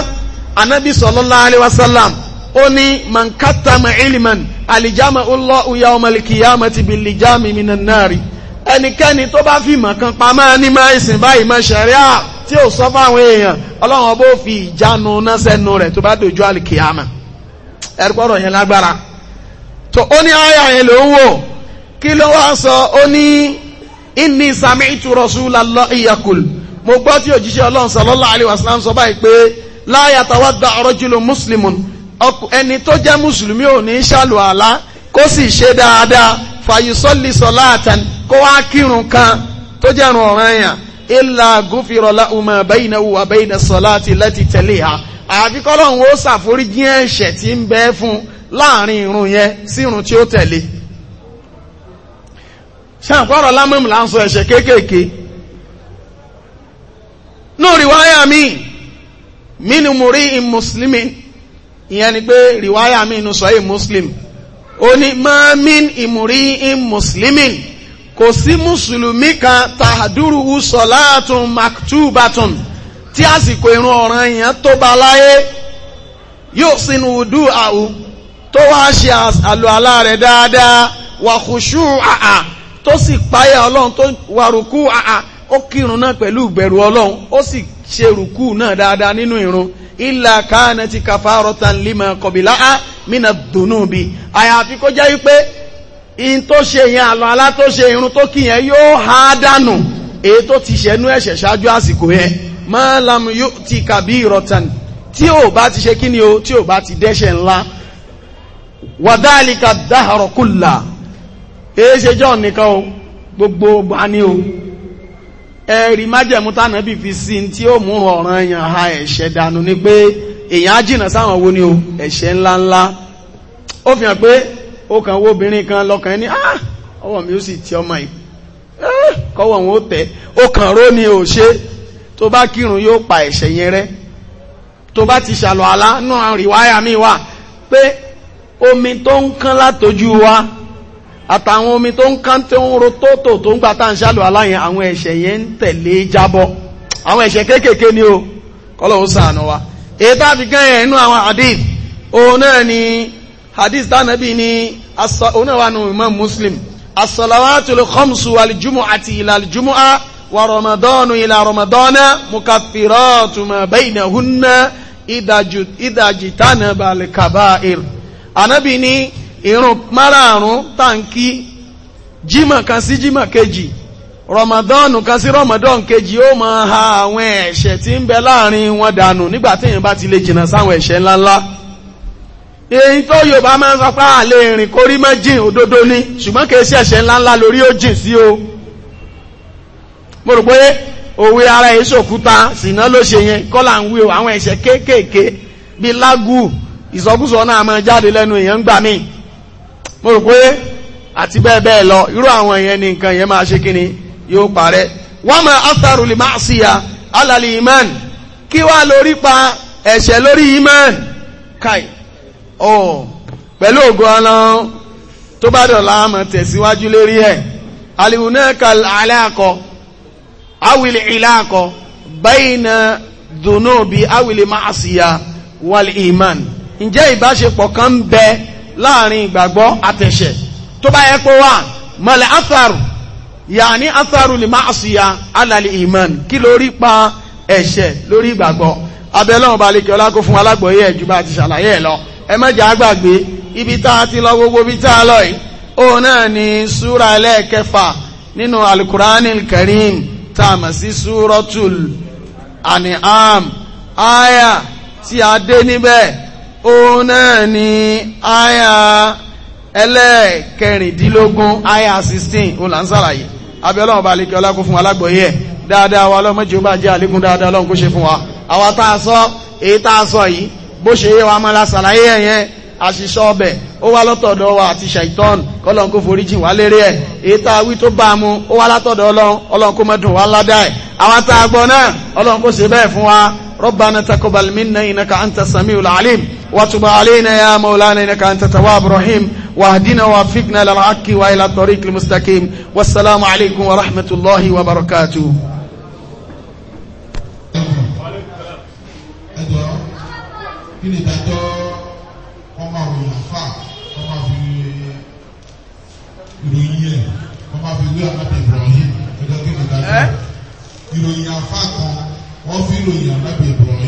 anábì sallallahu alaihi ó ní mankatama ilman alijama Allahu yawmal qiyamati bilijami minan nari ẹnikẹ́ni tó bá fi ìmọ̀ kan pamọ́ ní máa ìsìn báyìí máa ṣẹ̀ríà tí ò sọ fáwọn èèyàn ọlọ́run ọbọ̀ fi ìjánu náà sẹ́nu rẹ̀ tó bá dojú àlìkìyàmà ẹ̀rùpọ̀rọ̀ yẹn lágbára tó ó ní àyà yẹn ló ń wò kí ló wá sọ ó ní inni sami'tu rasulallahi yaqul mo gbọ́ tí òjíṣẹ́ ọlọ́run sallallahu alaihi wasallam sọ báyìí pé la yatawadda rajulun muslimun ẹni tó jẹ́ mùsùlùmí ò ní ṣàlù àlá kó sì ṣe dáadáa fàyùsọ́lì sọ̀lá àtàn kó wá kírun kan tó jẹ́ rùn ọ̀ràn èèyàn ilà gúfìrọ̀lá umar bẹ́yìn wà bẹ́yìn sọ̀lá àti lẹ́tì tẹ̀lé ha àyàfi kọ́lọ́hún ó ṣàforíjì ẹ̀ṣẹ̀ tí ń bẹ fún láàrin irun yẹn sí irun tí ó tẹ̀lé ṣàǹkọ́rọ̀ lámọ́mù là ń sọ ẹ̀ṣẹ̀ kéékèèké nù rí wáyà míì mínú mùrí in mùsùlùmí ìyẹn ni pé rìwáyà mi inú sọ́yìn muslim ó ní mamin ìmúrí in muslimin kò sí mùsùlùmí kan tàdúrú sọ̀láàtún maktubatun tí àsìkò irun ọ̀ràn yẹn tó bá láyé yóò sínú udú àwù tó wá ṣe àlọ́ àlá rẹ̀ dáadáa wàhùṣù àà tó sì páyà ọlọ́run tó wàrùkú àà ó kírun náà pẹ̀lú ìbẹ̀rù ọlọ́run ó sì ṣe rùkú náà dáadáa nínú ìrun ilà kánà ti kàfàrọ̀tàn lima kọ̀bìlá á mínà dùnú bi àyàfi kó jẹ́ wípé in tó ṣe yẹn àlọ́ alá tó ṣe irun tó kì yẹn yóò há dànù èyí tó ti ṣẹ́nu ẹ̀ṣẹ̀ ṣáájú àsìkò yẹn mọ́lámù yóò ti kàbí ìrọ̀tàn tí ò bá ti ṣe kí o tí ò bá ti dẹ́ṣẹ̀ ńlá wàdálìkà dáhàrọ̀ èyí ṣe jọ́ nìkan o gbogbo gbani o ẹ̀rí májẹ̀mú tánàbí fi sí tí ó mú ọ̀ràn èèyàn ha ẹ̀ṣẹ̀ dànù ni pé èèyàn á jìnà sáwọn wo ni o ẹ̀ṣẹ̀ ńláńlá ó fi hàn pé ó kàn wo obìnrin kan lọ́kàn ní ah, ọwọ́ mi ó sì ti ọmọ yìí ah, kọ́wọ́ wọn ó tẹ̀ ó kàn ró ni ò ṣe tó bá kírun yóò pa ẹ̀ṣẹ̀ yẹn rẹ́ tó bá ti ṣàlọ́ àlá náà rìwáyà mi wà pé omi tó ń kán látojú wa àtàwọn omi tó ń kán tó ń ro tótò tó ń gba tá à ń ṣàlù aláyẹn àwọn ẹ̀ṣẹ̀ yẹn ń tẹ̀lé jábọ́ àwọn ẹ̀ṣẹ̀ kéékèèké ni o kọ́lọ̀ ó sàánú wa èyí tá a fi gán yẹn nínú àwọn hadith òun náà ni hadith tánàbí ni òun náà wà nù Imam Muslim as-salawatul khamsu wal jumu'ati ila al jumu'a wa ramadanu ila ramadana mukaffiratu ma bainahunna ìdajì ìrun márààrún tàǹkì jímọ̀ kan sí jímọ̀ kejì Ramadan kan sí Ramadan kejì ó ma ha awọn ẹ̀ṣẹ̀ ti n bẹ láàrin wọn dànù ti le jìnnà sáwọn ẹ̀ṣẹ̀ nlanla èyí tó yorùbá máa ń sọ pé àlè kórí ni ṣùgbọ́n ṣe ẹ̀ṣẹ̀ ńláńlá lórí ó jìn o mo rò ara yìí ṣòkúta ṣìnà ló ṣe yẹn kọ́là ń wí o àwọn ẹ̀ṣẹ̀ kéékèèké bíi ìsọkúsọ náà máa jáde lẹ́nu èèyàn ń gbà míì mo rò pé àti bẹ́ẹ̀ bẹ́ẹ̀ lọ irú àwọn yẹn ni nǹkan yẹn máa ṣe kí ni yóò parẹ́ wọ́n mọ asaru lè máa sí ya alali iman kí wàá lórí pa ẹ̀ṣẹ̀ lórí iman kai oh pẹ̀lú ògo ọlọ́run tó bá dọ̀la àmọ̀ tẹ̀síwájú lérí ẹ̀ aliwunaka aláàkọ awìlì ìlàkọ bayna dunubi awìlì máa sí ya wàlì iman ǹjẹ́ ìbáṣepọ̀ kan ń láàrin ìgbàgbọ́ àtẹ̀ṣẹ̀ tó bá yẹ kó wà mọ̀lẹ̀ atharu yàní atharu lè máa ṣìyà alàlè ìmọ̀n kí lórí pa ẹ̀ṣẹ̀ lórí ìgbàgbọ́ abẹ́lọ́run bá lè kí ọlá kó fún alágbọ̀ọ́yé ẹ̀jú bá ti ṣàlàyé ẹ̀ lọ ẹ mẹ́jà àgbàgbé ibi tá a ti lọ gbogbo bí tá a tí a dé níbẹ̀ òun náà ni àyà ẹlẹ́ẹ̀kẹrìndínlógún àyà 16 òun là ń sàlàyé abẹ́lọ́ ọba alẹ́kẹ́ ọlákún fún alágbọ̀yẹ́ ẹ̀ dáadáa wa lọ́mọ́jì ó bá jẹ́ àlékún dáadáa lọ́n kó ṣe fún wa àwa tá a sọ èyí tá a sọ yìí bó ṣe yé wa mọ́ la sàlàyé ẹ̀yẹn àṣìṣọ́ ọbẹ̀ ó wá látọ̀dọ̀ wa àti ṣàìtọ́n kọ́lọ́n kó forí jìn wá léré ẹ̀ èyí tá a wí tó bá a mu ó wá látọ̀dọ̀ ọlọ́n ọlọ́n kó mọ́dún wá ládà ẹ̀ àwa tá a gbọ́ náà ọlọ́n kó ṣe bẹ́ẹ̀ fún wa rabbana taqabbal minna innaka anta samiul alim وتب علينا يا مولانا إنك أنت تواب رحيم واهدنا وافقنا للحق وإلى الطريق المستقيم والسلام عليكم ورحمة الله وبركاته kí ni ìdájọ́ ọmọ òyìn fà ọmọ fi ìròyìn ẹ̀ ọmọ fi wí àmàbí Ibrahim ẹjọ́ kí ni ìdájọ́ ìròyìn àfà kan wọ́n fi ìròyìn àmàbí Ibrahim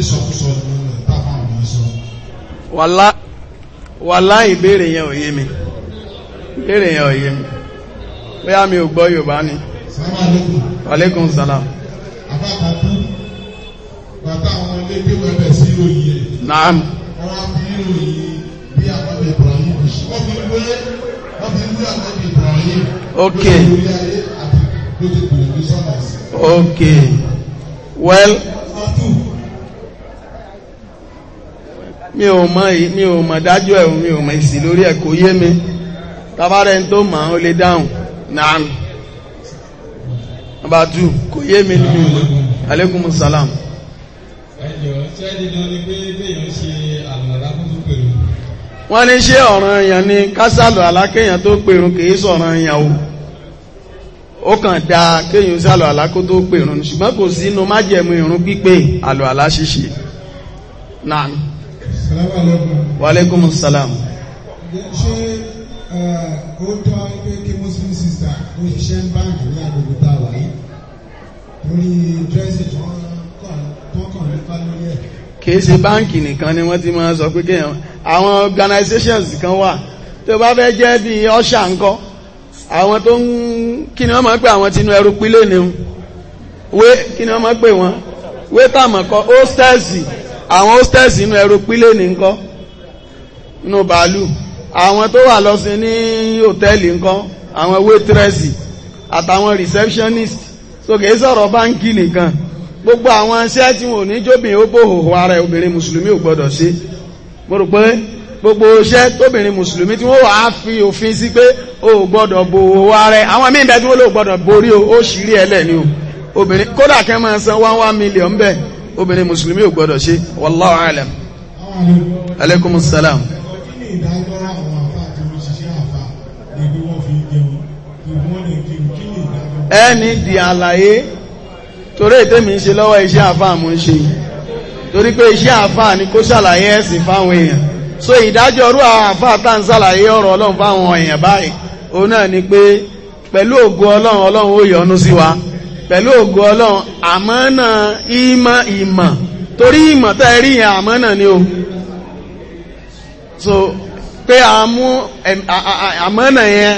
ìṣọ̀kúsọ ìgbìmọ̀ táwọn ọmọ sọ. wàlá bàtà àwọn ilé tí wọ́n bẹ̀ sí òyìn rẹ̀. naam. ọ̀rọ̀ àbí ìròyìn bí àwọn Ibrahim wọ́n fi wé wọ́n fi wé àwọn Ibrahim. ok. lórí ayé àti lórí ìgbìyànjú sọ́nà sí. ok. well. ọdún mi ò mọ̀ mi ò mọ̀ dájú ẹ̀ mi ò mọ̀ èsì lórí ẹ̀ kò yé mi tabarẹ́ tó mọ̀ ó lè dáhùn náà abadu kò yé mi ní mi alaikum salam wọ́n ní ṣé ọ̀ràn èèyàn ni kásàlù alákéèyàn tó pèrún kìí sọ̀ràn èèyàn o ó kàn dá kéèyàn sàlù alákó tó pèrún ṣùgbọ́n kò sínú májẹ̀mú ìrun pípé àlù aláṣíṣe náà Wa alaikum salam. Ṣé ó tọ́ pé kí Muslim sister ó ṣiṣẹ́ ń báǹkì ní agbègbè tá a wà yìí? Torí dírẹ́sì tó kàn rí pa lórí ẹ̀. Kìí ṣe báǹkì nìkan ni wọ́n ti máa sọ pé kéèyàn. Àwọn organizations kan wà tó bá fẹ́ jẹ́ bí ọ́ṣà ńkọ́. Àwọn tó ń kí ni wọ́n máa ń pè àwọn tinú ẹrú pílẹ̀ ni wé kí ni wọ́n máa ń pè wọ́n wé tàmọ̀kọ́ ó stẹ́ẹ̀sì àwọn hostess inú aeropílẹ̀nì ńkọ́ inú bàálù àwọn tó wà lọ sí ní hòtẹ́ẹ̀lì ńkọ́ àwọn waitress àtàwọn receptionist so kìí sọ̀rọ̀ báńkì nìkan gbogbo àwọn iṣẹ́ tí wọn ò ní jóbìn ó bòhò ara obìnrin mùsùlùmí ò gbọdọ̀ ṣe mo rò pé gbogbo iṣẹ́ tóbìnrin mùsùlùmí tí wọ́n wà á fi òfin sí pé ó gbọdọ̀ bòhò ara àwọn míì bẹ́ẹ̀ tí wọ́n lò gbọdọ̀ borí o ó ṣírí ẹlẹ́ni o obìnrin kódà kẹ́ máa san one one million bẹ́ẹ̀ obìnrin mùsùlùmí ò gbọdọ̀ ṣe wallahu alam alaikum salam ẹni di àlàyé torí ètè mi ń ṣe lọ́wọ́ iṣẹ́ àfáà mú ń ṣe torí pé iṣẹ́ àfáà ni kó ṣàlàyé ẹ̀sìn fáwọn èèyàn so ìdájọ́ ọrú àfáà tá ń ṣàlàyé ọ̀rọ̀ ọlọ́run fáwọn èèyàn báyìí òun náà ni pé pẹ̀lú ògo ọlọ́run ọlọ́run ó yọ́nú sí wa pẹ̀lú ògo ọlọ́run àmọ́nà ìmọ̀ ìmọ̀ torí ìmọ̀ tẹ́ rí àmọ́nà ni o so pé àmú àmọ́nà yẹn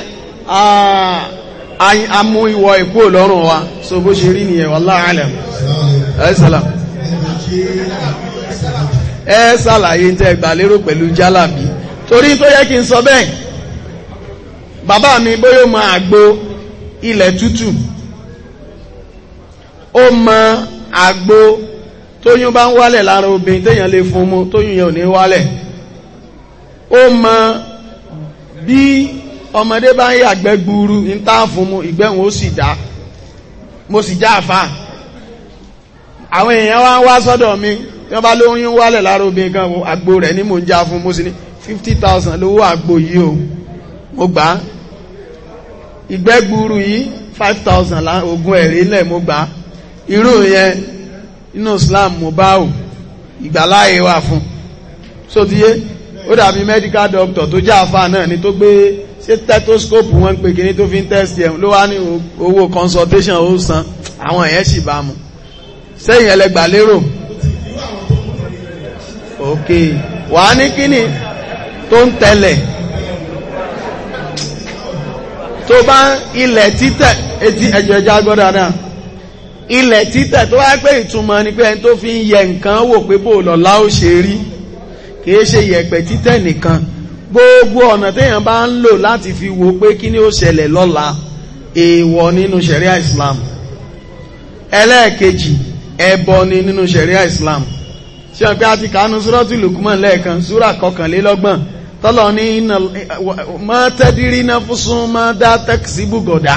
àmú ìwọ̀ ìkú lọ́rùn wa so bó ṣe rí nìyẹn wallahu alam ẹ̀sàlám tẹ́ gbàlérò pẹ̀lú jálàbí torí tó yẹ kí n sọ bẹ́ẹ̀ bàbá mi àgbo ilẹ̀ ó mọ àgbo tóyún bá ń wálẹ̀ lára obìnrin téèyàn lè fún mu tóyún yẹn ò ní wálẹ̀ ó mọ bí ọmọdé bá ń yàgbẹ́ gbuuru ń tá fún mu ìgbẹ́hùn ó sì dá mo sì já àfa àwọn èèyàn wá ń wá sọ́dọ̀ mi wọ́n bá lóyún wálẹ̀ lára obìnrin kan àgbo rẹ̀ ni mò ń já fún mo sì ní fifty thousand lówó àgbo yìí o mo gbà á ìgbẹ́ gbuuru yìí five thousand ogún ẹ̀rí lẹ̀ mo gbà á irú yẹn inú Islam mubau ìgbàláyé wà fún so ti yé ó dàbí medical doctor tó jẹ́ àfà náà ni tó gbé ṣé stethoscope wọn ń pè kíní tó fi ń test ẹ̀ ló wá ní owó consultation ó san àwọn èèyàn sì bá mu sẹ́yìn ẹlẹgbà lérò ok wàá ní kíní tó ń tẹ̀lẹ̀ tó bá ilẹ̀ títẹ̀ etí ẹ̀jọ̀ ẹja gbọ́dọ̀ náà ilẹ̀ títẹ̀ tó wá pé ìtumọ̀ ni pé ẹni tó fi ń yẹ nǹkan wò pé bó lọ́lá ó ṣe rí kìí ṣe yẹ̀pẹ̀ títẹ̀ nìkan gbogbo ọ̀nà téèyàn bá ń lò láti fi wo pé kí ni ó ṣẹlẹ̀ lọ́la èèwọ̀ nínú ṣẹ̀ríà Islam ẹlẹ́ẹ̀kejì ẹbọ ni nínú ṣẹ̀ríà Islam ṣé wọn pé a ti kàánú súrọ́tù Lukman lẹ́ẹ̀kan súrà kọkànlélọ́gbọ̀n tọ́lọ́ ní ma náà fún mọ́ dá bùgọ̀dá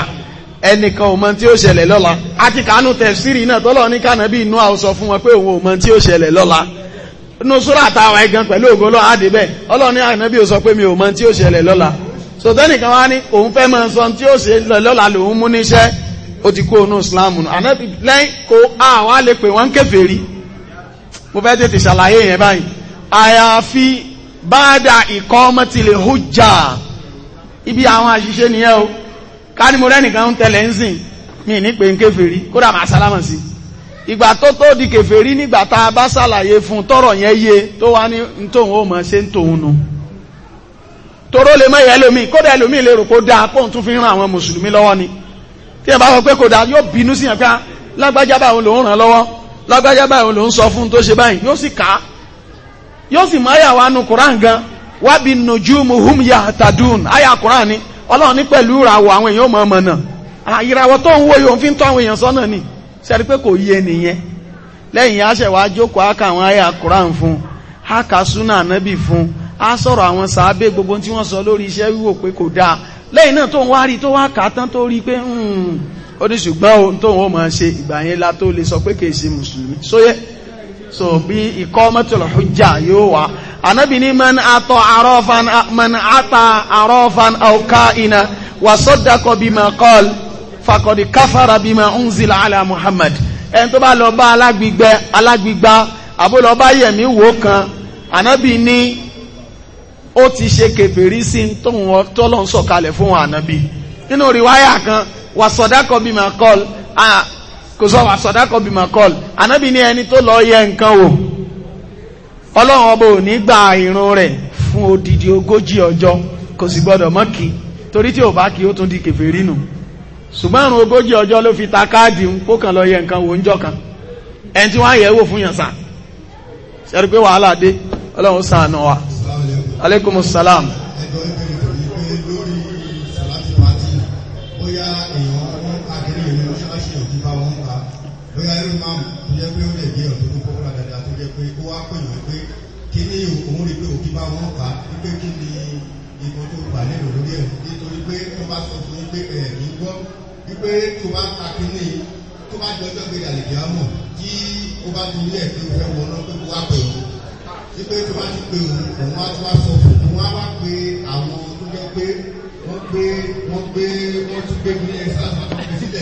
ẹnìkan ò mọ tí ó ṣẹlẹ̀ lọ́la àti kánú tẹ̀sírì náà tọ́lọ́ ní kànábì inú àwọn sọ fún wọn pé òun ò mọ tí ó ṣẹlẹ̀ lọ́la inú súrà táwa igan pẹ̀lú ògo lọ́wọ́ àdìbẹ̀ ọlọ́ni ànábì ò sọ pé mi ò mọ tí ó ṣẹlẹ̀ lọ́la sọtẹ́nìkan wá ní òun fẹ́ mọ sọ tí ó ṣẹlẹ̀ lọ́la lòun mú níṣẹ́ ó ti kó inú ìsìláàmù ibi àwọn àṣìṣe nìyẹn o ká ní mo rẹ́nìkan ń tẹ̀lé ń sìn mí ní pé kódà máa sálámà sí ìgbà tó tó di nígbà tá a bá ṣàlàyé fún tọrọ yẹn yé tó wá ní tóun ó ṣe ń nu toró lè kódà ẹlòmíì lè rò fi ran àwọn mùsùlùmí lọ́wọ́ ni tí ẹ bá sọ pé kò yóò bínú sí yàn ká ah, lágbájá lòún ràn lòún sọ fún tó ṣe báyìí yóò sì yóò sì wa nu gan wábi nùjú àyà ni ọlọ́run ní pẹ̀lú ìràwọ̀ àwọn èèyàn mọ̀ ọmọ náà ah, ìràwọ̀ tó ń wo yóò fi ń tọ́ àwọn èèyàn sọ́nà ni sẹ́rí pé kò yé nìyẹn lẹ́yìn aṣẹ̀wá jókòó á ka àwọn àyà Quran fún á ka súnà ànábì fún á sọ̀rọ̀ àwọn gbogbo tí wọ́n sọ lórí iṣẹ́ wíwò pé kò dáa lẹ́yìn náà tó ń wá rí tó wá kà á tán tó rí pé sọ pé so bí iqamatul hujja yóò wá anábì ní man atọ arọ́fan man ata arọ́fan auka ina wa sọ́dakọ̀ bima qal fakọ̀dì káfàrà bima unzila ala muhammad ẹni tó bá lọ bá alágbígbẹ́ alágbígbá àbólọ́bá yẹ̀mí wò kan anábì ní ó ti ṣe kèfèrí sí tóun tọ́lọ́ ń sọ̀kalẹ̀ fún ànábì nínú rìwáyà kan wa sọ́dakọ̀ bima qal kò sọ wà sọ̀dákọ̀ bímọ kọ́ọ̀lù ànábì ní ẹni tó lọ yẹ nǹkan wò ọlọ́run ọba ò ní gba fún odidi ogójì ọjọ́ kò sì gbọ́dọ̀ mọ́ kí torí tí ò bá kí ó tún di kèfèrí nù ṣùgbọ́n ogójì ọjọ́ ló fi ta káàdì fún bóyá yóò máa mú tó jẹ́ pé ó lè jẹ́ ọ̀tún tó kọ́kọ́ dáadáa tó jẹ́ pé ó wá pèyàn pé kí ní òun rí pé òkè bá wọn kà wípé kí ni ìbò tó gbà nílò lórí ẹ̀ nítorí pé ó bá sọ fún yín pé ẹ̀ ní gbọ́ wípé tó bá ta kínní tó bá jọjọ́ gbé dàlẹ̀ kí á mọ̀ kí ó bá ti ilé ẹ̀ pé ó fẹ́ wọ náà pé kó wá pè òun wípé tó bá ti pè òun òun á tó wá sọ fún òun á wá pe àwọn tó jẹ́ pé wọ́n gbé wọ́n gbé wọ́n tún gbé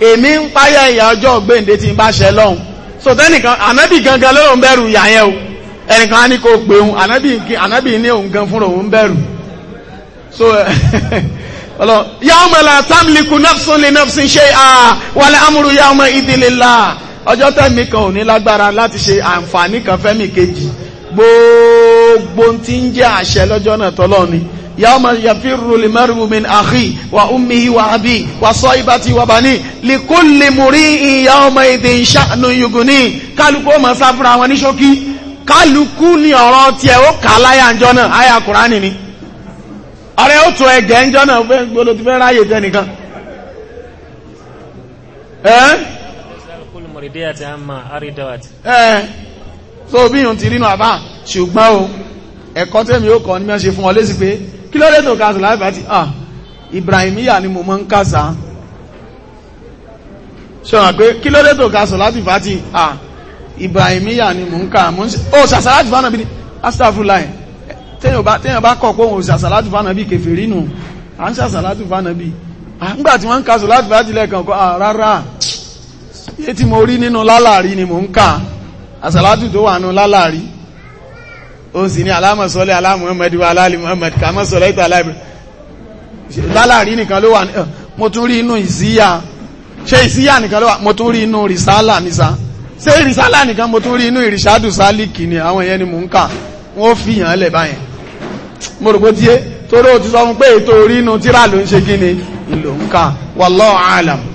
èmi ń páyà ìyà ọjọ́ gbèǹde ti n bá ṣẹ lọ́hùn so tẹ́nìkan ànábì gangan lóòrùn bẹ̀rù ìyà yẹn o ẹnìkan á ní kó pé òun ànábì ní òun gan fúnra òun bẹ̀rù so ọlọ yàwùmọ̀ là tamliku nafsun li nafsin shay'a wal amru yàwùmọ̀ idilillah ọjọ́ tẹ̀mí kan ò ní lágbára láti ṣe àǹfààní kan fẹ́mi kejì gbogbo tí ń jẹ́ àṣẹ lọ́jọ́ náà tọ́lọ́ ni يوم يفر المرء من أخيه وأمه وأبيه وصاحبته وبنيه لكل مريء يومئذ شأن يغنيه kálukú ó máa sáfúra wọn ní ṣókí kálukú ní ọ̀rọ̀ tiẹ̀ ó kà láyà ńjọ́ náà àyà kùránì ni ọ̀rẹ́ ó tún ẹ̀gẹ́ ńjọ́ náà fẹ́ gbọ́dọ̀ ti fẹ́ ráyè tẹ́ nìkan. ẹ́ so bí yòó ti rí nù àbá ṣùgbọ́n o ẹ̀kọ́ tẹ̀mí ó kọ́ ni wọ́n ṣe fún ọ lésì kí ló dé tó ka sọ̀lá ìfàtí ah Ibrahimiya ni mo mọ́ ń kásá ṣọ́nà pé kí ló dé tó ka sọ̀lá ìfàtí ah Ibrahimiya ni mo ń ká mọ́ ń ṣe ó ṣàṣàlá ìfàtí bí ní astafula ẹ̀ téèyàn bá kọ̀ pé òun ṣàṣàlá ìfàtí bí kẹfìrí nù à ń ṣàṣàlá ìfàtí bí nígbà tí wọ́n ń ka sọ̀lá ìfàtí lẹ́ẹ̀kan kọ́ ah rárá iye tí mo rí nínú lálàrí ni mo ń ká àṣàlá tó wà nínú lálàrí ó sì ní alámọ̀sọ́lẹ̀ alámọ̀mọ̀dì wa aláàlì Muhammad kàmọ́sọ̀lẹ̀ ìtà aláìbìrì lálàrí nìkan ló wà mo tún rí inú ìsíyà ṣe ìsíyà nìkan ló wà mo tún rí inú rìsálà nìsa ni àwọn ìyẹn ni mò ń kà wọ́n fi hàn lẹ̀ báyẹn mo rò pé tiẹ́ torí o ti sọ fún pé ètò orí inú tíra alam